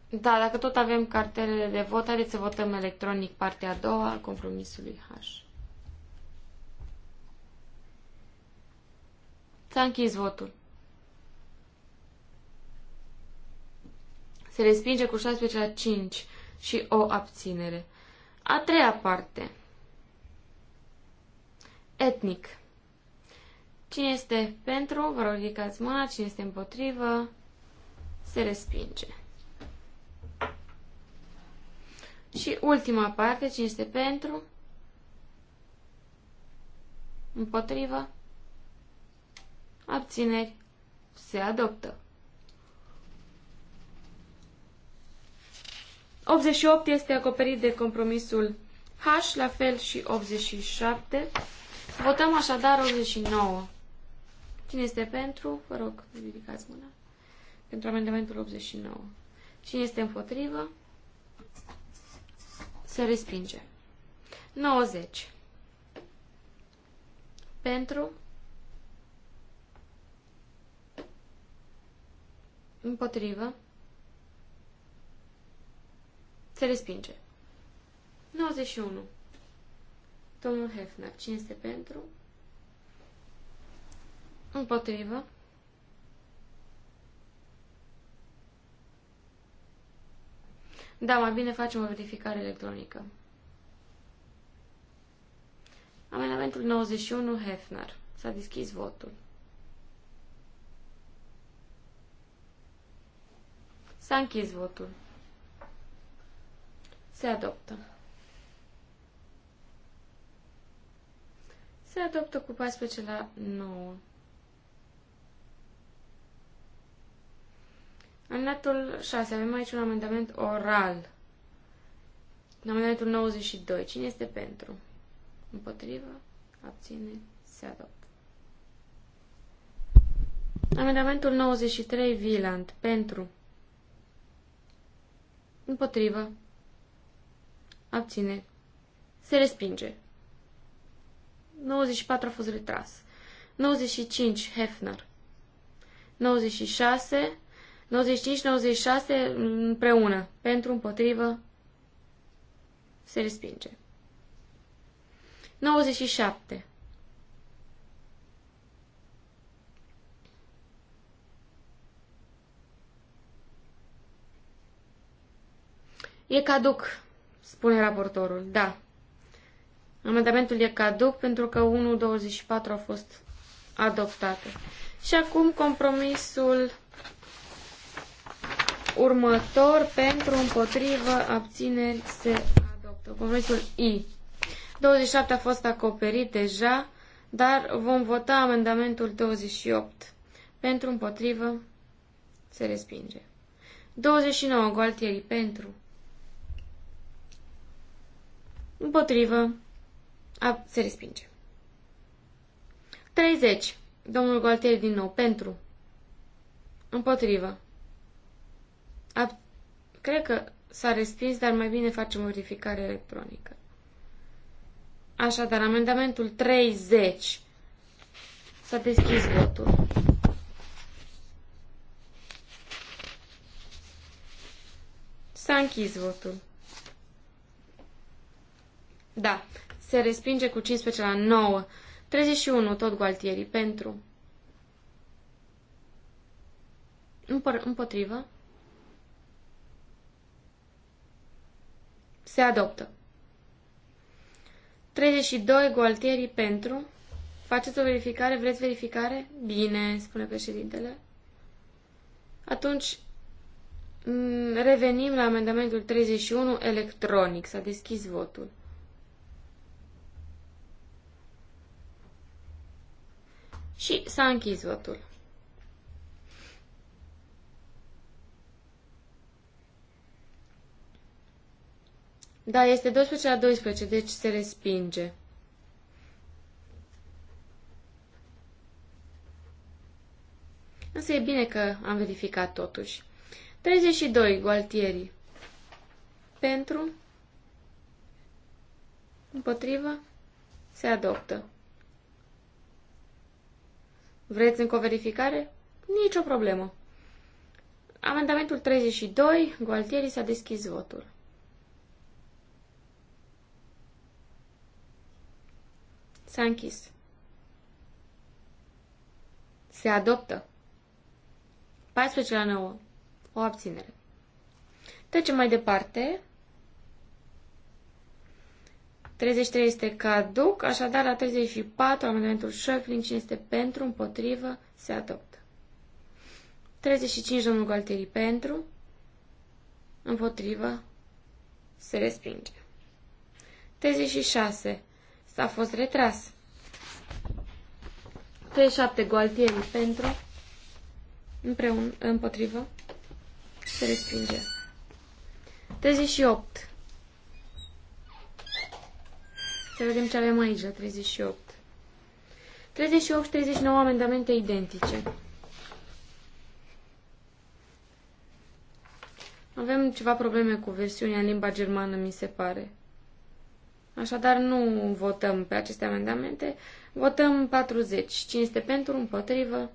Da, dacă tot avem cartelele de vot, haideți să votăm electronic partea a doua al compromisului H. S-a închis votul. Se respinge cu 16 la 5 și o abținere. A treia parte. Etnic. Cine este pentru, vă rog ridicați mâna, cine este împotrivă, se respinge. Și ultima parte, cine este pentru? Împotrivă? Abțineri? Se adoptă. 88 este acoperit de compromisul H, la fel și 87. Votăm așadar 89. Cine este pentru? Vă rog, ridicați mâna. Pentru amendamentul 89. Cine este împotrivă? Se respinge. 90. Pentru. Împotrivă. Se respinge. 91. Domnul Hefner. Cine este pentru? Împotrivă. Da, mai bine facem o verificare electronică. Amendamentul 91, Hefner. S-a deschis votul. S-a închis votul. Se adoptă. Se adoptă cu 14 la 9. În netul 6 avem aici un amendament oral. În Amendamentul 92. Cine este pentru? Împotrivă? Abține? Se adoptă. Amendamentul 93, Viland. Pentru. Împotrivă. Abține. Se respinge. 94 a fost retras. 95, Hefner. 96, 95-96 împreună. Pentru, împotrivă, se respinge. 97. E caduc, spune raportorul. Da. Amendamentul e caduc pentru că 1.24 a fost adoptată. Și acum compromisul Următor, pentru, împotrivă, abțineri, se adoptă. Compromisul I. 27 a fost acoperit deja, dar vom vota amendamentul 28. Pentru, împotrivă, se respinge. 29, Gualtieri, pentru. Împotrivă, a, se respinge. 30, domnul Gualtieri din nou, pentru. Împotrivă. A, cred că s-a respins, dar mai bine facem o verificare electronică. Așadar, amendamentul 30. S-a deschis votul. S-a închis votul. Da, se respinge cu 15 la 9. 31, tot Gualtieri, pentru. împotrivă. Se adoptă. 32 Gualtierii pentru. Faceți o verificare? Vreți verificare? Bine, spune președintele. Atunci mm, revenim la amendamentul 31 electronic. S-a deschis votul. Și s-a închis votul. Da, este 12 la 12, deci se respinge. Însă e bine că am verificat totuși. 32, Gualtieri. Pentru. Împotrivă. Se adoptă. Vreți încă o verificare? Nici o problemă. Amendamentul 32, Gualtieri s-a deschis votul. S-a închis. Se adoptă. 14 la 9. O abținere. Trecem mai departe. 33 este caduc, așadar la 34, amendamentul Schöflin, cine este pentru, împotrivă, se adoptă. 35, domnul Gualtieri, pentru, împotrivă, se respinge. 36, S-a fost retras. 3-7 Gualtieri pentru. Împreună, împotrivă. Se respinge. 38. Să vedem ce avem aici la 38. 38 și 39 amendamente identice. Avem ceva probleme cu versiunea în limba germană, mi se pare. Așadar, nu votăm pe aceste amendamente. Votăm 40. Cine este pentru, împotrivă,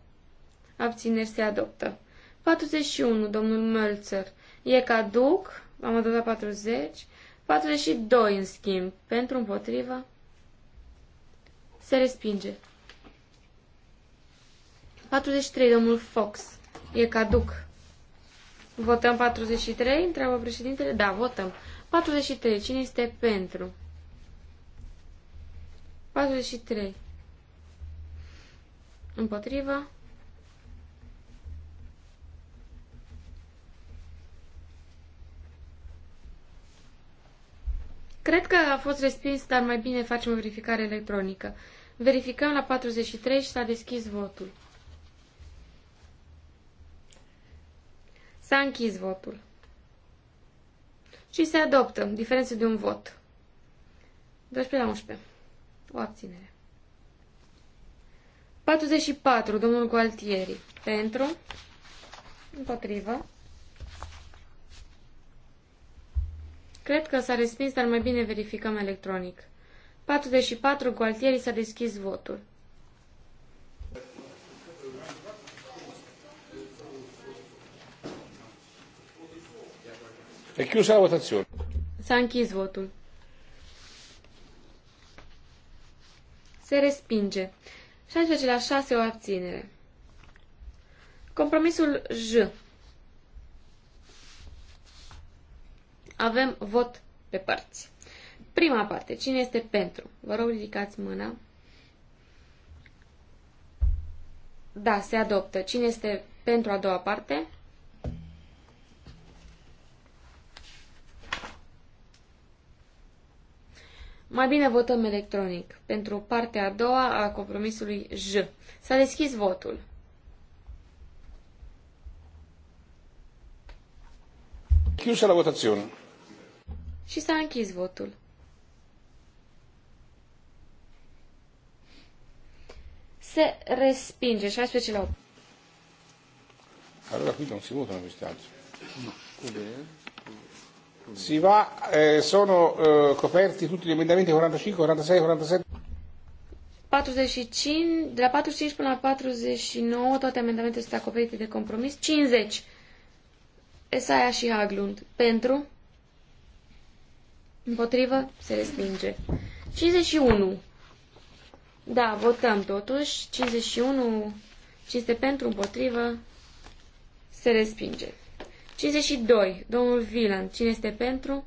abțineri se adoptă. 41. Domnul Mölzer. E caduc. Am adoptat 40. 42, în schimb, pentru împotrivă, se respinge. 43, domnul Fox. E caduc. Votăm 43? Întreabă președintele. Da, votăm. 43. Cine este pentru? 43. Împotrivă. Cred că a fost respins, dar mai bine facem o verificare electronică. Verificăm la 43 și s-a deschis votul. S-a închis votul. Și se adoptă, diferență de un vot. 12 la 11. O abținere. 44. Domnul Gualtieri. Pentru. Împotrivă. Cred că s-a respins, dar mai bine verificăm electronic. 44. Gualtieri s-a deschis votul. E chiusa votazione. S-a închis votul. Se respinge. 16 la 6 o abținere. Compromisul J. Avem vot pe părți. Prima parte. Cine este pentru? Vă rog, ridicați mâna. Da, se adoptă. Cine este pentru a doua parte? Mai bine votăm electronic pentru partea a doua a compromisului J. S-a deschis votul. Chiusă la votațiune. Și s-a închis votul. Se respinge 16 la 8. Allora qui non si votano questi altri. No. Si va, eh, sono eh, coperti tutti gli emendamenti 45, 46, 47. 45, de la 45 până la 49, toate amendamentele sunt acoperite de compromis. 50. Esaia și Haglund. Pentru. Împotrivă. Se respinge. 51. Da, votăm totuși. 51. 5 pentru, împotrivă. Se respinge. 52. Domnul Vilan. Cine este pentru?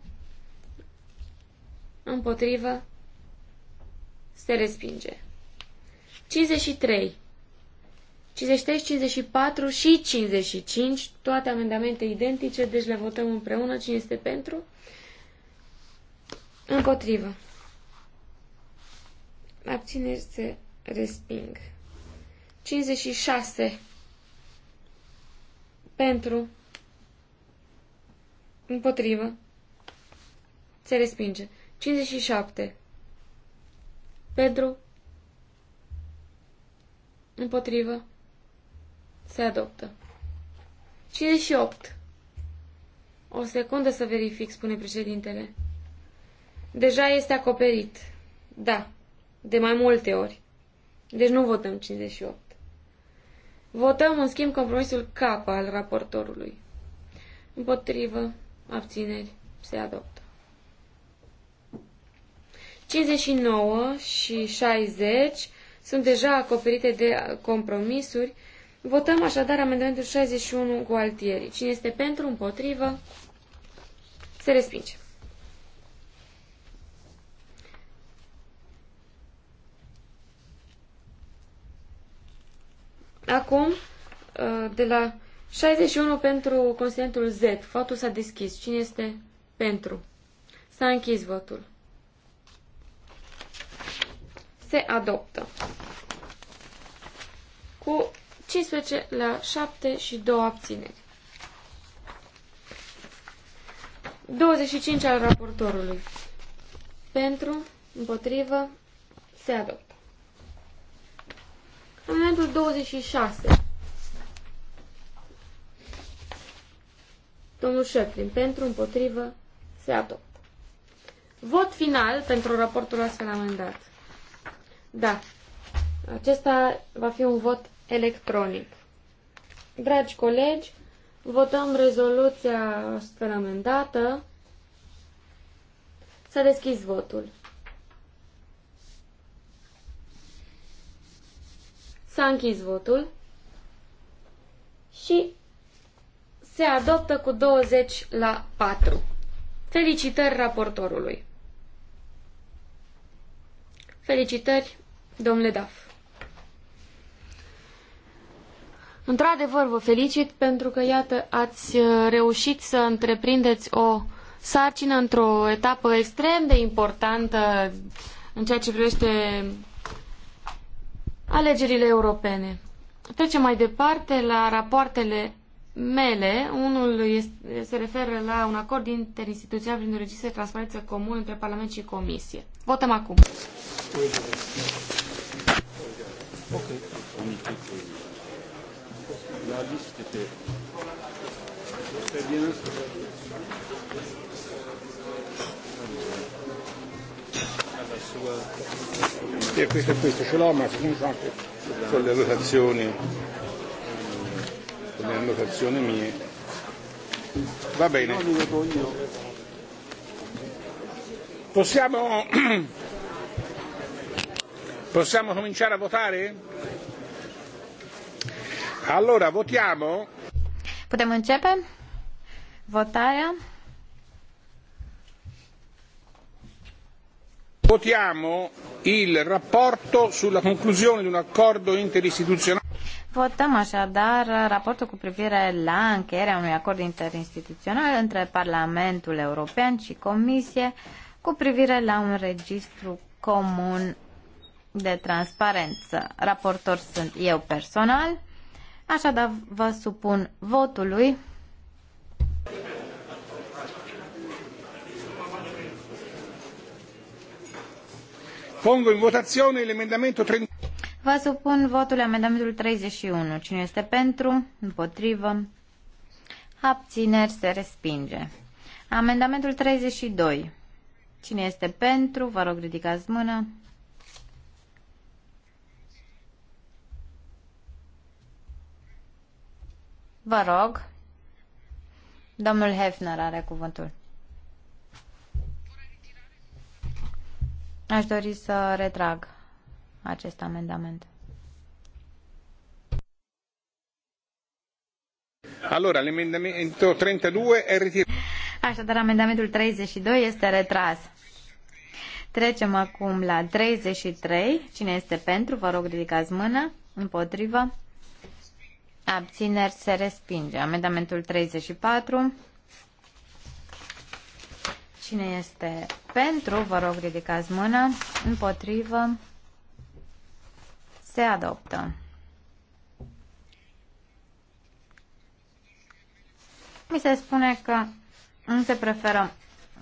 Împotrivă. Se respinge. 53. 53, 54 și 55, toate amendamente identice, deci le votăm împreună. Cine este pentru? Împotrivă. Abțineri se resping. 56. Pentru. Împotrivă. Se respinge. 57. Pentru. Împotrivă. Se adoptă. 58. O secundă să verific, spune președintele. Deja este acoperit. Da. De mai multe ori. Deci nu votăm 58. Votăm, în schimb, compromisul K al raportorului. Împotrivă abțineri, se adoptă. 59 și 60 sunt deja acoperite de compromisuri. Votăm așadar amendamentul 61 cu altierii. Cine este pentru, împotrivă, se respinge. Acum, uh, de la 61 pentru consentul Z. Votul s-a deschis. Cine este pentru? S-a închis votul. Se adoptă. Cu 15 la 7 și 2 abțineri. 25 al raportorului. Pentru, împotrivă, se adoptă. momentul 26 Domnul Șeflin, pentru, împotrivă, se adoptă. Vot final pentru raportul astfel amendat. Da, acesta va fi un vot electronic. Dragi colegi, votăm rezoluția astfel amendată. S-a deschis votul. S-a închis votul și se adoptă cu 20 la 4. Felicitări raportorului! Felicitări, domnule Daf! Într-adevăr, vă felicit pentru că, iată, ați uh, reușit să întreprindeți o sarcină într-o etapă extrem de importantă în ceea ce privește alegerile europene. Trecem mai departe la rapoartele mele. Unul este, se referă la un acord interinstituțional prin registrul de transparență comun între Parlament și Comisie. Votăm acum. Okay. La liste pe... Pe bine E questo e questo, ce l'ho ma comunque anche con le rotazioni come annotazione mie. Va bene. Possiamo, possiamo cominciare a votare? Allora, votiamo. Potremmo incepe? votarea. Votiamo il rapporto sulla conclusione di un accordo interistituzionale. Votăm așadar raportul cu privire la încheierea unui acord interinstituțional între Parlamentul European și Comisie cu privire la un registru comun de transparență. Raportor sunt eu personal, așadar vă supun votului. Pongo in votazione l'emendamento 30. Vă supun votul amendamentul 31. Cine este pentru? Împotrivă? Abțineri se respinge. Amendamentul 32. Cine este pentru? Vă rog, ridicați mână. Vă rog. Domnul Hefner are cuvântul. Aș dori să retrag acest amendament. Allora, l'emendamento 32 è ritirato. Așadar, amendamentul 32 este retras. Trecem acum la 33. Cine este pentru? Vă rog, ridicați mâna. Împotrivă. Abțineri se respinge. Amendamentul 34. Cine este pentru? Vă rog, ridicați mâna. Împotrivă. Se adoptă. Mi se spune că nu se preferă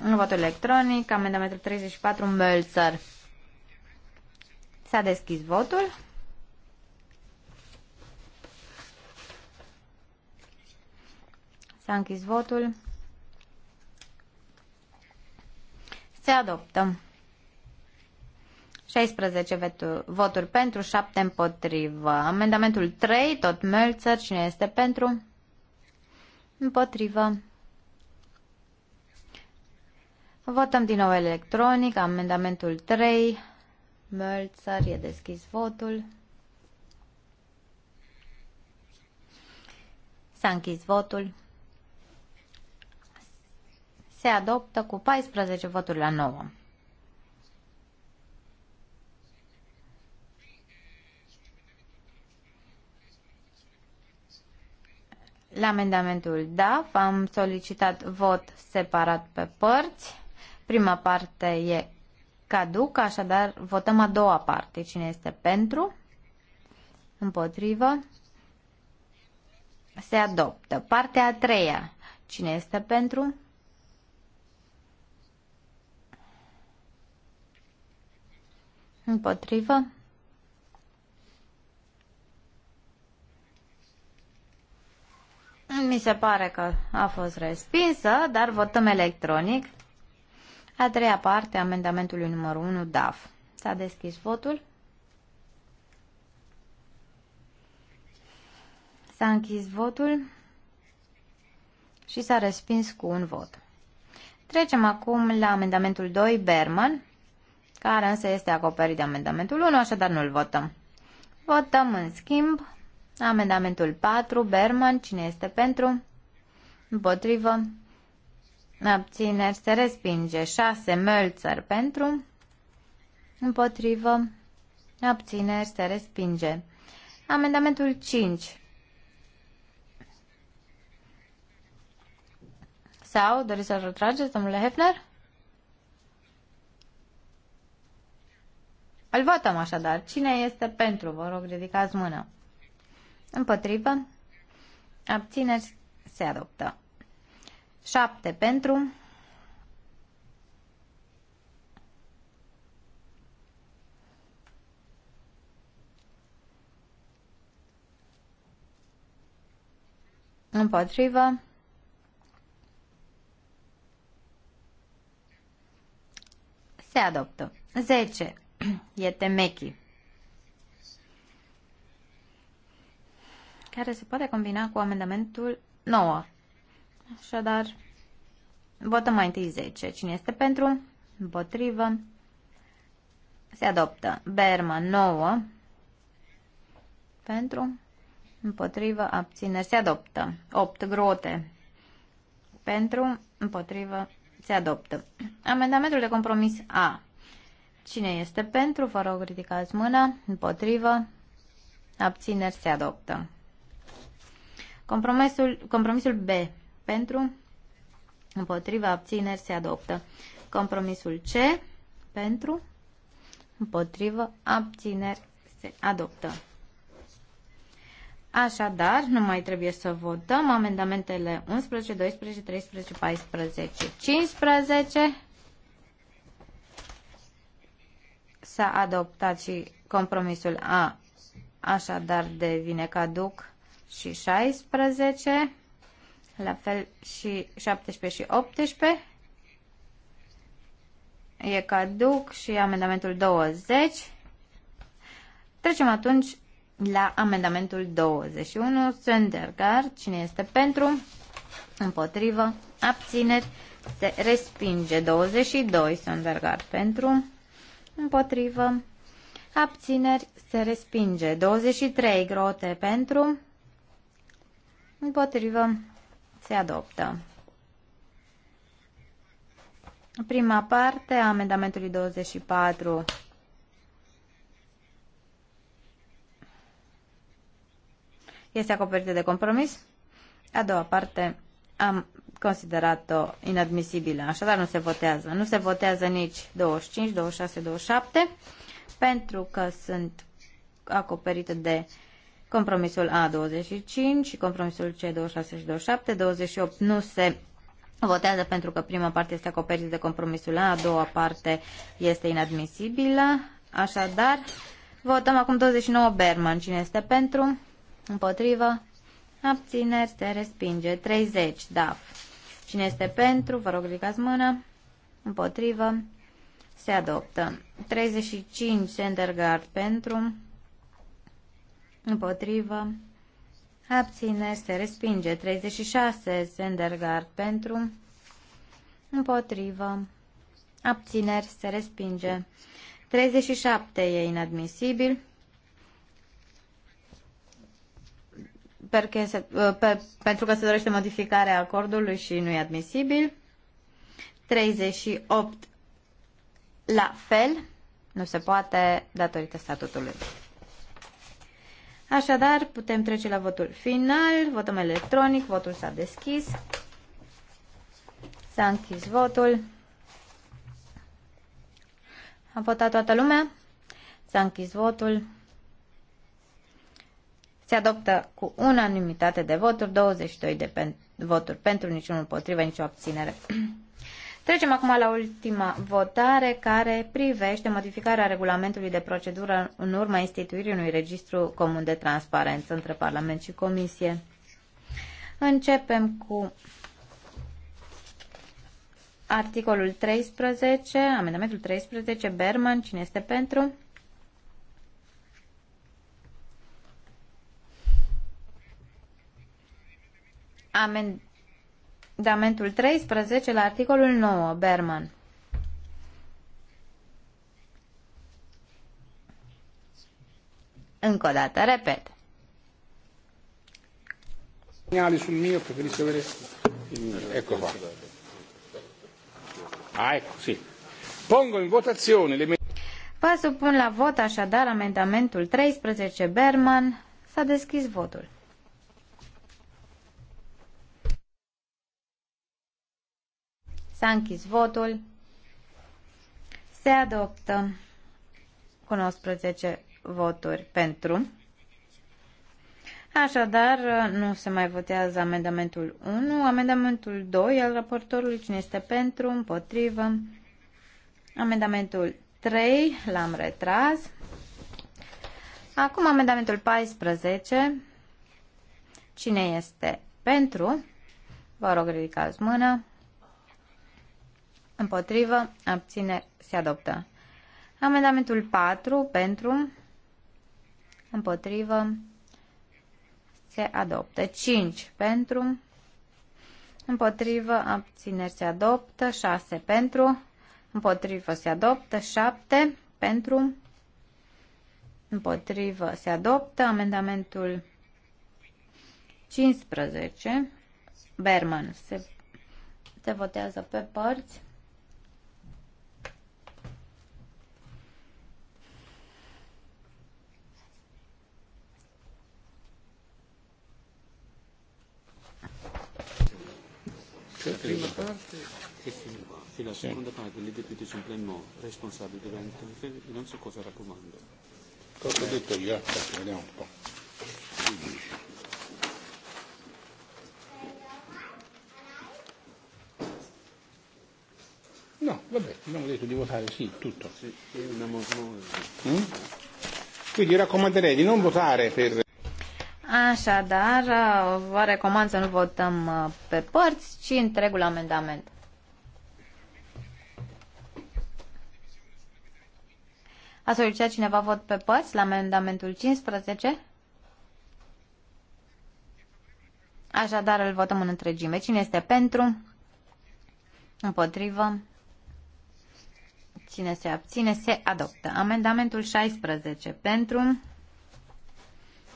un vot electronic, amendamentul 34, Mölzer. S-a deschis votul. S-a închis votul. Se adoptă. 16 voturi pentru, 7 împotrivă. Amendamentul 3, tot Mölzer, cine este pentru? Împotrivă. Votăm din nou electronic, amendamentul 3, Mölzer, e deschis votul. S-a închis votul. Se adoptă cu 14 voturi la 9. La amendamentul DAF am solicitat vot separat pe părți. Prima parte e caduc, așadar votăm a doua parte. Cine este pentru? Împotrivă? Se adoptă. Partea a treia. Cine este pentru? Împotrivă? Mi se pare că a fost respinsă, dar votăm electronic. A treia parte, amendamentului numărul 1, DAF. S-a deschis votul. S-a închis votul și s-a respins cu un vot. Trecem acum la amendamentul 2, Berman, care însă este acoperit de amendamentul 1, așadar nu-l votăm. Votăm, în schimb, Amendamentul 4, Berman, cine este pentru? Împotrivă. Abțineri se respinge. 6, Mölzer, pentru? Împotrivă. Abțineri se respinge. Amendamentul 5. Sau, doriți să-l retrageți, domnule Hefner? Îl votăm așadar. Cine este pentru? Vă rog, ridicați mâna. Împotrivă. Abțineri. Se adoptă. 7 pentru. Împotrivă. Se adoptă. 10. Este mechi. care se poate combina cu amendamentul 9. Așadar, votăm mai întâi 10. Cine este pentru? Împotrivă. Se adoptă. Berma 9. Pentru. Împotrivă. Abțineri. Se adoptă. 8. Grote. Pentru. Împotrivă. Se adoptă. Amendamentul de compromis A. Cine este pentru? Vă rog, ridicați mâna. Împotrivă. Abțineri. Se adoptă. Compromisul, compromisul B pentru, împotriva, abțineri se adoptă. Compromisul C pentru, împotriva abțineri se adoptă. Așadar, nu mai trebuie să votăm amendamentele 11, 12, 13, 14, 15. S-a adoptat și compromisul A, așadar devine caduc și 16, la fel și 17 și 18. E caduc și amendamentul 20. Trecem atunci la amendamentul 21. Söndergaard, cine este pentru? Împotrivă. Abțineri. Se respinge. 22. Söndergaard pentru. Împotrivă. Abțineri. Se respinge. 23. Grote pentru. Împotrivă. Se adoptă. Prima parte a amendamentului 24 este acoperită de compromis. A doua parte am considerat-o inadmisibilă, așadar nu se votează. Nu se votează nici 25, 26, 27, pentru că sunt acoperite de uh, Compromisul A25 și compromisul C26 și 27, 28 nu se votează pentru că prima parte este acoperită de compromisul A, a doua parte este inadmisibilă. Așadar, votăm acum 29 Berman. Cine este pentru? Împotrivă? Abțineri se respinge. 30 DAF. Cine este pentru? Vă rog, ridicați mâna. Împotrivă? Se adoptă. 35 Sendergaard pentru împotrivă, Abține. se respinge. 36, Sendergaard pentru, împotrivă, abțineri, se respinge. 37 e inadmisibil. Perché se, uh, pe, pentru că se dorește modificarea acordului și nu e admisibil. 38 la fel, nu se poate datorită statutului. Așadar, putem trece la votul final. Votăm electronic. Votul s-a deschis. S-a închis votul. A votat toată lumea. S-a închis votul. Se adoptă cu unanimitate de voturi, 22 de pen- voturi pentru, niciunul împotrivă, nicio abținere. Trecem acum la ultima votare care privește modificarea regulamentului de procedură în urma instituirii unui registru comun de transparență între Parlament și Comisie. Începem cu articolul 13, amendamentul 13, Berman, cine este pentru? Amendamentul amendamentul 13 la articolul 9, Berman. Încă o dată, repet. Segnali sul mio, preferisco avere... Ecco qua. Ah, ecco, sì. Pongo in votazione le... Vă supun la vot așadar amendamentul 13 Berman. S-a deschis votul. S-a închis votul. Se adoptă cu 19 voturi pentru. Așadar, nu se mai votează amendamentul 1. Amendamentul 2 al raportorului, cine este pentru, împotrivă. Amendamentul 3 l-am retras. Acum amendamentul 14. Cine este pentru? Vă rog, ridicați mână. Împotrivă. Abțineri. Se adoptă. Amendamentul 4 pentru. Împotrivă. Se adoptă. 5 pentru. Împotrivă. Abțineri. Se adoptă. 6 pentru. Împotrivă. Se adoptă. 7 pentru. Împotrivă. Se adoptă. Amendamentul 15. Berman. Se, se votează pe părți. prima parte e fino E la seconda sì. parte, le deputate sono responsabili diventano, non so cosa raccomando. Cosa ho detto io? Aspetta, vediamo un po'. No, vabbè, abbiamo detto di votare sì, tutto. Sì, è una mm? Quindi raccomanderei di non votare per Așadar, vă recomand să nu votăm uh, pe părți, ci întregul amendament. A solicitat cineva vot pe părți la amendamentul 15? Așadar, îl votăm în întregime. Cine este pentru? Împotrivă? Cine se abține? Se adoptă. Amendamentul 16. Pentru?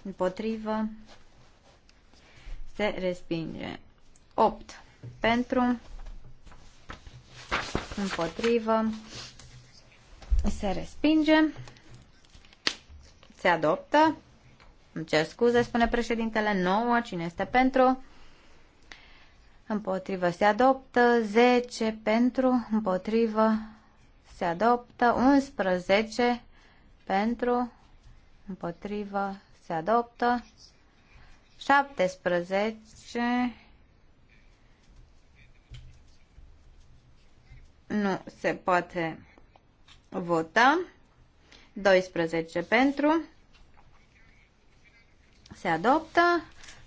împotrivă, se respinge. 8 pentru, împotrivă, se respinge, se adoptă. Îmi cer scuze, spune președintele 9, cine este pentru? Împotrivă se adoptă 10 pentru, împotrivă se adoptă 11 pentru, împotrivă se adoptă. 17 nu se poate vota. 12 pentru se adoptă.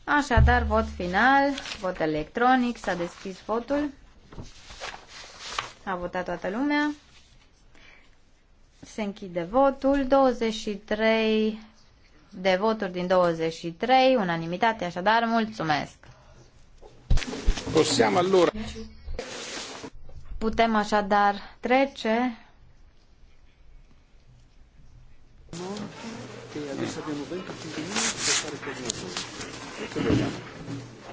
Așadar, vot final, vot electronic, s-a deschis votul. A votat toată lumea. Se închide votul. 23 de voturi din 23, unanimitate, așadar, mulțumesc. Possiamo allora. Putem așadar trece. adesso 25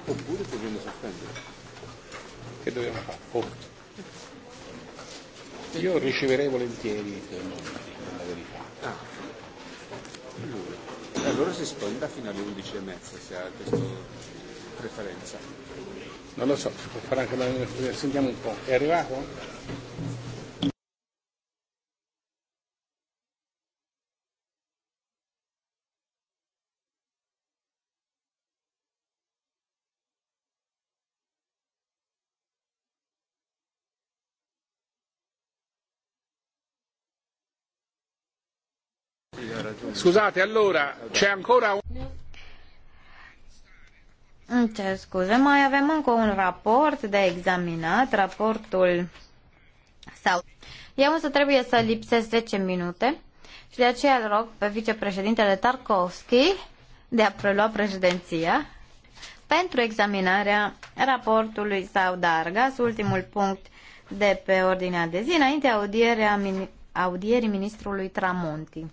Oppure dobbiamo sospendere. Che dobbiamo fare? Otto. Io riceverei volentieri la verità. Ah. Allora. E allora si sponda fino alle 11 e mezza se ha questa preferenza. Non lo so, si può fare anche sentiamo un po'. È arrivato? Scuzate, allora, c'è ancora un... Îmi cer scuze, mai avem încă un raport de examinat, raportul sau... Eu însă trebuie să lipsesc 10 minute și de aceea îl rog pe vicepreședintele Tarkovski de a prelua președinția pentru examinarea raportului sau Dargas, ultimul punct de pe ordinea de zi, înainte audierea, audierii ministrului Tramonti.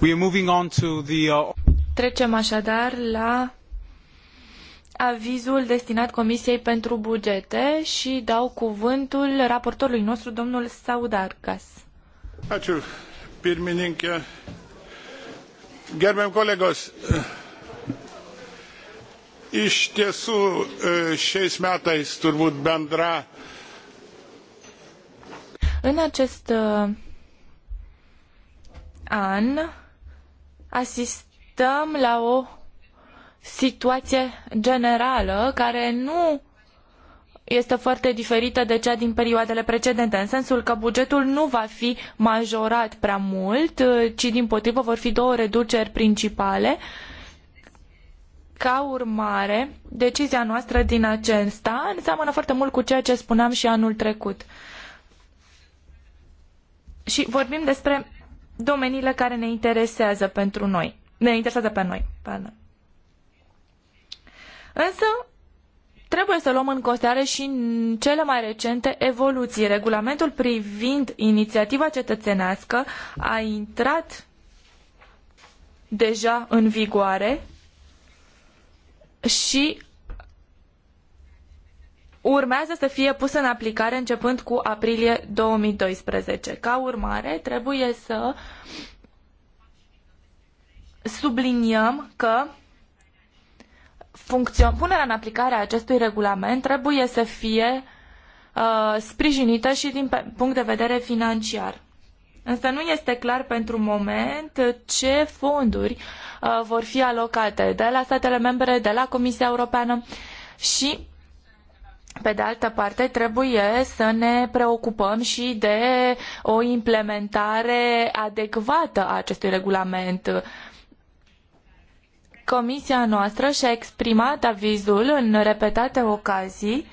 We are moving on to the, uh... Trecem așadar la avizul destinat Comisiei pentru Bugete și dau cuvântul raportorului nostru, domnul Saudargas. Acel pirmininkė. Eh, Gerbiam colegos, eh, iš tiesų eh, šiais metais turbūt bendra. În acest an asistăm la o situație generală care nu este foarte diferită de cea din perioadele precedente, în sensul că bugetul nu va fi majorat prea mult, ci din potrivă vor fi două reduceri principale. Ca urmare, decizia noastră din acest an seamănă foarte mult cu ceea ce spuneam și anul trecut. Și vorbim despre domeniile care ne interesează pentru noi. Ne interesează pe noi. Pardon. Însă, trebuie să luăm în considerare și cele mai recente evoluții. Regulamentul privind inițiativa cetățenească a intrat deja în vigoare și urmează să fie pusă în aplicare începând cu aprilie 2012. Ca urmare, trebuie să subliniem că punerea în aplicare a acestui regulament trebuie să fie uh, sprijinită și din punct de vedere financiar. Însă nu este clar pentru moment ce fonduri uh, vor fi alocate de la statele membre, de la Comisia Europeană și pe de altă parte, trebuie să ne preocupăm și de o implementare adecvată a acestui regulament. Comisia noastră și-a exprimat avizul în repetate ocazii,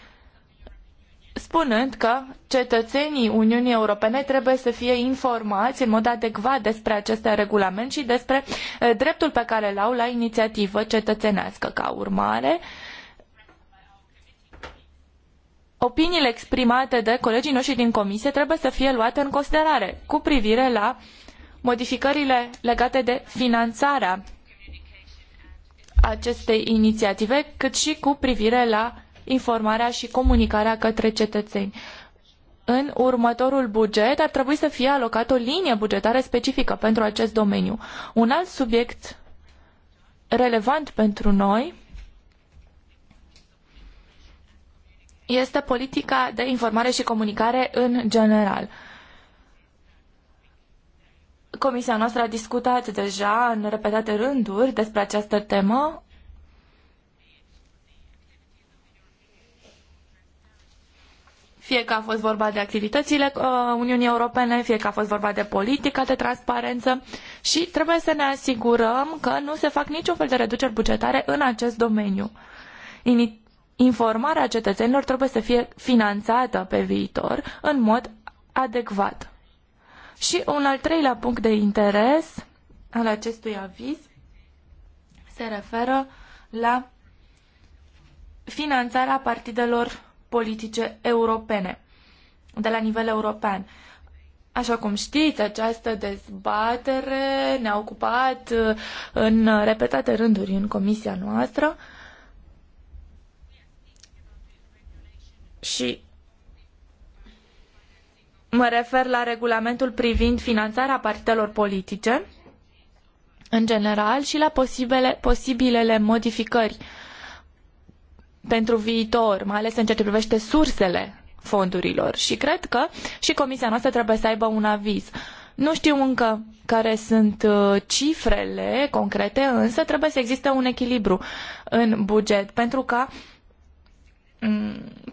spunând că cetățenii Uniunii Europene trebuie să fie informați în mod adecvat despre acest regulament și despre eh, dreptul pe care l-au la inițiativă cetățenească. Ca urmare, opiniile exprimate de colegii noștri din comisie trebuie să fie luate în considerare cu privire la modificările legate de finanțarea acestei inițiative, cât și cu privire la informarea și comunicarea către cetățeni. În următorul buget ar trebui să fie alocată o linie bugetară specifică pentru acest domeniu. Un alt subiect relevant pentru noi este politica de informare și comunicare în general. Comisia noastră a discutat deja în repetate rânduri despre această temă. Fie că a fost vorba de activitățile uh, Uniunii Europene, fie că a fost vorba de politica de transparență și trebuie să ne asigurăm că nu se fac niciun fel de reduceri bugetare în acest domeniu informarea cetățenilor trebuie să fie finanțată pe viitor în mod adecvat. Și un al treilea punct de interes al acestui aviz se referă la finanțarea partidelor politice europene de la nivel european. Așa cum știți, această dezbatere ne-a ocupat uh, în repetate rânduri în comisia noastră și mă refer la regulamentul privind finanțarea partidelor politice în general și la posibile, posibilele modificări pentru viitor, mai ales în ceea ce privește sursele fondurilor. Și cred că și comisia noastră trebuie să aibă un aviz. Nu știu încă care sunt uh, cifrele concrete, însă trebuie să existe un echilibru în buget pentru ca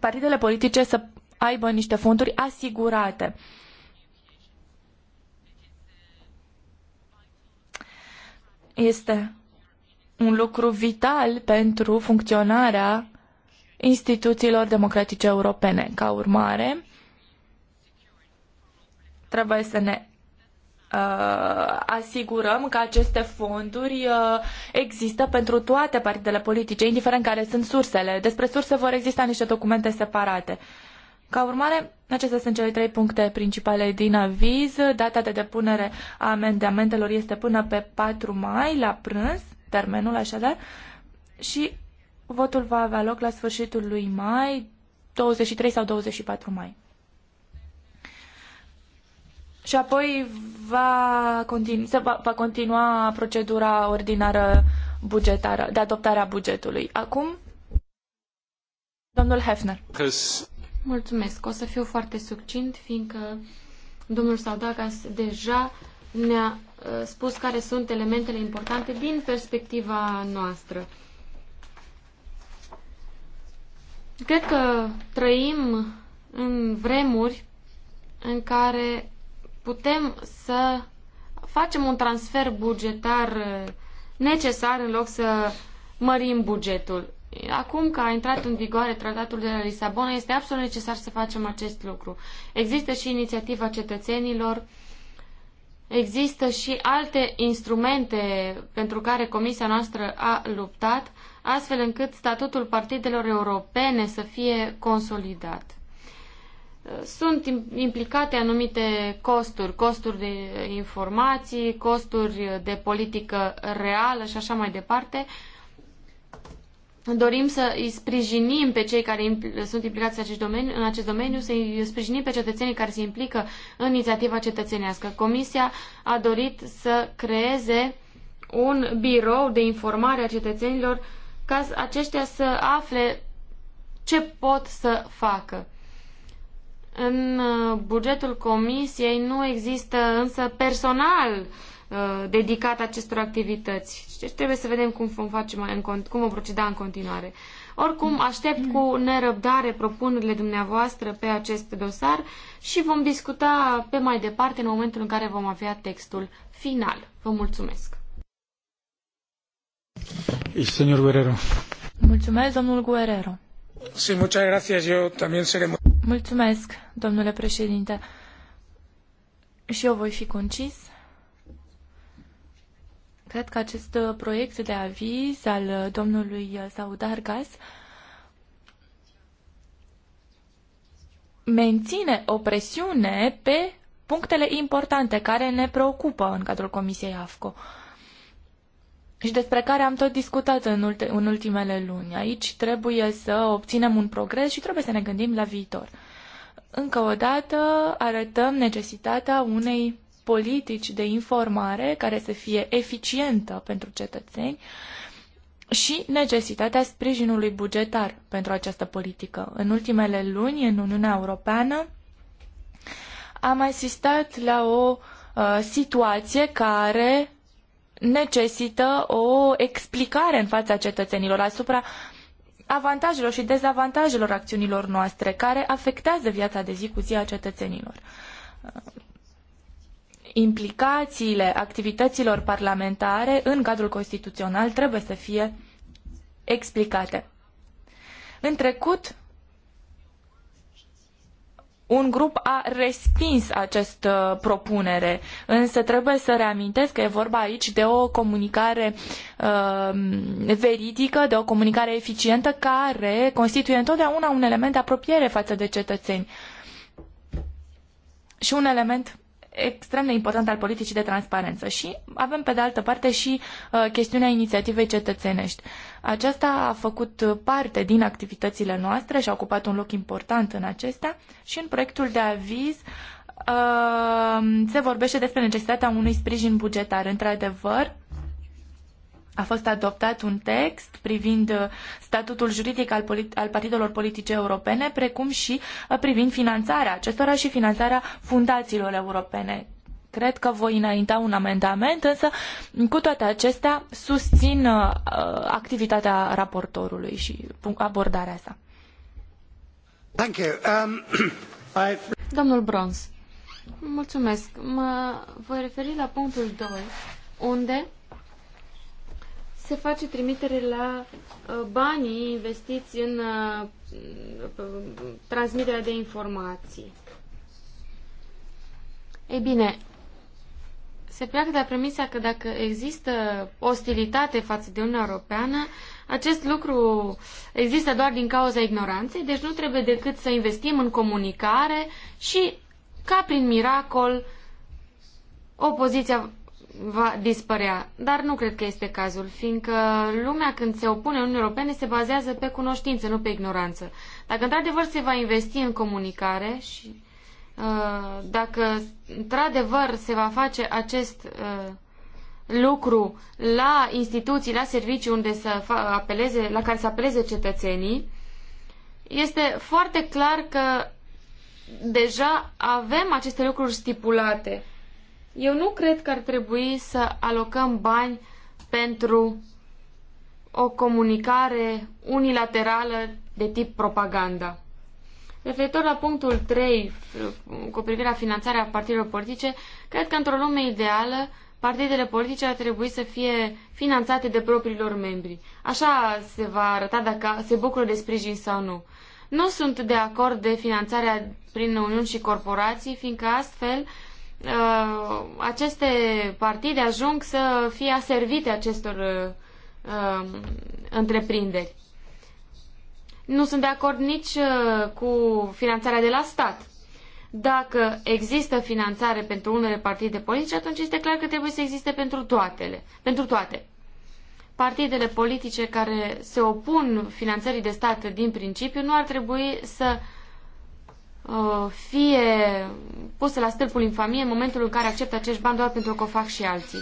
partidele politice să aibă niște fonduri asigurate. Este un lucru vital pentru funcționarea instituțiilor democratice europene. Ca urmare, trebuie să ne Uh, asigurăm că aceste fonduri uh, există pentru toate partidele politice, indiferent care sunt sursele. Despre surse vor exista niște documente separate. Ca urmare, acestea sunt cele trei puncte principale din aviz. Data de depunere a amendamentelor este până pe 4 mai, la prânz, termenul așadar, și votul va avea loc la sfârșitul lui mai, 23 sau 24 mai și apoi va, continu, se va, va continua procedura ordinară bugetară, de adoptarea bugetului. Acum, domnul Hefner. Mulțumesc. O să fiu foarte succint, fiindcă domnul Saudagas deja ne-a uh, spus care sunt elementele importante din perspectiva noastră. Cred că trăim în vremuri în care putem să facem un transfer bugetar uh, necesar în loc să mărim bugetul. Acum că a intrat în vigoare tratatul de la Lisabona, este absolut necesar să facem acest lucru. Există și inițiativa cetățenilor, există și alte instrumente pentru care comisia noastră a luptat, astfel încât statutul partidelor europene să fie consolidat sunt implicate anumite costuri, costuri de informații, costuri de politică reală și așa mai departe. Dorim să îi sprijinim pe cei care sunt implicați în acest domeniu, în acest domeniu să îi sprijinim pe cetățenii care se implică în inițiativa cetățenească. Comisia a dorit să creeze un birou de informare a cetățenilor ca aceștia să afle ce pot să facă. În uh, bugetul comisiei nu există însă personal uh, dedicat acestor activități. Deci trebuie să vedem cum vom, face mai în, cum vom proceda în continuare. Oricum, aștept cu nerăbdare propunerile dumneavoastră pe acest dosar și vom discuta pe mai departe în momentul în care vom avea textul final. Vă mulțumesc! Eh, mulțumesc, domnul Guerrero. Sí, muchas gracias. Yo también seré... Mulțumesc, domnule președinte. Și eu voi fi concis. Cred că acest uh, proiect de aviz al uh, domnului uh, Saudar Gas menține o presiune pe punctele importante care ne preocupă în cadrul Comisiei AFCO. Uh, și despre care am tot discutat în, ulti- în ultimele luni. Aici trebuie să obținem un progres și trebuie să ne gândim la viitor. Încă o dată arătăm necesitatea unei politici de informare care să fie eficientă pentru cetățeni și necesitatea sprijinului bugetar pentru această politică. În ultimele luni, în Uniunea Europeană, am asistat la o uh, situație care necesită o explicare în fața cetățenilor asupra avantajelor și dezavantajelor acțiunilor noastre care afectează viața de zi cu zi a cetățenilor. Implicațiile activităților parlamentare în cadrul constituțional trebuie să fie explicate. În trecut, un grup a respins această propunere, însă trebuie să reamintesc că e vorba aici de o comunicare uh, veridică, de o comunicare eficientă care constituie întotdeauna un element de apropiere față de cetățeni și un element extrem de important al politicii de transparență și avem pe de altă parte și uh, chestiunea inițiativei cetățenești. Aceasta a făcut parte din activitățile noastre și a ocupat un loc important în acestea și în proiectul de aviz uh, se vorbește despre necesitatea unui sprijin bugetar. Într-adevăr, a fost adoptat un text privind uh, statutul juridic al, polit- al partidelor politice europene, precum și uh, privind finanțarea acestora și finanțarea fundațiilor europene. Cred că voi înainta un amendament, însă cu toate acestea susțin uh, uh activitatea raportorului și abordarea sa. Thank you. Um, Domnul Brons, mulțumesc. Mă voi referi la punctul 2, unde se face trimitere la uh, banii investiți în uh, uh, transmiterea de informații. Ei bine, se pleacă de la premisa că dacă există ostilitate față de Uniunea Europeană, acest lucru există doar din cauza ignoranței, deci nu trebuie decât să investim în comunicare și, ca prin miracol, opoziția va dispărea. Dar nu cred că este cazul, fiindcă lumea când se opune Uniunii Europene se bazează pe cunoștință, nu pe ignoranță. Dacă într-adevăr se va investi în comunicare și uh, dacă într-adevăr se va face acest uh, lucru la instituții, la servicii unde să apeleze, la care să apeleze cetățenii, este foarte clar că deja avem aceste lucruri stipulate eu nu cred că ar trebui să alocăm bani pentru o comunicare unilaterală de tip propaganda. Referitor la punctul 3, cu privire la finanțarea partidelor politice, cred că într-o lume ideală, partidele politice ar trebui să fie finanțate de propriilor membri. Așa se va arăta dacă se bucură de sprijin sau nu. Nu sunt de acord de finanțarea prin uniuni și corporații, fiindcă astfel uh, aceste partide ajung să fie aservite acestor uh, um, întreprinderi. Nu sunt de acord nici uh, cu finanțarea de la stat. Dacă există finanțare pentru unele partide politice, atunci este clar că trebuie să existe pentru, toatele, pentru toate. Partidele politice care se opun finanțării de stat din principiu nu ar trebui să uh, Uh, fie pusă la stâlpul infamie în momentul în care acceptă acești bani doar pentru că o fac și alții.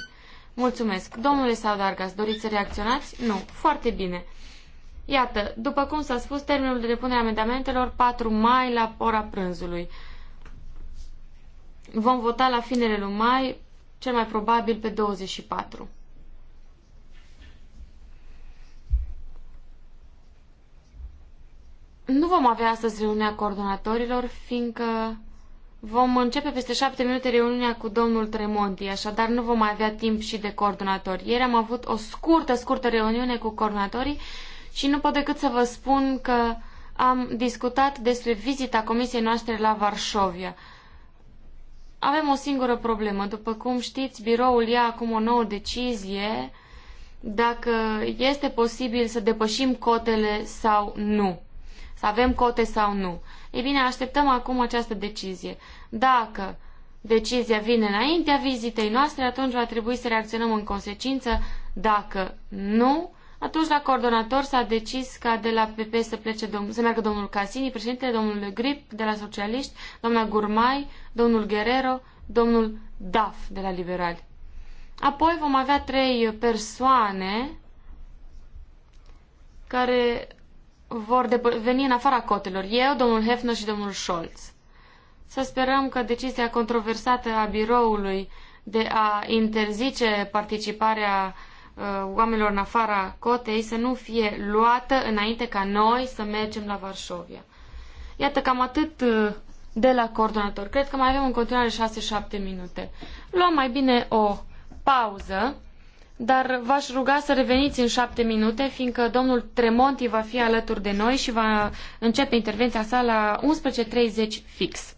Mulțumesc. Domnule Saudargas, doriți să reacționați? Nu. Foarte bine. Iată, după cum s-a spus, termenul de depunere a amendamentelor 4 mai la ora prânzului. Vom vota la finele lui mai, cel mai probabil pe 24. Nu vom avea astăzi reuniunea coordonatorilor, fiindcă vom începe peste șapte minute reuniunea cu domnul Tremonti, așadar nu vom avea timp și de coordonatori. Ieri am avut o scurtă, scurtă reuniune cu coordonatorii și nu pot decât să vă spun că am discutat despre vizita comisiei noastre la Varșovia. Avem o singură problemă. După cum știți, biroul ia acum o nouă decizie dacă este posibil să depășim cotele sau nu să avem cote sau nu. Ei bine, așteptăm acum această decizie. Dacă decizia vine înaintea vizitei noastre, atunci va trebui să reacționăm în consecință. Dacă nu, atunci la coordonator s-a decis ca de la PP să, plece dom- să meargă domnul Casini, președintele, domnul Grip de la Socialiști, doamna Gurmai, domnul Guerrero, domnul Daf de la Liberali. Apoi vom avea trei persoane care vor veni în afara cotelor. Eu, domnul Hefner și domnul Scholz. Să sperăm că decizia controversată a biroului de a interzice participarea uh, oamenilor în afara cotei să nu fie luată înainte ca noi să mergem la Varșovia. Iată, cam atât uh, de la coordonator. Cred că mai avem în continuare 6-7 minute. Luăm mai bine o pauză dar v-aș ruga să reveniți în șapte minute, fiindcă domnul Tremonti va fi alături de noi și va începe intervenția sa la 11.30 fix.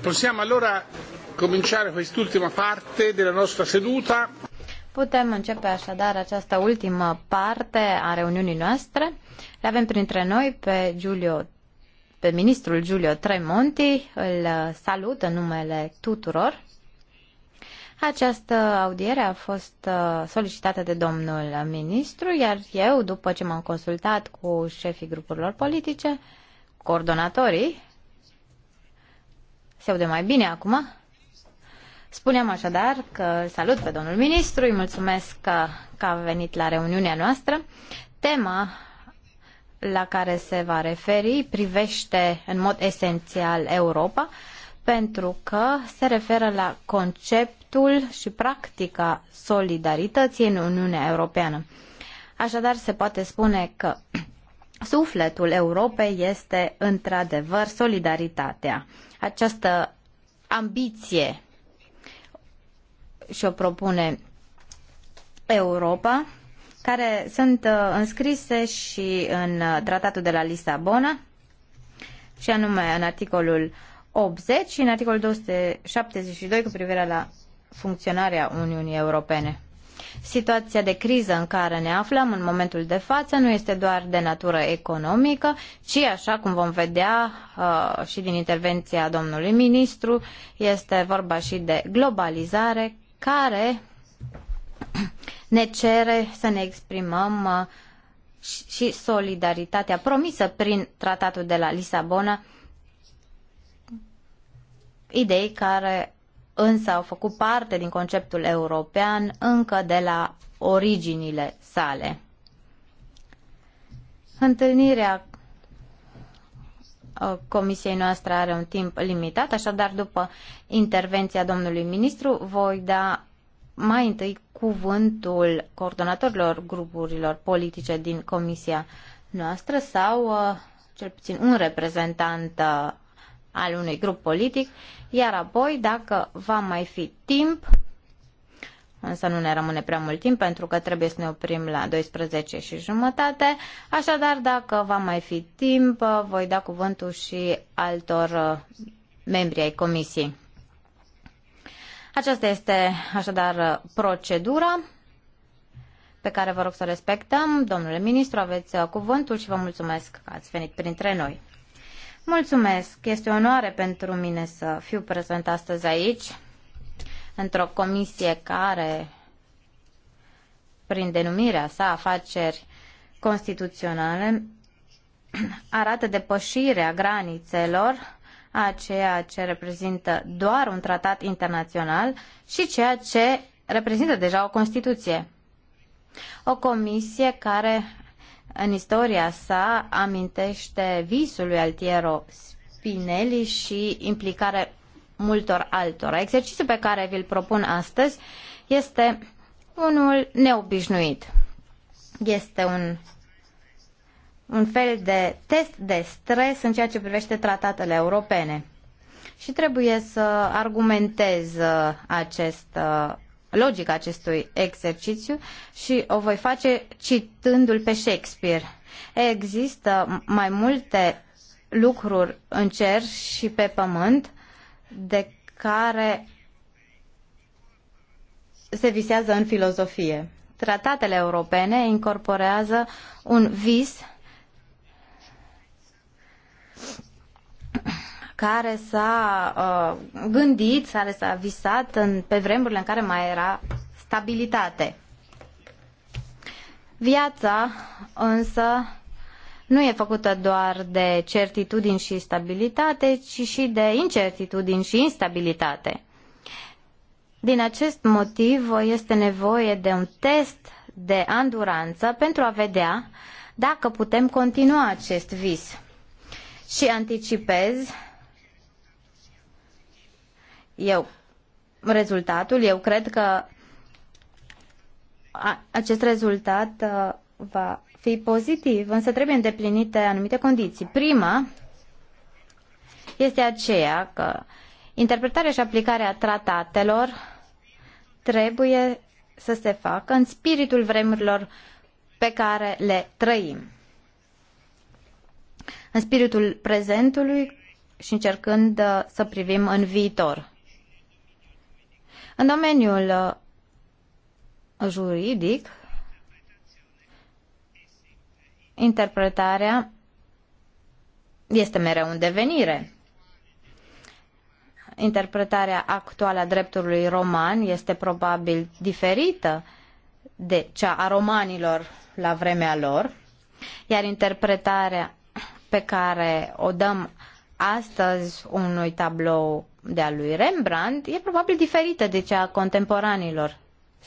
Possiamo allora cominciare quest'ultima parte della nostra seduta. Putem începe așadar această ultimă parte a reuniunii noastre. Le avem printre noi pe Giulio pe ministrul Giulio Tremonti, îl salut în numele tuturor. Această audiere a fost uh, solicitată de domnul ministru, iar eu, după ce m-am consultat cu șefii grupurilor politice, coordonatorii, se aude mai bine acum? Spuneam așadar că îl salut pe domnul ministru, îi mulțumesc că, că a venit la reuniunea noastră. Tema la care se va referi privește în mod esențial Europa, pentru că se referă la conceptul și practica solidarității în Uniunea Europeană. Așadar, se poate spune că sufletul Europei este într-adevăr solidaritatea această ambiție și-o propune Europa, care sunt uh, înscrise și în uh, tratatul de la Lisabona, și anume în articolul 80 și în articolul 272 cu privire la funcționarea Uniunii Europene. Situația de criză în care ne aflăm în momentul de față nu este doar de natură economică, ci, așa cum vom vedea uh, și din intervenția domnului ministru, este vorba și de globalizare care ne cere să ne exprimăm uh, și solidaritatea promisă prin tratatul de la Lisabona, idei care însă au făcut parte din conceptul european încă de la originile sale. Întâlnirea uh, comisiei noastre are un timp limitat, așadar după intervenția domnului ministru voi da mai întâi cuvântul coordonatorilor grupurilor politice din comisia noastră sau uh, cel puțin un reprezentant uh, al unui grup politic, iar apoi, dacă va mai fi timp, însă nu ne rămâne prea mult timp pentru că trebuie să ne oprim la 12 și jumătate. Așadar, dacă va mai fi timp, voi da cuvântul și altor uh, membri ai comisiei. Aceasta este așadar uh, procedura pe care vă rog să o respectăm. Domnule ministru, aveți uh, cuvântul și vă mulțumesc că ați venit printre noi. Mulțumesc! Este o onoare pentru mine să fiu prezent astăzi aici, într-o comisie care, prin denumirea sa afaceri constituționale, arată depășirea granițelor a ceea ce reprezintă doar un tratat internațional și ceea ce reprezintă deja o Constituție. O comisie care în istoria sa amintește visul lui Altiero Spinelli și implicarea multor altora. Exercițiul pe care vi-l propun astăzi este unul neobișnuit. Este un, un fel de test de stres în ceea ce privește tratatele europene. Și trebuie să argumentez uh, acest uh, logica acestui exercițiu și o voi face citându-l pe Shakespeare. Există mai multe lucruri în cer și pe pământ de care se visează în filozofie. Tratatele europene incorporează un vis care s-a uh, gândit, care s-a visat în, pe vremurile în care mai era stabilitate. Viața însă nu e făcută doar de certitudini și stabilitate, ci și de incertitudini și instabilitate. Din acest motiv este nevoie de un test de anduranță pentru a vedea dacă putem continua acest vis. Și anticipez eu rezultatul. Eu cred că acest rezultat uh, va fi pozitiv, însă trebuie îndeplinite anumite condiții. Prima este aceea că interpretarea și aplicarea tratatelor trebuie să se facă în spiritul vremurilor pe care le trăim. În spiritul prezentului și încercând uh, să privim în viitor. În domeniul uh, juridic, interpretarea este mereu în devenire. Interpretarea actuală a dreptului roman este probabil diferită de cea a romanilor la vremea lor, iar interpretarea pe care o dăm astăzi unui tablou de-a lui Rembrandt e probabil diferită de cea a contemporanilor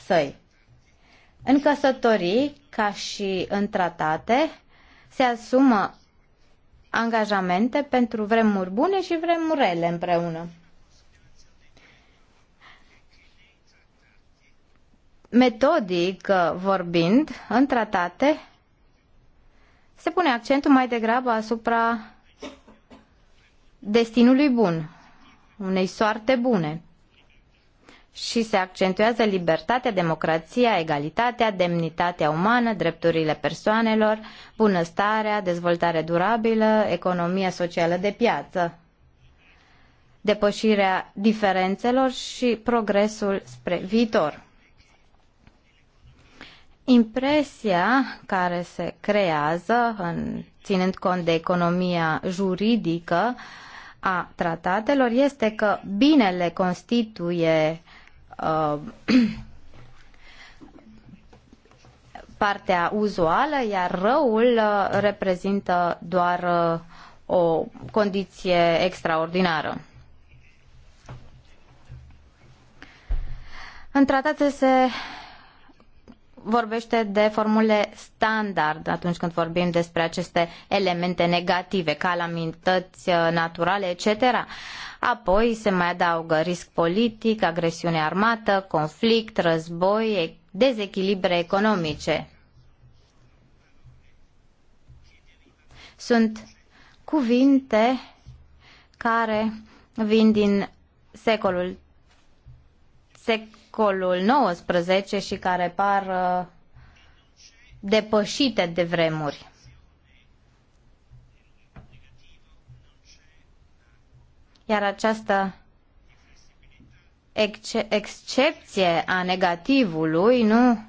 săi. În căsătorii, ca și în tratate, se asumă angajamente pentru vremuri bune și vremuri rele împreună. Metodic vorbind, în tratate, se pune accentul mai degrabă asupra destinului bun, unei soarte bune. Și se accentuează libertatea, democrația, egalitatea, demnitatea umană, drepturile persoanelor, bunăstarea, dezvoltare durabilă, economia socială de piață, depășirea diferențelor și progresul spre viitor. Impresia care se creează, în, ținând cont de economia juridică, uh, a tratatelor este că binele constituie uh, partea uzuală, iar răul uh, reprezintă doar uh, o condiție extraordinară. În tratate se vorbește de formule standard atunci când vorbim despre aceste elemente negative, calamități uh, naturale, etc. Apoi se mai adaugă risc politic, agresiune armată, conflict, război, dezechilibre economice. Sunt cuvinte care vin din secolul sec- secolul XIX și care par uh, depășite de vremuri. Iar această excepție a negativului nu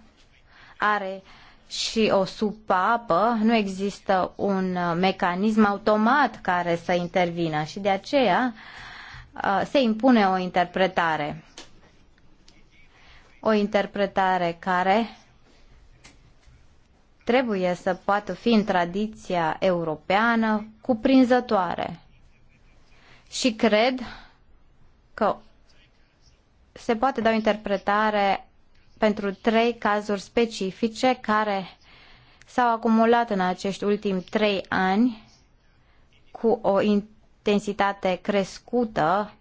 are și o supapă, nu există un uh, mecanism automat care să intervină și de aceea uh, se impune o interpretare o interpretare care trebuie să poată fi în tradiția europeană cuprinzătoare. Și cred că se poate da o interpretare pentru trei cazuri specifice care s-au acumulat în acești ultimi trei ani cu o intensitate crescută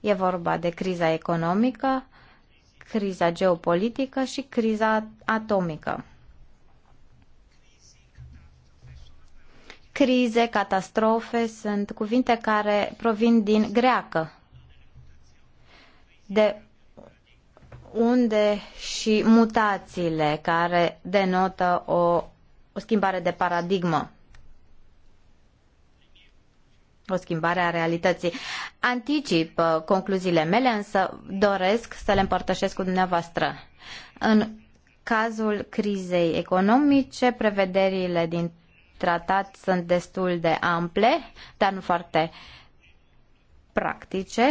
E vorba de criza economică, criza geopolitică și criza atomică. Crize, catastrofe sunt cuvinte care provin din greacă, de unde și mutațiile care denotă o, o schimbare de paradigmă o schimbare a realității. Anticip uh, concluziile mele, însă doresc să le împărtășesc cu dumneavoastră. În cazul crizei economice, prevederile din tratat sunt destul de ample, dar nu foarte practice.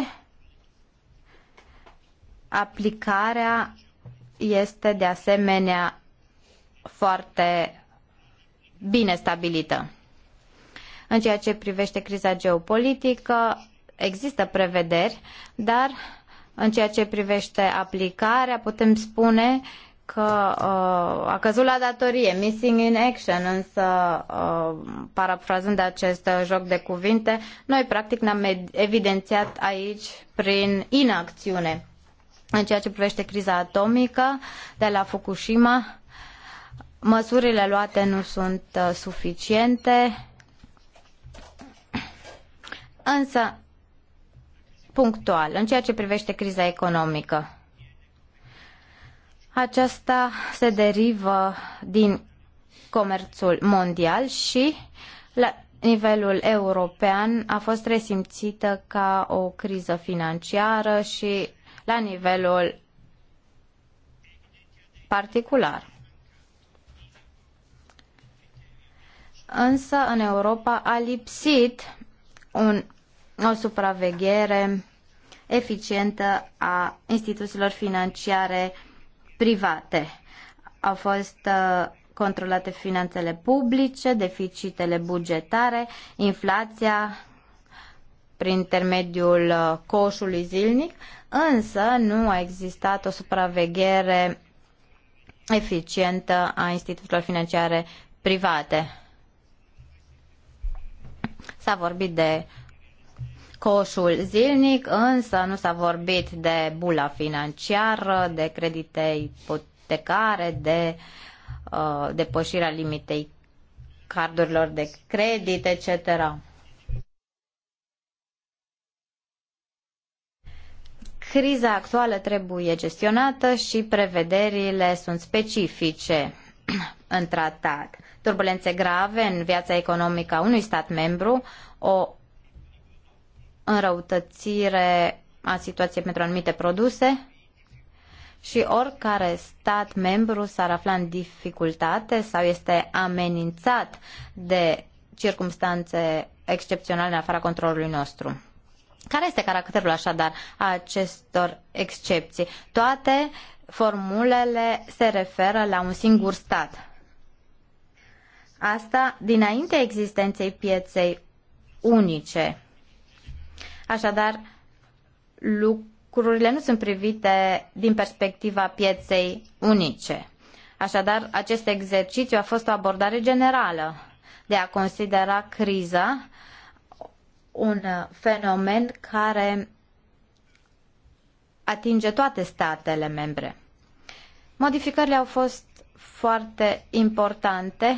Aplicarea este de asemenea foarte bine stabilită. În ceea ce privește criza geopolitică, există prevederi, dar în ceea ce privește aplicarea, putem spune că uh, a căzut la datorie, missing in action, însă, uh, parafrazând acest uh, joc de cuvinte, noi practic ne-am evidențiat aici prin inacțiune. În ceea ce privește criza atomică de la Fukushima, măsurile luate nu sunt uh, suficiente însă punctual în ceea ce privește criza economică. Aceasta se derivă din comerțul mondial și la nivelul european a fost resimțită ca o criză financiară și la nivelul particular. Însă în Europa a lipsit un o supraveghere eficientă a instituțiilor financiare private. Au fost uh, controlate finanțele publice, deficitele bugetare, inflația prin intermediul uh, coșului zilnic, însă nu a existat o supraveghere eficientă a instituțiilor financiare private. S-a vorbit de coșul zilnic, însă nu s-a vorbit de bula financiară, de credite ipotecare, de uh, depășirea limitei cardurilor de credit, etc. Criza actuală trebuie gestionată și prevederile sunt specifice în tratat. Turbulențe grave în viața economică a unui stat membru, o înrăutățire a situației pentru anumite produse și oricare stat membru s-ar afla în dificultate sau este amenințat de circumstanțe excepționale în afara controlului nostru. Care este caracterul așadar a acestor excepții? Toate formulele se referă la un singur stat. Asta dinainte existenței pieței unice Așadar, lucrurile nu sunt privite din perspectiva pieței unice. Așadar, acest exercițiu a fost o abordare generală de a considera criza un fenomen care atinge toate statele membre. Modificările au fost foarte importante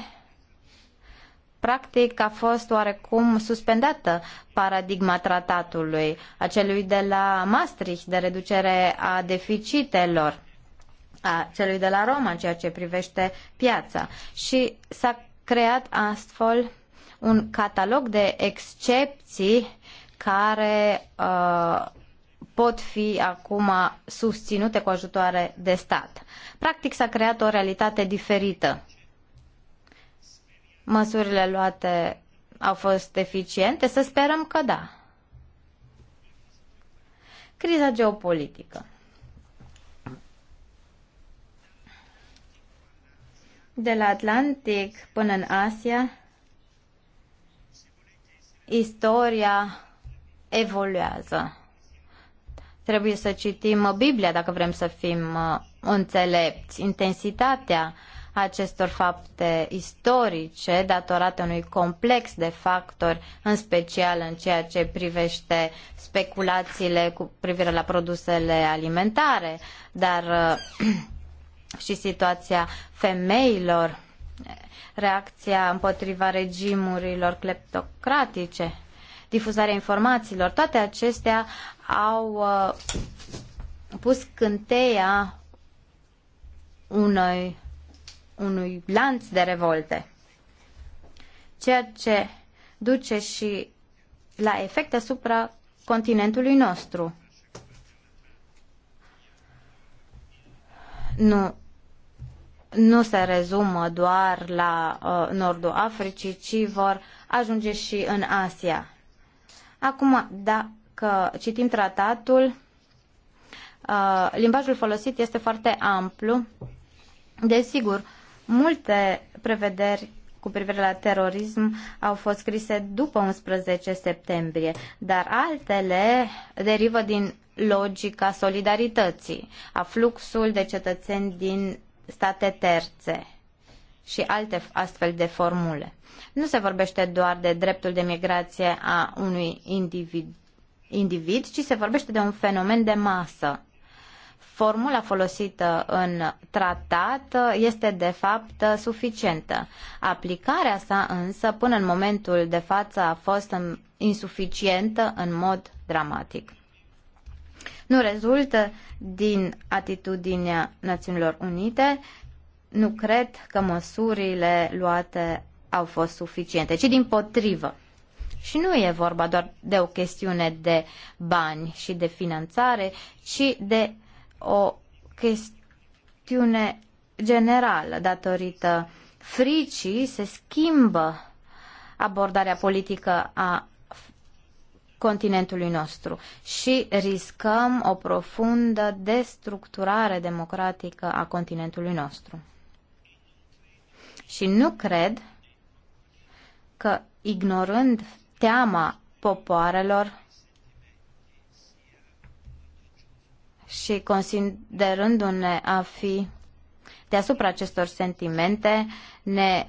practic a fost oarecum suspendată paradigma tratatului, acelui de la Maastricht, de reducere a deficitelor, a celui de la Roma în ceea ce privește piața. Și s-a creat astfel un catalog de excepții care uh, pot fi acum susținute cu ajutoare de stat. Practic s-a creat o realitate diferită măsurile luate au fost eficiente? Să sperăm că da. Criza geopolitică. De la Atlantic până în Asia, istoria evoluează. Trebuie să citim Biblia dacă vrem să fim uh, înțelepți. Intensitatea uh, acestor fapte istorice, datorate unui complex de factori, în special în ceea ce privește speculațiile cu privire la produsele alimentare, dar uh, și situația femeilor, reacția împotriva regimurilor cleptocratice, difuzarea informațiilor, toate acestea au uh, pus cânteia unei unui lanț de revolte, ceea ce duce și la efecte asupra continentului nostru. Nu, nu se rezumă doar la uh, nordul Africii, ci vor ajunge și în Asia. Acum, dacă citim tratatul, uh, limbajul folosit este foarte amplu. Desigur, uh, Multe prevederi cu privire la terorism au fost scrise după 11 septembrie, dar altele derivă din logica solidarității, a fluxul de cetățeni din state terțe și alte astfel de formule. Nu se vorbește doar de dreptul de migrație a unui individ, individ ci se vorbește de un fenomen de masă formula folosită în tratat este de fapt suficientă. Aplicarea sa însă până în momentul de față a fost insuficientă în mod dramatic. Nu rezultă din atitudinea Națiunilor Unite, nu cred că măsurile luate au fost suficiente, ci din potrivă. Și nu e vorba doar de o chestiune de bani și de finanțare, ci de o chestiune generală datorită fricii se schimbă abordarea politică a continentului nostru și riscăm o profundă destructurare democratică a continentului nostru. Și nu cred că ignorând teama popoarelor și considerându-ne a fi deasupra acestor sentimente, ne,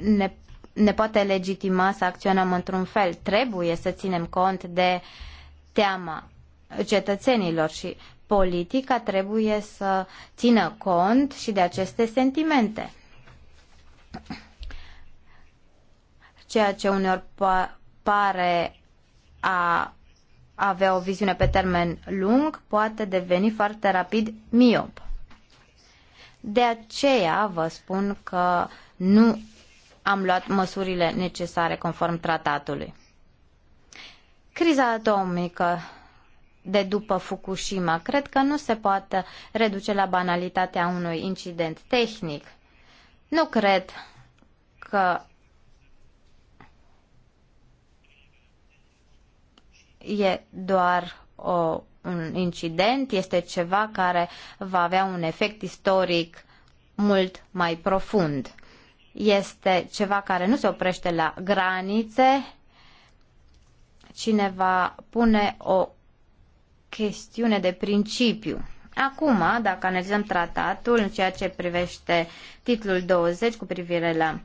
ne, ne poate legitima să acționăm într-un fel. Trebuie să ținem cont de teama cetățenilor și politica trebuie să țină cont și de aceste sentimente. Ceea ce uneori pare a avea o viziune pe termen lung, poate deveni foarte rapid miop. De aceea vă spun că nu am luat măsurile necesare conform tratatului. Criza atomică de după Fukushima cred că nu se poate reduce la banalitatea unui incident tehnic. Nu cred că e doar o, un incident, este ceva care va avea un efect istoric mult mai profund. Este ceva care nu se oprește la granițe, cine va pune o chestiune de principiu. Acum, dacă analizăm tratatul în ceea ce privește titlul 20 cu privire la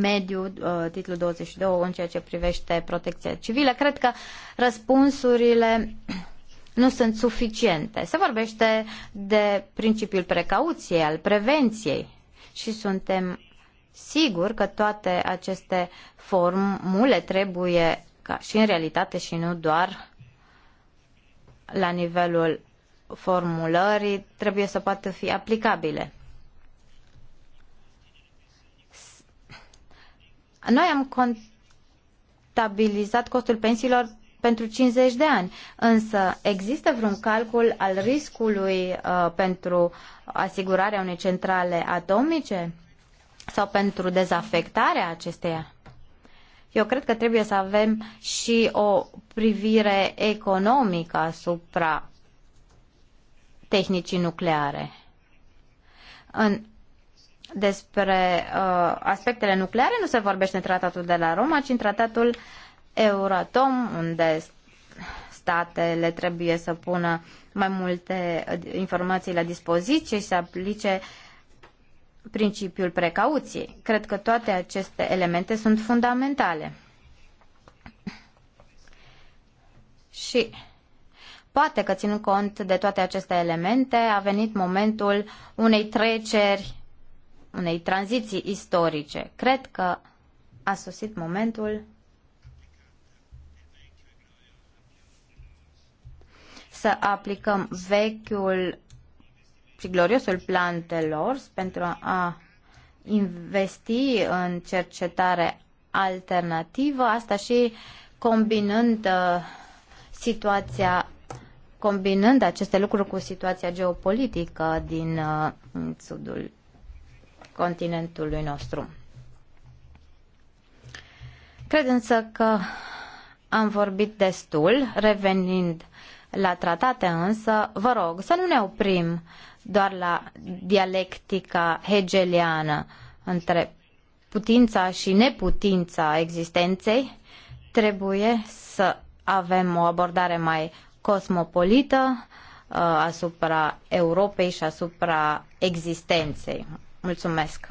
mediu, uh, titlul 22, în ceea ce privește protecția civilă. Cred că răspunsurile nu sunt suficiente. Se vorbește de principiul precauției, al prevenției și suntem siguri că toate aceste formule trebuie ca și în realitate și nu doar la nivelul formulării trebuie să poată fi aplicabile. Noi am contabilizat costul pensiilor pentru 50 de ani, însă există vreun calcul al riscului uh, pentru asigurarea unei centrale atomice sau pentru dezafectarea acesteia? Eu cred că trebuie să avem și o privire economică asupra tehnicii nucleare. În despre uh, aspectele nucleare nu se vorbește în tratatul de la Roma, ci în tratatul Euratom, unde statele trebuie să pună mai multe uh, informații la dispoziție și să aplice principiul precauției. Cred că toate aceste elemente sunt fundamentale. Și poate că ținând cont de toate aceste elemente, a venit momentul unei treceri unei tranziții istorice. Cred că a sosit momentul să aplicăm vechiul și gloriosul plan Telors pentru a investi în cercetare alternativă, asta și combinând uh, situația combinând aceste lucruri cu situația geopolitică din uh, sudul continentului nostru. Cred însă că am vorbit destul, revenind la tratate însă, vă rog să nu ne oprim doar la dialectica hegeliană între putința și neputința existenței, trebuie să avem o abordare mai cosmopolită uh, asupra Europei și asupra existenței. Mulțumesc!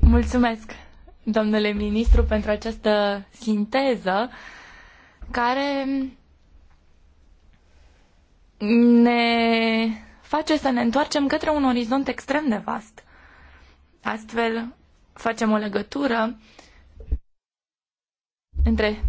Mulțumesc, domnule ministru, pentru această sinteză care ne face să ne întoarcem către un orizont extrem de vast. Astfel, facem o legătură între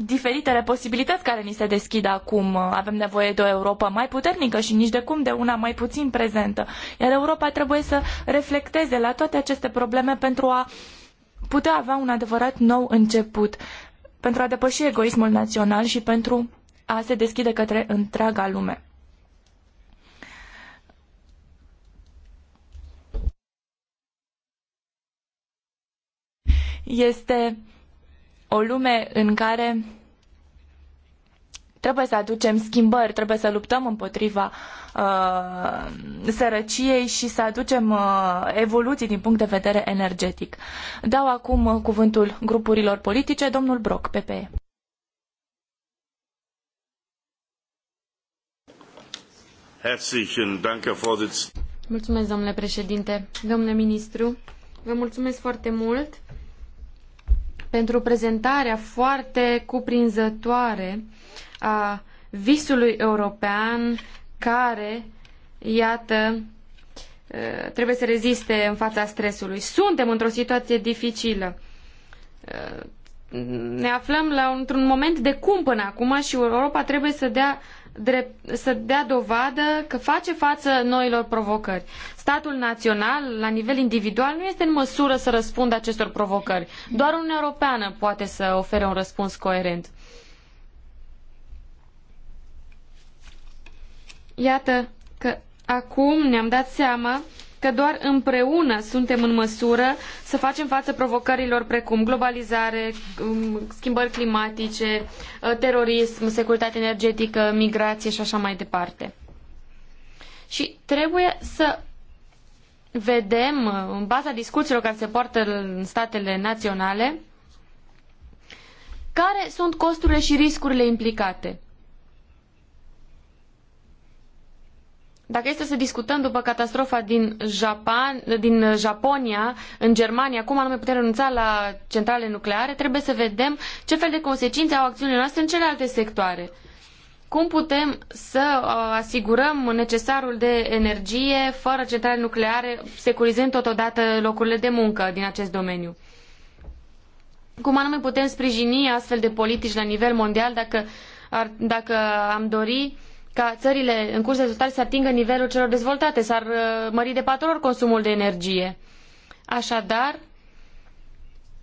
diferitele posibilități care ni se deschid acum. Avem nevoie de o Europa mai puternică și nici de cum de una mai puțin prezentă. Iar Europa trebuie să reflecteze la toate aceste probleme pentru a putea avea un adevărat nou început, pentru a depăși egoismul național și pentru a se deschide către întreaga lume. Este o lume în care trebuie să aducem schimbări, trebuie să luptăm împotriva uh, sărăciei și să aducem uh, evoluții din punct de vedere energetic. Dau acum uh, cuvântul grupurilor politice, domnul Brok, PPE. Mulțumesc, domnule președinte. Domnule ministru, vă mulțumesc foarte mult pentru prezentarea foarte cuprinzătoare a visului european care, iată, trebuie să reziste în fața stresului. Suntem într-o situație dificilă. Ne aflăm la, într-un moment de cumpănă acum și Europa trebuie să dea drept, să dea dovadă că face față noilor provocări. Statul național, la nivel individual, nu este în măsură să răspundă acestor provocări. Doar Uniunea Europeană poate să ofere un răspuns coerent. Iată că acum ne-am dat seama că doar împreună suntem în măsură să facem față provocărilor precum globalizare, um, schimbări climatice, uh, terorism, securitate energetică, migrație și așa mai departe. Și trebuie să vedem, uh, în baza discuțiilor care se poartă în statele naționale, care sunt costurile și riscurile implicate. Dacă este să discutăm după catastrofa din, Japan, din Japonia, în Germania, cum anume putem renunța la centrale nucleare, trebuie să vedem ce fel de consecințe au acțiunile noastre în celelalte sectoare. Cum putem să uh, asigurăm necesarul de energie fără centrale nucleare, securizând totodată locurile de muncă din acest domeniu? Cum anume putem sprijini astfel de politici la nivel mondial dacă, ar, dacă am dori ca țările în curs de dezvoltare să atingă nivelul celor dezvoltate, s-ar uh, mări de patru ori consumul de energie. Așadar,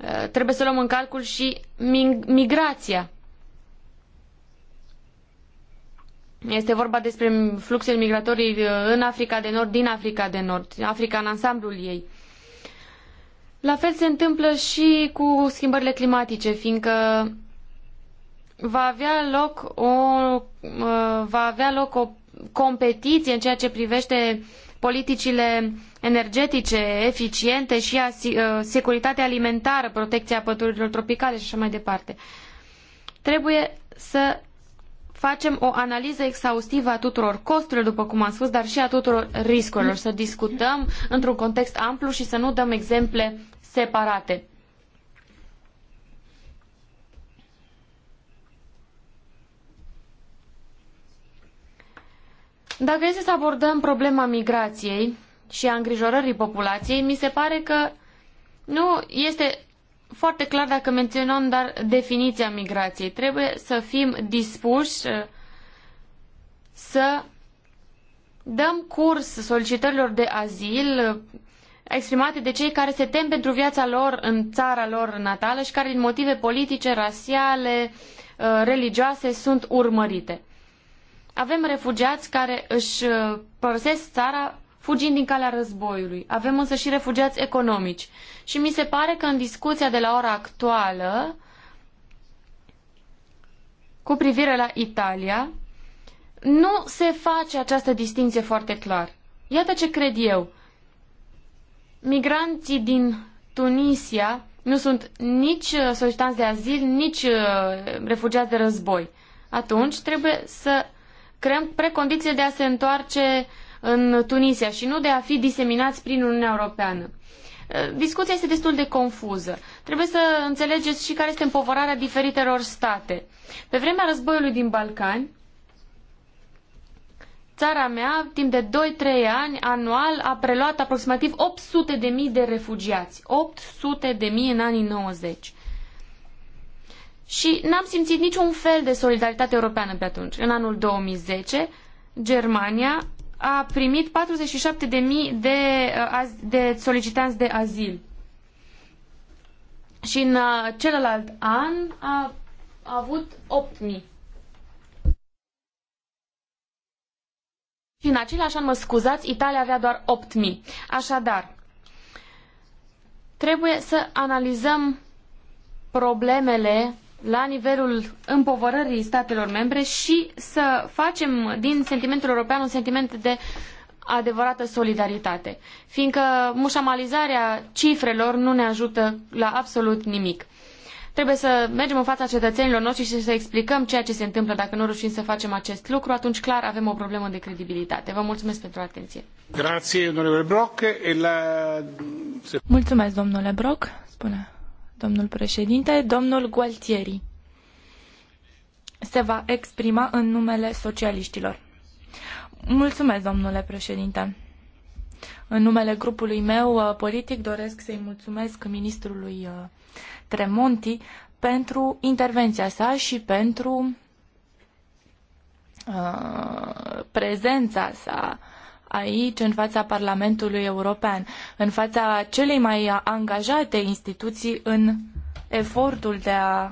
uh, trebuie să luăm în calcul și migrația. Este vorba despre fluxul migratorii uh, în Africa de Nord, din Africa de Nord, Africa în ansamblul ei. La fel se întâmplă și cu schimbările climatice, fiindcă va avea loc o Uh, va avea loc o competiție în ceea ce privește politicile energetice eficiente și uh, securitatea alimentară, protecția pădurilor tropicale și așa mai departe. Trebuie să facem o analiză exhaustivă a tuturor costurilor, după cum am spus, dar și a tuturor riscurilor, să discutăm într-un context amplu și să nu dăm exemple separate. Dacă este să abordăm problema migrației și a îngrijorării populației, mi se pare că nu este foarte clar dacă menționăm dar definiția migrației. Trebuie să fim dispuși uh, să dăm curs solicitărilor de azil uh, exprimate de cei care se tem pentru viața lor în țara lor natală și care din motive politice, rasiale, uh, religioase sunt urmărite. Avem refugiați care își uh, părăsesc țara fugind din calea războiului. Avem însă și refugiați economici. Și mi se pare că în discuția de la ora actuală cu privire la Italia, nu se face această distinție foarte clar. Iată ce cred eu. Migranții din Tunisia nu sunt nici uh, solicitanți de azil, nici uh, refugiați de război. Atunci trebuie să creăm precondiții de a se întoarce în Tunisia și nu de a fi diseminați prin Uniunea Europeană. Discuția este destul de confuză. Trebuie să înțelegeți și care este împovărarea diferitelor state. Pe vremea războiului din Balcani, țara mea, timp de 2-3 ani, anual, a preluat aproximativ 800.000 de de refugiați. 800.000 în anii 90 și n-am simțit niciun fel de solidaritate europeană pe atunci. În anul 2010, Germania a primit 47.000 de, uh, de solicitanți de azil. Și în uh, celălalt an a, a avut 8.000. Și în același an, mă scuzați, Italia avea doar 8.000. Așadar, trebuie să analizăm problemele la nivelul împovărării statelor membre și să facem din sentimentul european un sentiment de adevărată solidaritate, fiindcă mușamalizarea cifrelor nu ne ajută la absolut nimic. Trebuie să mergem în fața cetățenilor noștri și să explicăm ceea ce se întâmplă. Dacă nu reușim să facem acest lucru, atunci clar avem o problemă de credibilitate. Vă mulțumesc pentru atenție. Grazie, domnule Brock. La... Mulțumesc, domnule Brock. Spune domnul președinte. Domnul Gualtieri se va exprima în numele socialiștilor. Mulțumesc, domnule președinte. În numele grupului meu uh, politic doresc să-i mulțumesc ministrului uh, Tremonti pentru intervenția sa și pentru uh, prezența sa uh, aici, în fața Parlamentului European, în fața celei mai angajate instituții în efortul de a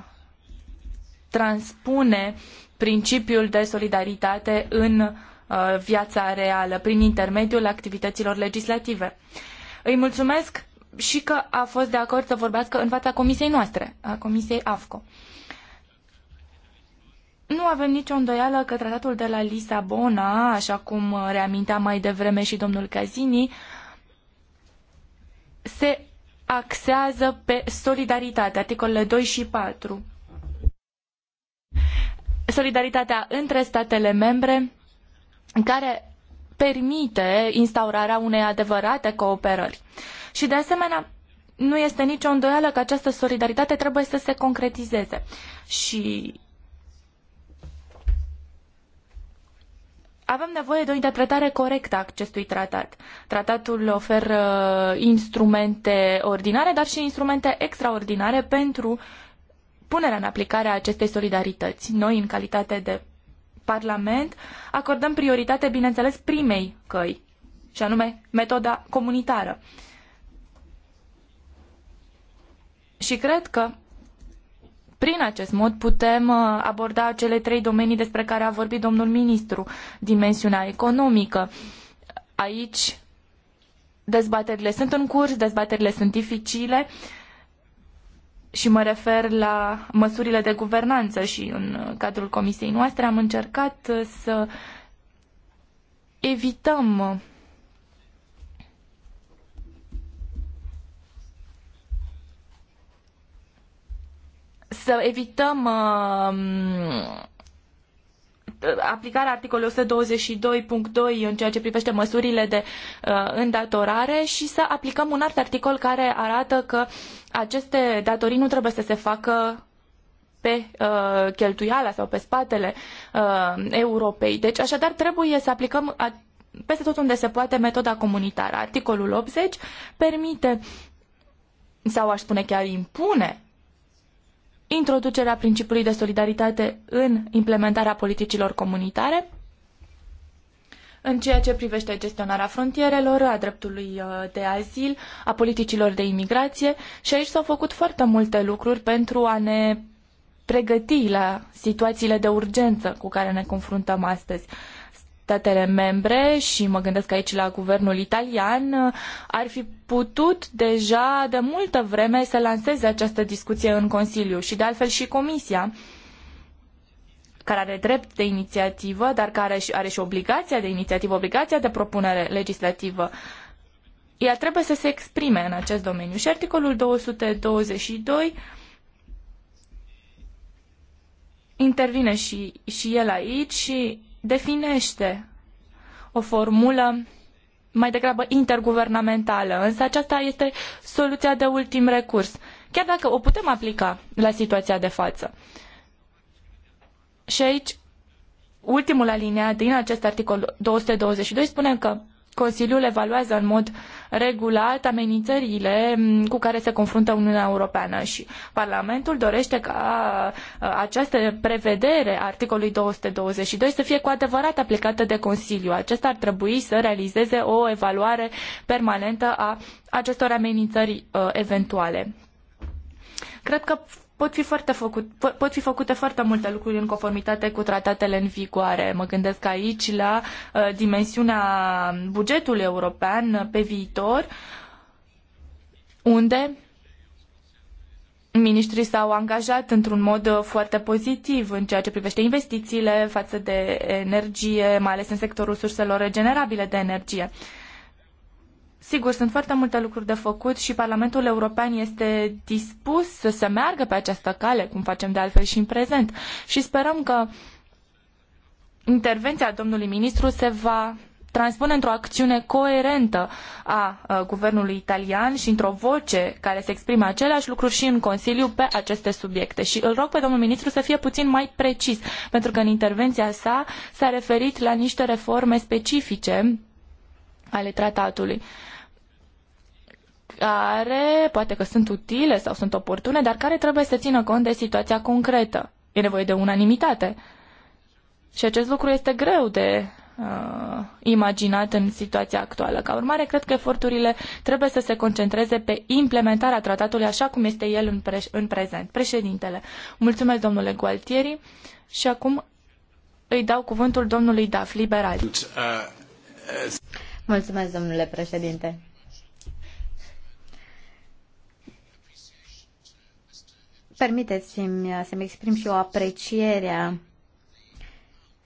transpune principiul de solidaritate în uh, viața reală, prin intermediul activităților legislative. Îi mulțumesc și că a fost de acord să vorbească în fața comisiei noastre, a comisiei AFCO. Nu avem nicio îndoială că tratatul de la Lisabona, așa cum uh, reamintea mai devreme și domnul Cazini, se axează pe solidaritate, articolele 2 și 4. Solidaritatea între statele membre care permite instaurarea unei adevărate cooperări. Și de asemenea, nu este nicio îndoială că această solidaritate trebuie să se concretizeze. Și Avem nevoie de o interpretare corectă a acestui tratat. Tratatul oferă instrumente ordinare, dar și instrumente extraordinare pentru punerea în aplicare a acestei solidarități. Noi, în calitate de Parlament, acordăm prioritate, bineînțeles, primei căi, și anume metoda comunitară. Și cred că prin acest mod putem uh, aborda cele trei domenii despre care a vorbit domnul ministru, dimensiunea economică. Aici dezbaterile sunt în curs, dezbaterile sunt dificile și mă refer la măsurile de guvernanță și în cadrul comisiei noastre am încercat uh, să evităm să evităm um, aplicarea articolului 122.2 în ceea ce privește măsurile de uh, îndatorare și să aplicăm un alt articol care arată că aceste datorii nu trebuie să se facă pe uh, cheltuiala sau pe spatele uh, Europei. Deci, așadar, trebuie să aplicăm a, peste tot unde se poate metoda comunitară. Articolul 80 permite sau aș spune chiar impune introducerea principiului de solidaritate în implementarea politicilor comunitare, în ceea ce privește gestionarea frontierelor, a dreptului uh, de azil, a politicilor de imigrație și aici s-au făcut foarte multe lucruri pentru a ne pregăti la situațiile de urgență cu care ne confruntăm astăzi statele membre și mă gândesc aici la guvernul italian, ar fi putut deja de multă vreme să lanseze această discuție în Consiliu și de altfel și Comisia care are drept de inițiativă, dar care are și obligația de inițiativă, obligația de propunere legislativă. Ea trebuie să se exprime în acest domeniu. Și articolul 222 intervine și, și el aici și definește o formulă mai degrabă interguvernamentală, însă aceasta este soluția de ultim recurs, chiar dacă o putem aplica la situația de față. Și aici, ultimul alineat din acest articol 222 spune că Consiliul evaluează în mod regulat amenințările mm, cu care se confruntă Uniunea Europeană și Parlamentul dorește ca uh, această prevedere a articolului 222 să fie cu adevărat aplicată de Consiliu. Acesta ar trebui să realizeze o evaluare permanentă a acestor amenințări uh, eventuale. Cred că pot fi, foarte făcut, pot fi făcute foarte multe lucruri în conformitate cu tratatele în vigoare. Mă gândesc aici la uh, dimensiunea bugetului european pe viitor, unde Ministrii s-au angajat într-un mod uh, foarte pozitiv în ceea ce privește investițiile față de energie, mai ales în sectorul surselor regenerabile de energie. Uh, Sigur, sunt foarte multe lucruri de făcut și Parlamentul European este dispus să se meargă pe această cale, cum facem de altfel și în prezent. Și sperăm că intervenția domnului ministru se va transpune într-o acțiune coerentă a, a guvernului italian și într-o voce care să exprime același lucru și în Consiliu pe aceste subiecte. Și îl rog pe domnul ministru să fie puțin mai precis, pentru că în intervenția sa s-a referit la niște reforme specifice ale tratatului. Uh, care poate că sunt utile sau sunt oportune, dar care trebuie să țină cont de situația concretă. E nevoie de unanimitate. Și acest lucru este greu de uh, imaginat în situația actuală. Ca urmare, cred că eforturile trebuie să se concentreze pe implementarea tratatului așa cum este el în, pre- în prezent. Președintele, mulțumesc domnule Gualtieri și acum îi dau cuvântul domnului Daf, liberal. Uh, uh, mulțumesc, domnule președinte. permiteți-mi uh, să-mi exprim și o apreciere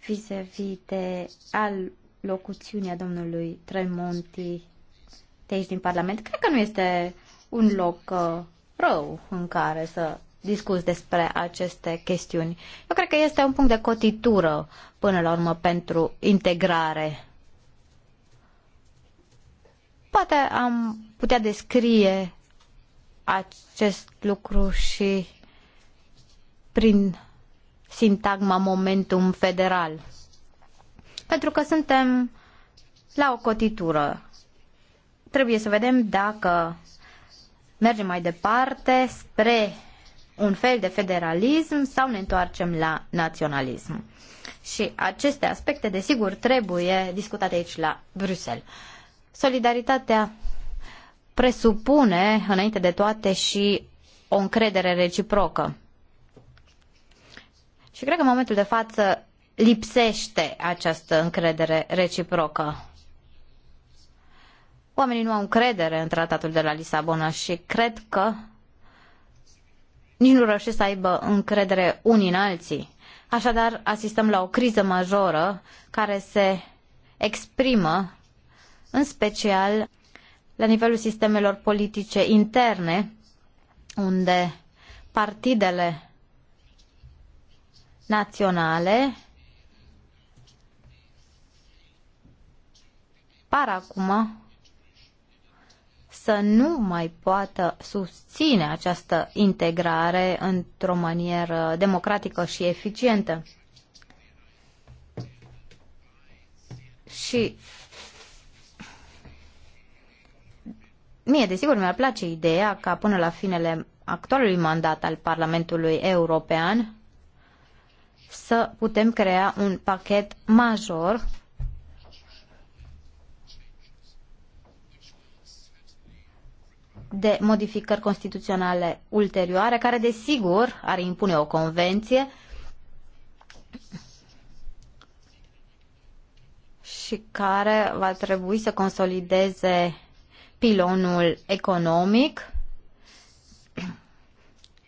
vis-a-vis de al locuțiunea domnului Tremonti de aici din Parlament. Cred că nu este un loc uh, rău în care să discuți despre aceste chestiuni. Eu cred că este un punct de cotitură până la urmă pentru integrare. Poate am putea descrie acest lucru și prin sintagma momentum federal. Pentru că suntem la o cotitură. Trebuie să vedem dacă mergem mai departe spre un fel de federalism sau ne întoarcem la naționalism. Și aceste aspecte, desigur, trebuie discutate aici la Bruxelles. Solidaritatea presupune, înainte de toate, și o încredere reciprocă. Și cred că în momentul de față lipsește această încredere reciprocă. Oamenii nu au încredere în tratatul de la Lisabona și cred că nici nu reușesc să aibă încredere unii în alții. Așadar, asistăm la o criză majoră care se exprimă în special la nivelul sistemelor politice interne, unde partidele naționale par acum să nu mai poată susține această integrare într-o manieră democratică și eficientă. Și mie, desigur, mi-ar place ideea ca până la finele actualului mandat al Parlamentului European să putem crea un pachet major de modificări constituționale ulterioare, care desigur ar impune o convenție și care va trebui să consolideze pilonul economic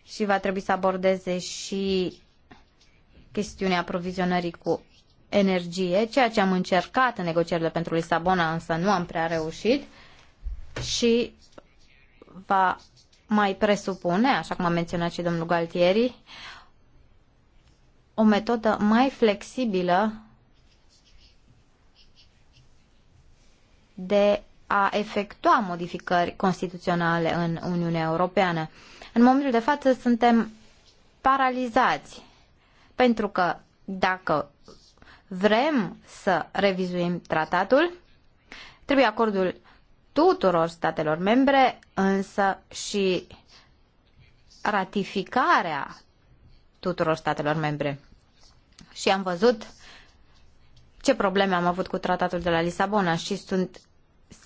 și va trebui să abordeze și chestiunea aprovizionării cu energie, ceea ce am încercat în negocierile pentru Lisabona, însă nu am prea reușit și va mai presupune, așa cum a menționat și domnul Galtieri, o metodă mai flexibilă de a efectua modificări constituționale în Uniunea Europeană. În momentul de față suntem paralizați pentru că dacă vrem să revizuim tratatul, trebuie acordul tuturor statelor membre, însă și ratificarea tuturor statelor membre. Și am văzut ce probleme am avut cu tratatul de la Lisabona și sunt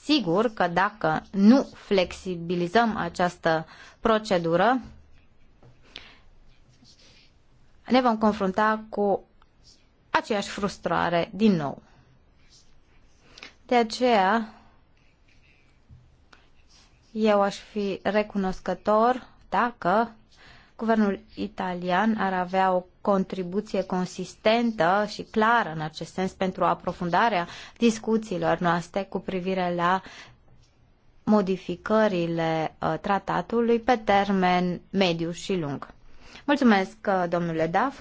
sigur că dacă nu flexibilizăm această procedură, ne vom confrunta cu aceeași frustrare din nou. De aceea, eu aș fi recunoscător dacă guvernul italian ar avea o contribuție consistentă și clară în acest sens pentru aprofundarea discuțiilor noastre cu privire la modificările uh, tratatului pe termen mediu și lung. Mulțumesc, uh, domnule Daf.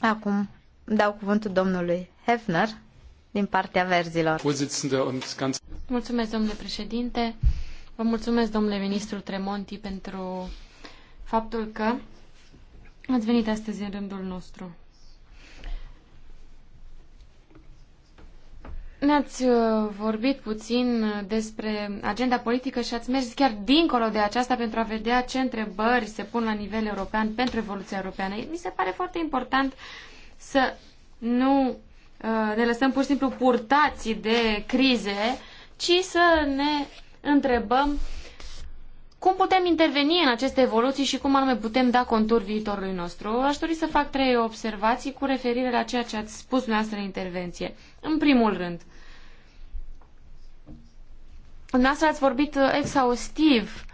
Acum dau cuvântul domnului Hefner din partea verzilor. Mulțumesc, domnule președinte. Vă mulțumesc, domnule ministru Tremonti, pentru faptul că ați venit astăzi în rândul nostru. Ne-ați uh, vorbit puțin uh, despre agenda politică și ați mers chiar dincolo de aceasta pentru a vedea ce întrebări se pun la nivel european pentru evoluția europeană. Mi se pare foarte important să nu uh, ne lăsăm pur și simplu purtați de crize, ci să ne întrebăm cum putem interveni în aceste evoluții și cum anume putem da contur viitorului nostru? Aș dori să fac trei observații cu referire la ceea ce ați spus dumneavoastră în intervenție. În primul rând, Dumneavoastră ați vorbit uh, exhaustiv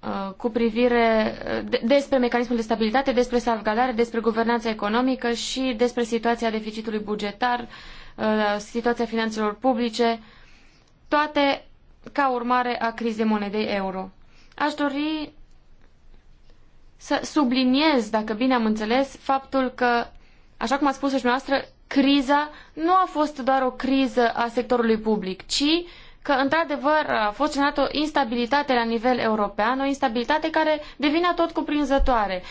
uh, cu privire uh, despre mecanismul de stabilitate, despre salvgardare, despre guvernanța economică și despre situația deficitului bugetar, situația finanțelor publice, toate ca urmare a crizei monedei euro. Aș dori să subliniez, dacă bine am înțeles, faptul că, așa cum a spus și noastră, criza nu a fost doar o criză a sectorului public, ci că, într-adevăr, a fost generată o instabilitate la nivel european, o instabilitate care devine tot cuprinzătoare.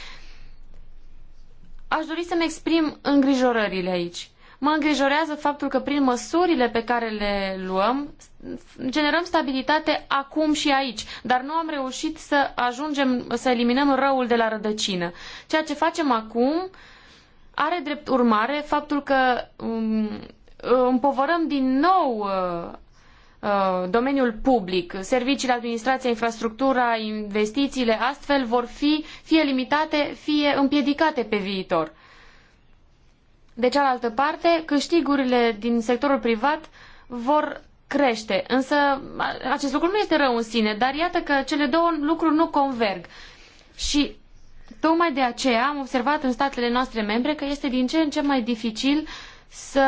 Aș dori să-mi exprim îngrijorările aici. Mă îngrijorează faptul că prin măsurile pe care le luăm generăm stabilitate acum și aici, dar nu am reușit să ajungem să eliminăm răul de la rădăcină. Ceea ce facem acum are drept urmare faptul că um, împovărăm din nou uh, Uh, domeniul public, serviciile, administrația, infrastructura, investițiile, astfel vor fi fie limitate, fie împiedicate pe viitor. De cealaltă parte, câștigurile din sectorul privat vor crește, însă acest lucru nu este rău în sine, dar iată că cele două lucruri nu converg. Și tocmai de aceea am observat în statele noastre membre că este din ce în ce mai dificil să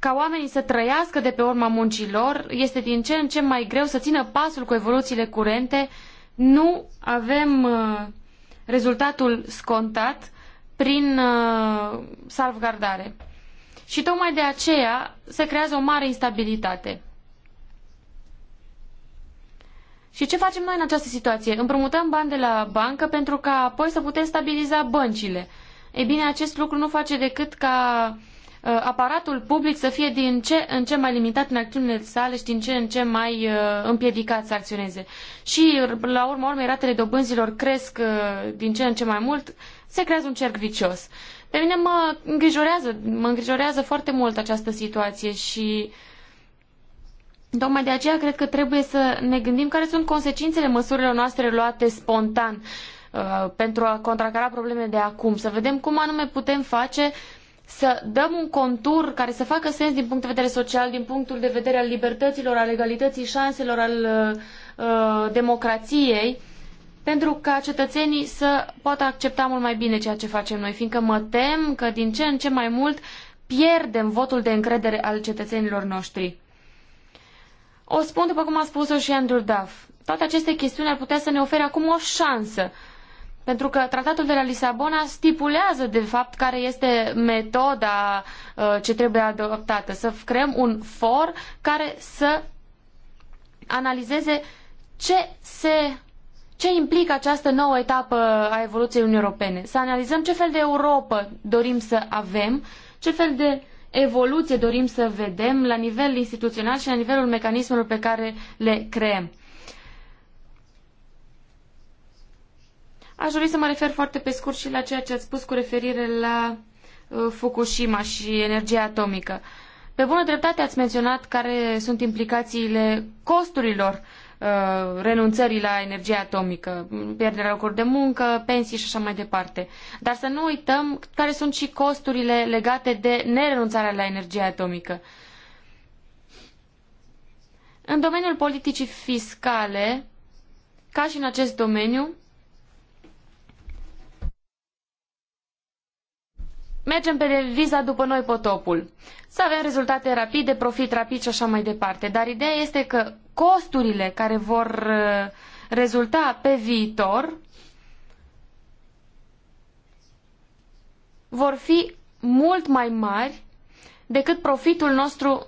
ca oamenii să trăiască de pe urma lor, este din ce în ce mai greu să țină pasul cu evoluțiile curente. Nu avem uh, rezultatul scontat prin uh, salvgardare. Și tocmai de aceea se creează o mare instabilitate. Și ce facem noi în această situație? Împrumutăm bani de la bancă pentru ca apoi să putem stabiliza băncile. Ei bine, acest lucru nu face decât ca uh, Uh, aparatul public să fie din ce în ce mai limitat în acțiunile sale și din ce în ce mai uh, împiedicat să acționeze. Și, la urma urmei, ratele dobânzilor cresc uh, din ce în ce mai mult, se creează un cerc vicios. Pe mine mă îngrijorează, mă îngrijorează foarte mult această situație și Tocmai de aceea cred că trebuie să ne gândim care sunt consecințele măsurilor noastre luate spontan uh, pentru a contracara problemele de acum, să vedem cum anume putem face să dăm un contur care să facă sens din punct de vedere social, din punctul de vedere al libertăților, al legalității, șanselor, al uh, uh, democrației, pentru ca cetățenii să poată accepta mult mai bine ceea ce facem noi, fiindcă mă tem că din ce în ce mai mult pierdem votul de încredere al cetățenilor noștri. O spun după cum a spus-o și Andrew Duff. Toate aceste chestiuni ar putea să ne ofere acum o șansă pentru că tratatul de la Lisabona stipulează, de fapt, care este metoda uh, ce trebuie adoptată. Să creăm un for care să analizeze ce se ce implică această nouă etapă a evoluției Uniunii Europene. Să analizăm ce fel de Europa dorim să avem, ce fel de evoluție dorim să vedem la nivel instituțional și la nivelul mecanismelor pe care le creăm. Aș dori să mă refer foarte pe scurt și la ceea ce ați spus cu referire la uh, Fukushima și energia atomică. Pe bună dreptate ați menționat care sunt implicațiile costurilor uh, renunțării la energia atomică, pierderea locurilor de muncă, pensii și așa mai departe. Dar să nu uităm care sunt și costurile legate de nerenunțarea la energia atomică. În domeniul politicii fiscale, ca și în acest domeniu, Mergem pe deviza după noi potopul. Să avem rezultate rapide, profit rapid și așa mai departe. Dar ideea este că costurile care vor uh, rezulta pe viitor vor fi mult mai mari decât profitul nostru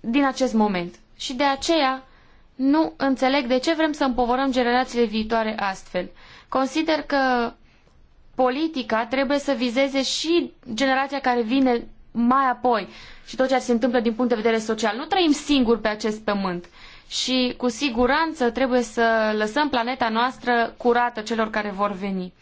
din acest moment. Și de aceea nu înțeleg de ce vrem să împovărăm generațiile viitoare astfel. Consider că politica trebuie să vizeze și generația care vine mai apoi și tot ceea ce se întâmplă din punct de vedere social. Nu trăim singuri pe acest pământ și cu siguranță trebuie să lăsăm planeta noastră curată celor care vor veni.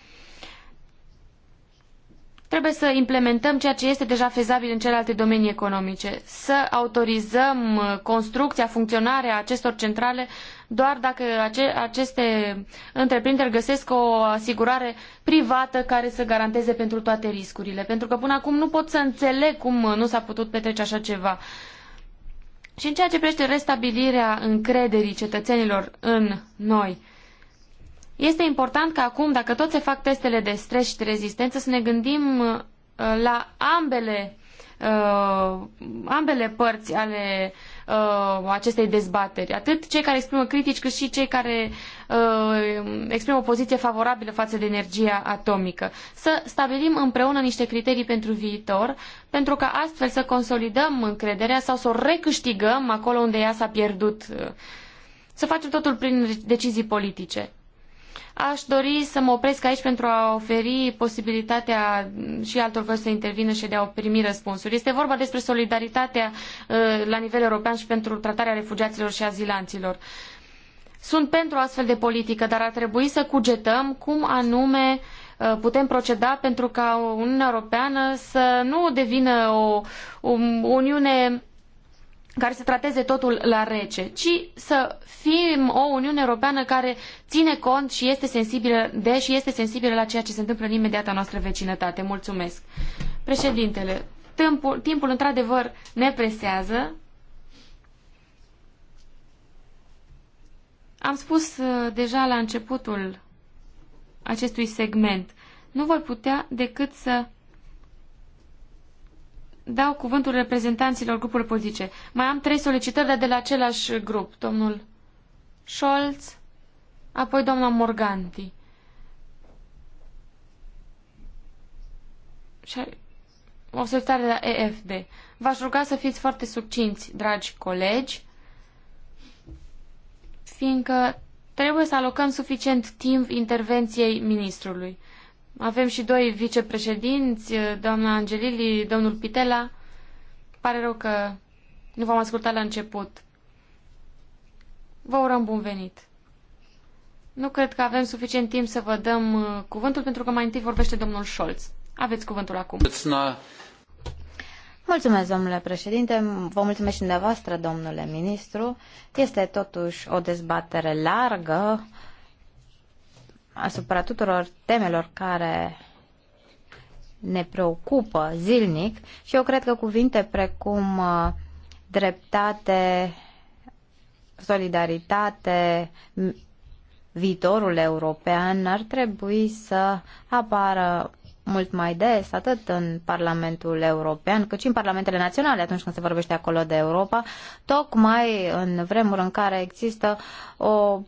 Trebuie să implementăm ceea ce este deja fezabil în celelalte domenii economice, să autorizăm construcția, funcționarea acestor centrale doar dacă ace aceste întreprinderi găsesc o asigurare privată care să garanteze pentru toate riscurile. Pentru că până acum nu pot să înțeleg cum nu s-a putut petrece așa ceva. Și în ceea ce privește restabilirea încrederii cetățenilor în noi, este important ca acum, dacă tot se fac testele de stres și de rezistență, să ne gândim uh, la ambele, uh, ambele părți ale uh, uh, acestei dezbateri. Atât cei care exprimă critici, cât și cei care uh, exprimă o poziție favorabilă față de energia atomică. Să stabilim împreună niște criterii pentru viitor, pentru ca astfel să consolidăm încrederea sau să o recâștigăm acolo unde ea s-a pierdut. Uh, să facem totul prin decizii politice. Aș dori să mă opresc aici pentru a oferi posibilitatea și altor voci să intervină și de a primi răspunsuri. Este vorba despre solidaritatea uh, la nivel european și pentru tratarea refugiaților și azilanților. Sunt pentru astfel de politică, dar ar trebui să cugetăm cum anume uh, putem proceda pentru ca Uniunea Europeană să nu devină o, o uniune care să trateze totul la rece, ci să fim o Uniune Europeană care ține cont și este sensibilă de și este sensibilă la ceea ce se întâmplă în imediata noastră vecinătate. Mulțumesc. Președintele, timpul, timpul într-adevăr ne presează. Am spus uh, deja la începutul acestui segment. Nu voi putea decât să dau cuvântul reprezentanților grupurilor politice. Mai am trei solicitări, dar de la același grup. Domnul Scholz, apoi doamna Morganti. Și o solicitare de la EFD. V-aș ruga să fiți foarte succinți, dragi colegi, fiindcă trebuie să alocăm suficient timp intervenției ministrului. Avem și doi vicepreședinți, doamna Angelili, domnul Pitela. Pare rău că nu v-am ascultat la început. Vă urăm bun venit. Nu cred că avem suficient timp să vă dăm uh, cuvântul, pentru că mai întâi vorbește domnul Scholz. Aveți cuvântul acum. Mulțumesc, domnule președinte, vă mulțumesc și dumneavoastră, domnule ministru. Este totuși o dezbatere largă asupra tuturor temelor care ne preocupă zilnic și eu cred că cuvinte precum uh, dreptate, solidaritate, viitorul european ar trebui să apară mult mai des, atât în Parlamentul European, cât și în Parlamentele Naționale, atunci când se vorbește acolo de Europa, tocmai în vremuri în care există o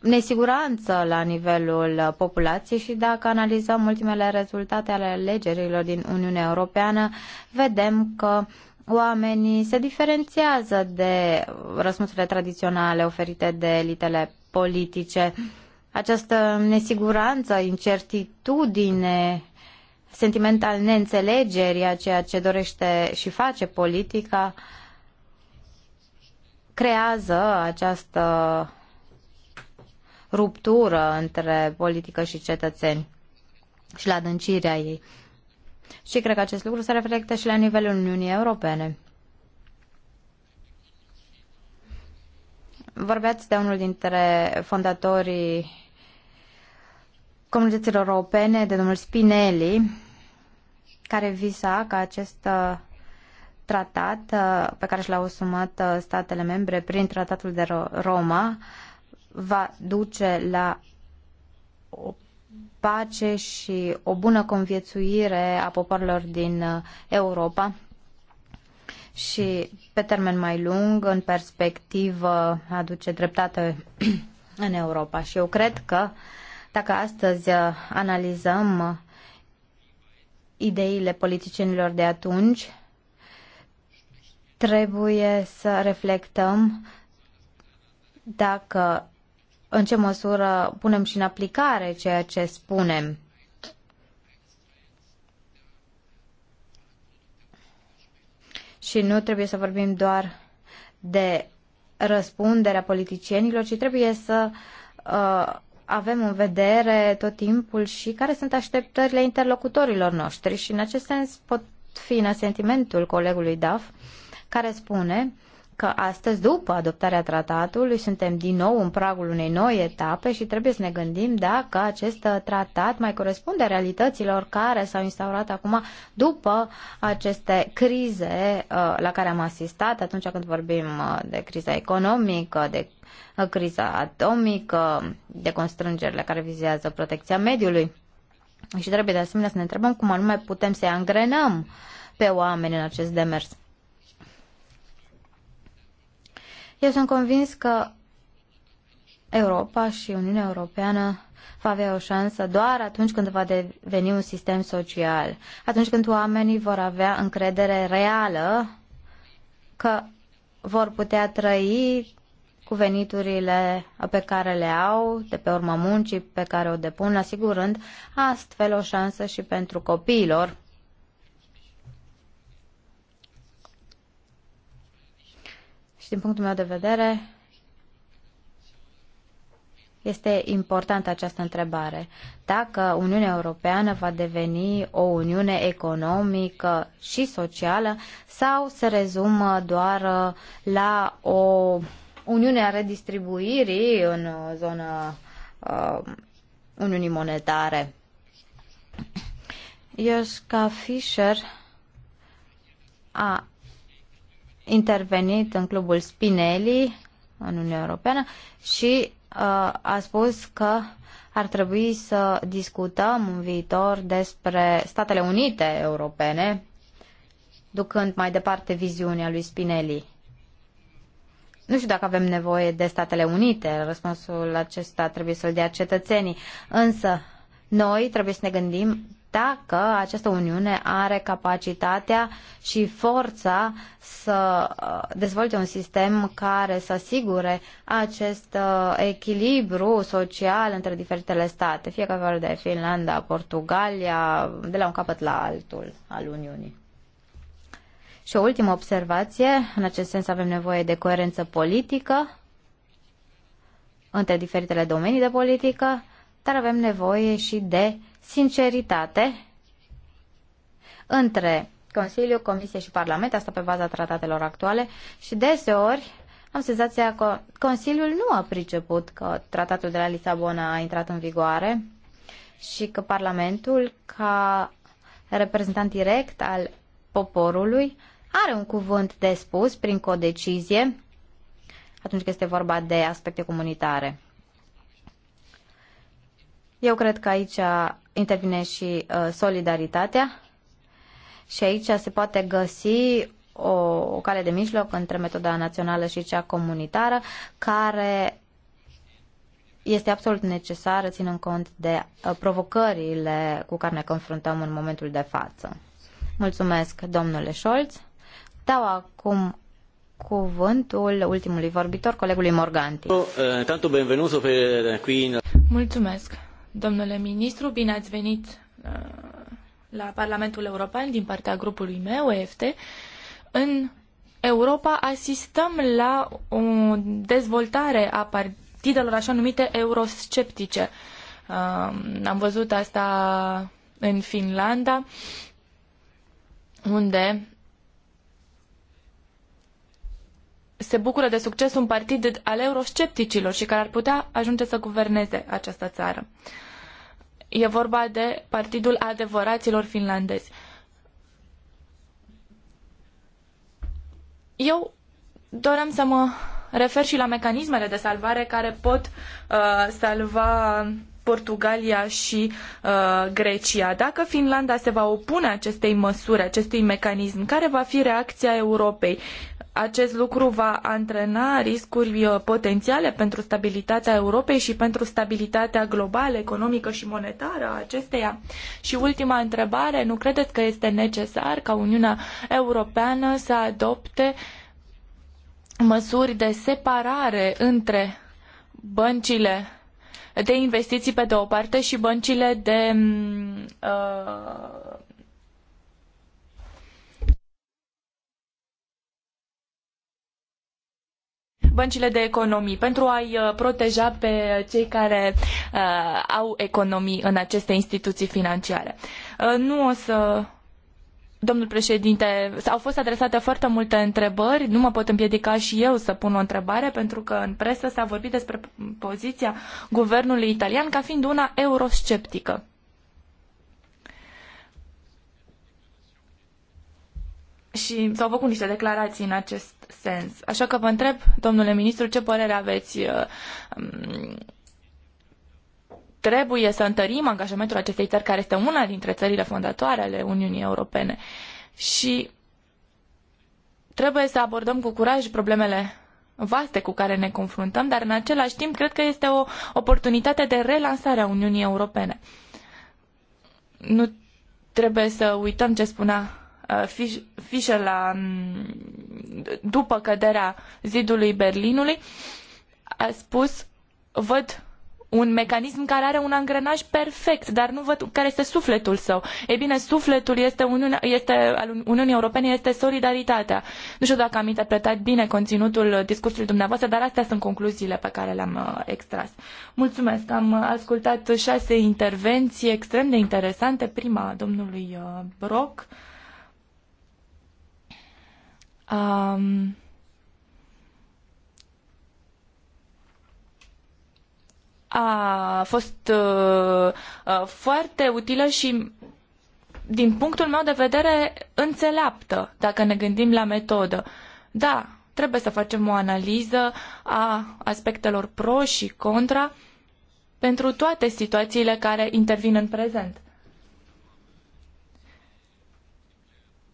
nesiguranță la nivelul populației și dacă analizăm ultimele rezultate ale alegerilor din Uniunea Europeană, vedem că oamenii se diferențiază de răspunsurile tradiționale oferite de elitele politice. Această nesiguranță, incertitudine sentiment al neînțelegerii a ceea ce dorește și face politica, creează această ruptură între politică și cetățeni și la adâncirea ei. Și cred că acest lucru se reflectă și la nivelul Uniunii Europene. Vorbeați de unul dintre fondatorii comunităților europene de domnul Spinelli, care visa ca acest uh, tratat uh, pe care și l-au sumat uh, statele membre prin tratatul de Roma va duce la o pace și o bună conviețuire a popoarelor din Europa și pe termen mai lung, în perspectivă, aduce dreptate în Europa. Și eu cred că uh, dacă astăzi uh, analizăm uh, ideile politicienilor de atunci, trebuie să reflectăm dacă în ce măsură punem și în aplicare ceea ce spunem. Și nu trebuie să vorbim doar de răspunderea politicienilor, ci trebuie să uh, avem în vedere tot timpul și care sunt așteptările interlocutorilor noștri și în acest sens pot fi în sentimentul colegului Daf care spune că astăzi, după adoptarea tratatului, suntem din nou în pragul unei noi etape și trebuie să ne gândim dacă acest tratat mai corespunde realităților care s-au instaurat acum după aceste crize uh, la care am asistat atunci când vorbim uh, de criza economică, de criza atomică, de constrângerile care vizează protecția mediului. Și trebuie de asemenea să ne întrebăm cum anume putem să-i angrenăm pe oameni în acest demers. Eu sunt convins că Europa și Uniunea Europeană va avea o șansă doar atunci când va deveni un sistem social, atunci când oamenii vor avea încredere reală că vor putea trăi cu veniturile pe care le au de pe urma muncii pe care o depun, asigurând astfel o șansă și pentru copiilor. Și din punctul meu de vedere, este importantă această întrebare. Dacă Uniunea Europeană va deveni o uniune economică și socială sau se rezumă doar la o Uniunea Redistribuirii în uh, zona uh, Uniunii Monetare. Iosca Fischer a intervenit în clubul Spinelli în Uniunea Europeană și uh, a spus că ar trebui să discutăm în viitor despre Statele Unite Europene, ducând mai departe viziunea lui Spinelli. Nu știu dacă avem nevoie de Statele Unite, răspunsul acesta trebuie să-l dea cetățenii, însă noi trebuie să ne gândim dacă această Uniune are capacitatea și forța să uh, dezvolte un sistem care să asigure acest uh, echilibru social între diferitele state, fie că vorbim de Finlanda, Portugalia, de la un capăt la altul al Uniunii. Și o ultimă observație, în acest sens avem nevoie de coerență politică între diferitele domenii de politică, dar avem nevoie și de sinceritate între Consiliu, Comisie și Parlament, asta pe baza tratatelor actuale, și deseori am senzația că Consiliul nu a priceput că tratatul de la Lisabona a intrat în vigoare și că Parlamentul, ca reprezentant direct al poporului, are un cuvânt de spus prin codecizie atunci când este vorba de aspecte comunitare. Eu cred că aici intervine și uh, solidaritatea și aici se poate găsi o, o cale de mijloc între metoda națională și cea comunitară care este absolut necesară ținând cont de uh, provocările cu care ne confruntăm în momentul de față. Mulțumesc, domnule Scholz. Dau acum cuvântul ultimului vorbitor, colegului Morganti. Eh, Mulțumesc, domnule ministru, bine ați venit eh, la Parlamentul European din partea grupului meu, EFT. În Europa asistăm la o dezvoltare a partidelor așa numite eurosceptice. Eh, am văzut asta în Finlanda, unde se bucură de succes un partid al euroscepticilor și care ar putea ajunge să guverneze această țară. E vorba de Partidul Adevăraților Finlandezi. Eu doream să mă refer și la mecanismele de salvare care pot uh, salva Portugalia și uh, Grecia. Dacă Finlanda se va opune acestei măsuri, acestui mecanism, care va fi reacția Europei? Acest lucru va antrena riscuri uh, potențiale pentru stabilitatea Europei și pentru stabilitatea globală, economică și monetară a acesteia. Și ultima întrebare, nu credeți că este necesar ca Uniunea Europeană să adopte măsuri de separare între băncile de investiții pe de o parte și băncile de mm, uh, băncile de economii pentru a-i uh, proteja pe cei care uh, au economii în aceste instituții financiare. Uh, nu o să Domnul președinte, au fost adresate foarte multe întrebări, nu mă pot împiedica și eu să pun o întrebare, pentru că în presă s-a vorbit despre poziția guvernului italian ca fiind una eurosceptică. Și s-au făcut niște declarații în acest sens. Așa că vă întreb, domnule ministru, ce părere aveți uh, um, trebuie să întărim angajamentul acestei țări, care este una dintre țările fondatoare ale Uniunii Europene. Și trebuie să abordăm cu curaj problemele vaste cu care ne confruntăm, dar în același timp cred că este o oportunitate de relansare a Uniunii Europene. Nu trebuie să uităm ce spunea uh, Fischer la, mm, după căderea zidului Berlinului. A spus, văd un mecanism care are un angrenaj perfect, dar nu văd care este sufletul său. Ei bine, sufletul este, Uniune, este al Uniunii Europene este solidaritatea. Nu știu dacă am interpretat bine conținutul discursului dumneavoastră, dar astea sunt concluziile pe care le-am uh, extras. Mulțumesc, am uh, ascultat șase intervenții extrem de interesante. Prima domnului uh, Brock. Um, a fost uh, uh, foarte utilă și din punctul meu de vedere înțeleaptă, dacă ne gândim la metodă. Da, trebuie să facem o analiză a aspectelor pro și contra pentru toate situațiile care intervin în prezent.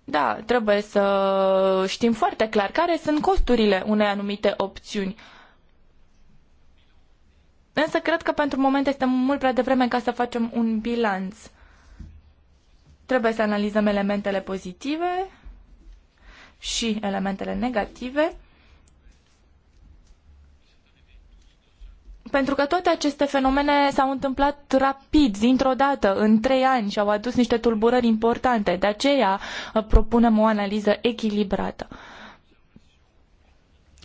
Da, trebuie să știm foarte clar care sunt costurile unei anumite opțiuni. Uh, Însă cred că pentru moment este mult prea devreme ca să facem un bilanț. Trebuie să analizăm elementele pozitive și elementele negative, pentru că toate aceste fenomene s-au întâmplat rapid, dintr-o dată, în trei ani și au adus niște tulburări importante. De aceea uh, propunem o analiză echilibrată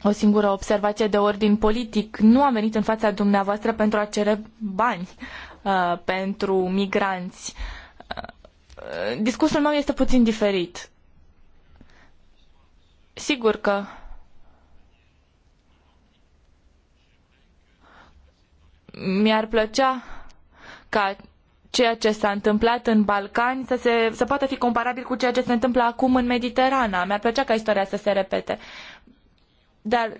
o singură observație de ordin politic. Nu am venit în fața dumneavoastră pentru a cere bani uh, pentru migranți. Uh, discursul meu este puțin diferit. Sigur că mi-ar plăcea ca ceea ce s-a întâmplat în Balcani să, se, să poată fi comparabil cu ceea ce se întâmplă acum în Mediterana. Mi-ar plăcea ca istoria să se repete. Dar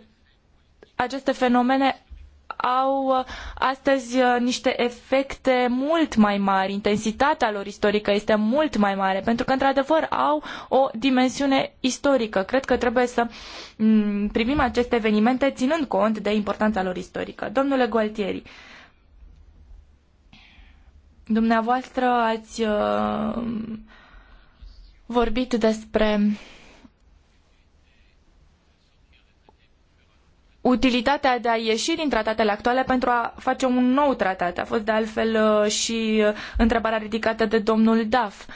aceste fenomene au uh, astăzi uh, niște efecte mult mai mari, intensitatea lor istorică este mult mai mare, pentru că, într-adevăr, au o dimensiune istorică. Cred că trebuie să mm, privim aceste evenimente ținând cont de importanța lor istorică. Domnule Gualtieri, dumneavoastră ați uh, vorbit despre utilitatea de a ieși din tratatele actuale pentru a face un nou tratat. A fost de altfel uh, și uh, întrebarea ridicată de domnul Duff.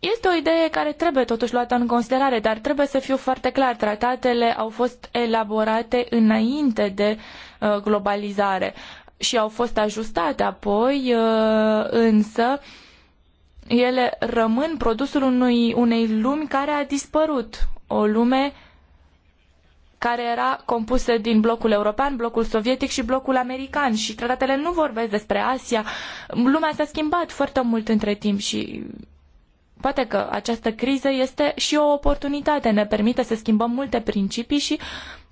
Este o idee care trebuie totuși luată în considerare, dar trebuie să fiu foarte clar. Tratatele au fost elaborate înainte de uh, globalizare și au fost ajustate apoi, însă ele rămân produsul unui, unei lumi care a dispărut. O lume uh, care era compusă din blocul european, blocul sovietic și blocul american și tratatele nu vorbesc despre Asia. Lumea s-a schimbat foarte mult între timp și poate că această criză este și o oportunitate, ne permite să schimbăm multe principii și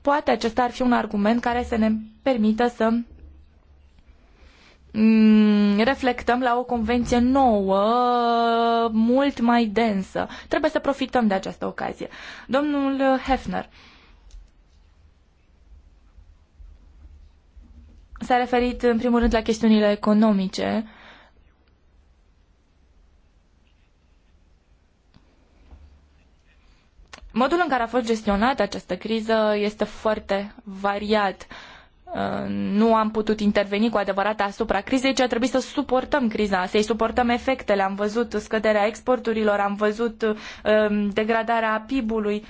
poate acesta ar fi un argument care să ne permită să mm, reflectăm la o convenție nouă, mult mai densă. Trebuie să profităm de această ocazie. Domnul Hefner, S-a referit în primul rând la chestiunile economice. Modul în care a fost gestionată această criză este foarte variat. Uh, nu am putut interveni cu adevărat asupra crizei, ci a trebuit să suportăm criza, să-i suportăm efectele. Am văzut scăderea exporturilor, am văzut um, degradarea PIB-ului.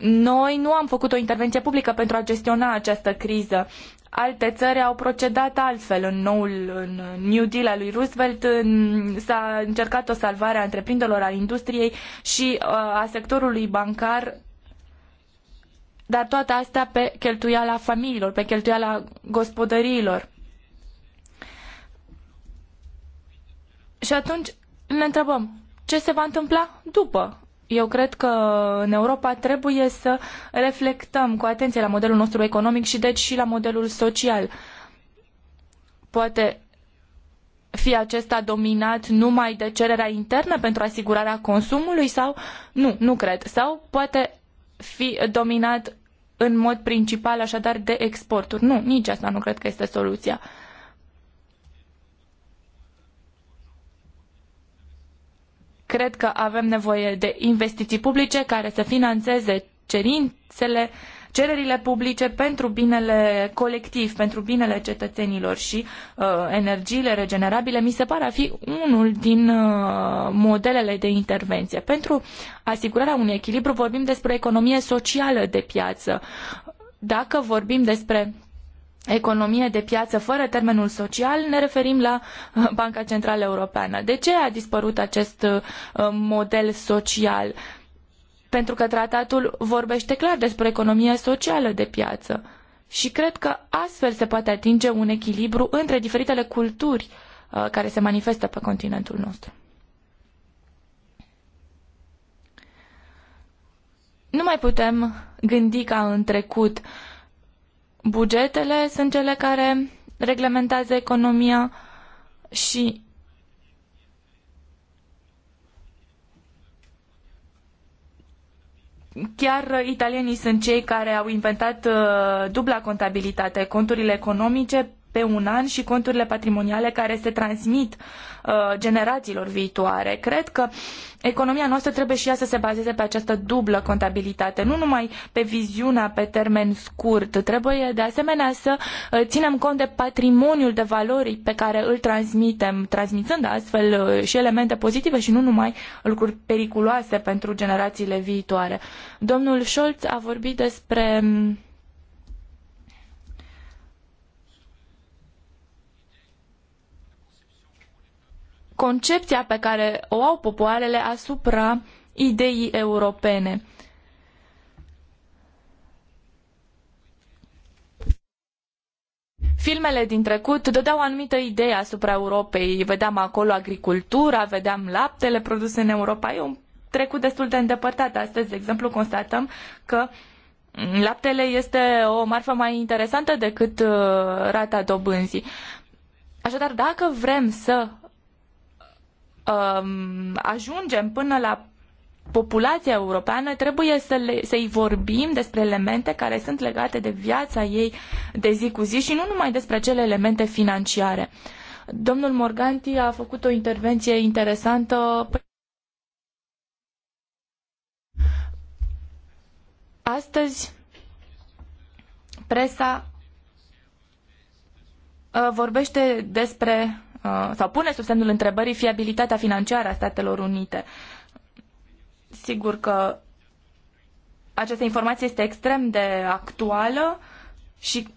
Noi nu am făcut o intervenție publică pentru a gestiona această criză. Alte țări au procedat altfel. În noul în New Deal al lui Roosevelt s-a încercat o salvare a întreprinderilor, a industriei și uh, a sectorului bancar, dar toate astea pe cheltuiala familiilor, pe cheltuiala gospodăriilor. Și atunci ne întrebăm, ce se va întâmpla după eu cred că în Europa trebuie să reflectăm cu atenție la modelul nostru economic și deci și la modelul social. Poate fi acesta dominat numai de cererea internă pentru asigurarea consumului sau nu, nu cred. Sau poate fi dominat în mod principal așadar de exporturi. Nu, nici asta nu cred că este soluția. Cred că avem nevoie de investiții publice care să financeze cerințele, cererile publice pentru binele colectiv, pentru binele cetățenilor și uh, energiile regenerabile mi se pare a fi unul din uh, modelele de intervenție. Pentru asigurarea unui echilibru vorbim despre economie socială de piață. Dacă vorbim despre economie de piață fără termenul social, ne referim la uh, Banca Centrală Europeană. De ce a dispărut acest uh, model social? Pentru că tratatul vorbește clar despre economie socială de piață. Și cred că astfel se poate atinge un echilibru între diferitele culturi uh, care se manifestă pe continentul nostru. Nu mai putem gândi ca în trecut uh, Bugetele sunt cele care reglementează economia și chiar italienii sunt cei care au inventat uh, dubla contabilitate, conturile economice pe un an și conturile patrimoniale care se transmit uh, generațiilor viitoare. Cred că economia noastră trebuie și ea să se bazeze pe această dublă contabilitate, nu numai pe viziunea pe termen scurt. Trebuie de asemenea să uh, ținem cont de patrimoniul de valori pe care îl transmitem, transmițând astfel uh, și elemente pozitive și nu numai lucruri periculoase pentru generațiile viitoare. Domnul Scholz a vorbit despre mm, concepția pe care o au popoarele asupra ideii europene. Filmele din trecut dădeau o anumită idee asupra Europei. Vedeam acolo agricultura, vedeam laptele produse în Europa. E un trecut destul de îndepărtat. Astăzi, de exemplu, constatăm că laptele este o marfă mai interesantă decât uh, rata dobânzii. Așadar, dacă vrem să Um, ajungem până la populația europeană, trebuie să le, să-i vorbim despre elemente care sunt legate de viața ei de zi cu zi și nu numai despre cele elemente financiare. Domnul Morganti a făcut o intervenție interesantă. Astăzi, presa uh, vorbește despre Uh, sau pune sub semnul întrebării fiabilitatea financiară a Statelor Unite. Sigur că această informație este extrem de actuală și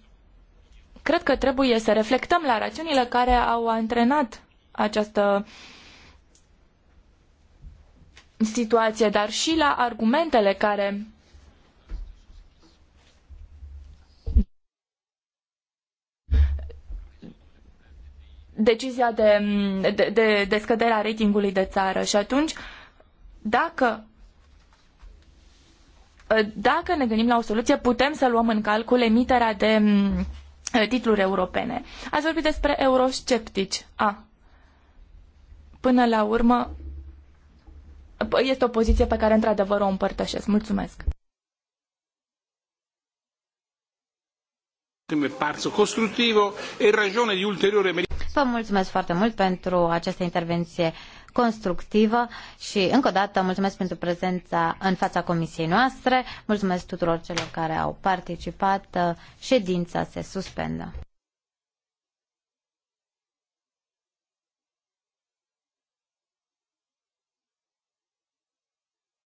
cred că trebuie să reflectăm la rațiunile care au antrenat această situație, dar și la argumentele care decizia de, de, de, de scăderea ratingului de țară. Și atunci, dacă dacă ne gândim la o soluție, putem să luăm în calcul emiterea de mm, titluri europene. Ați vorbit despre eurosceptici. A. Până la urmă, este o poziție pe care într-adevăr o împărtășesc. Mulțumesc. Vă mulțumesc foarte mult pentru această intervenție constructivă și încă o dată mulțumesc pentru prezența în fața comisiei noastre. Mulțumesc tuturor celor care au participat. Ședința se suspendă.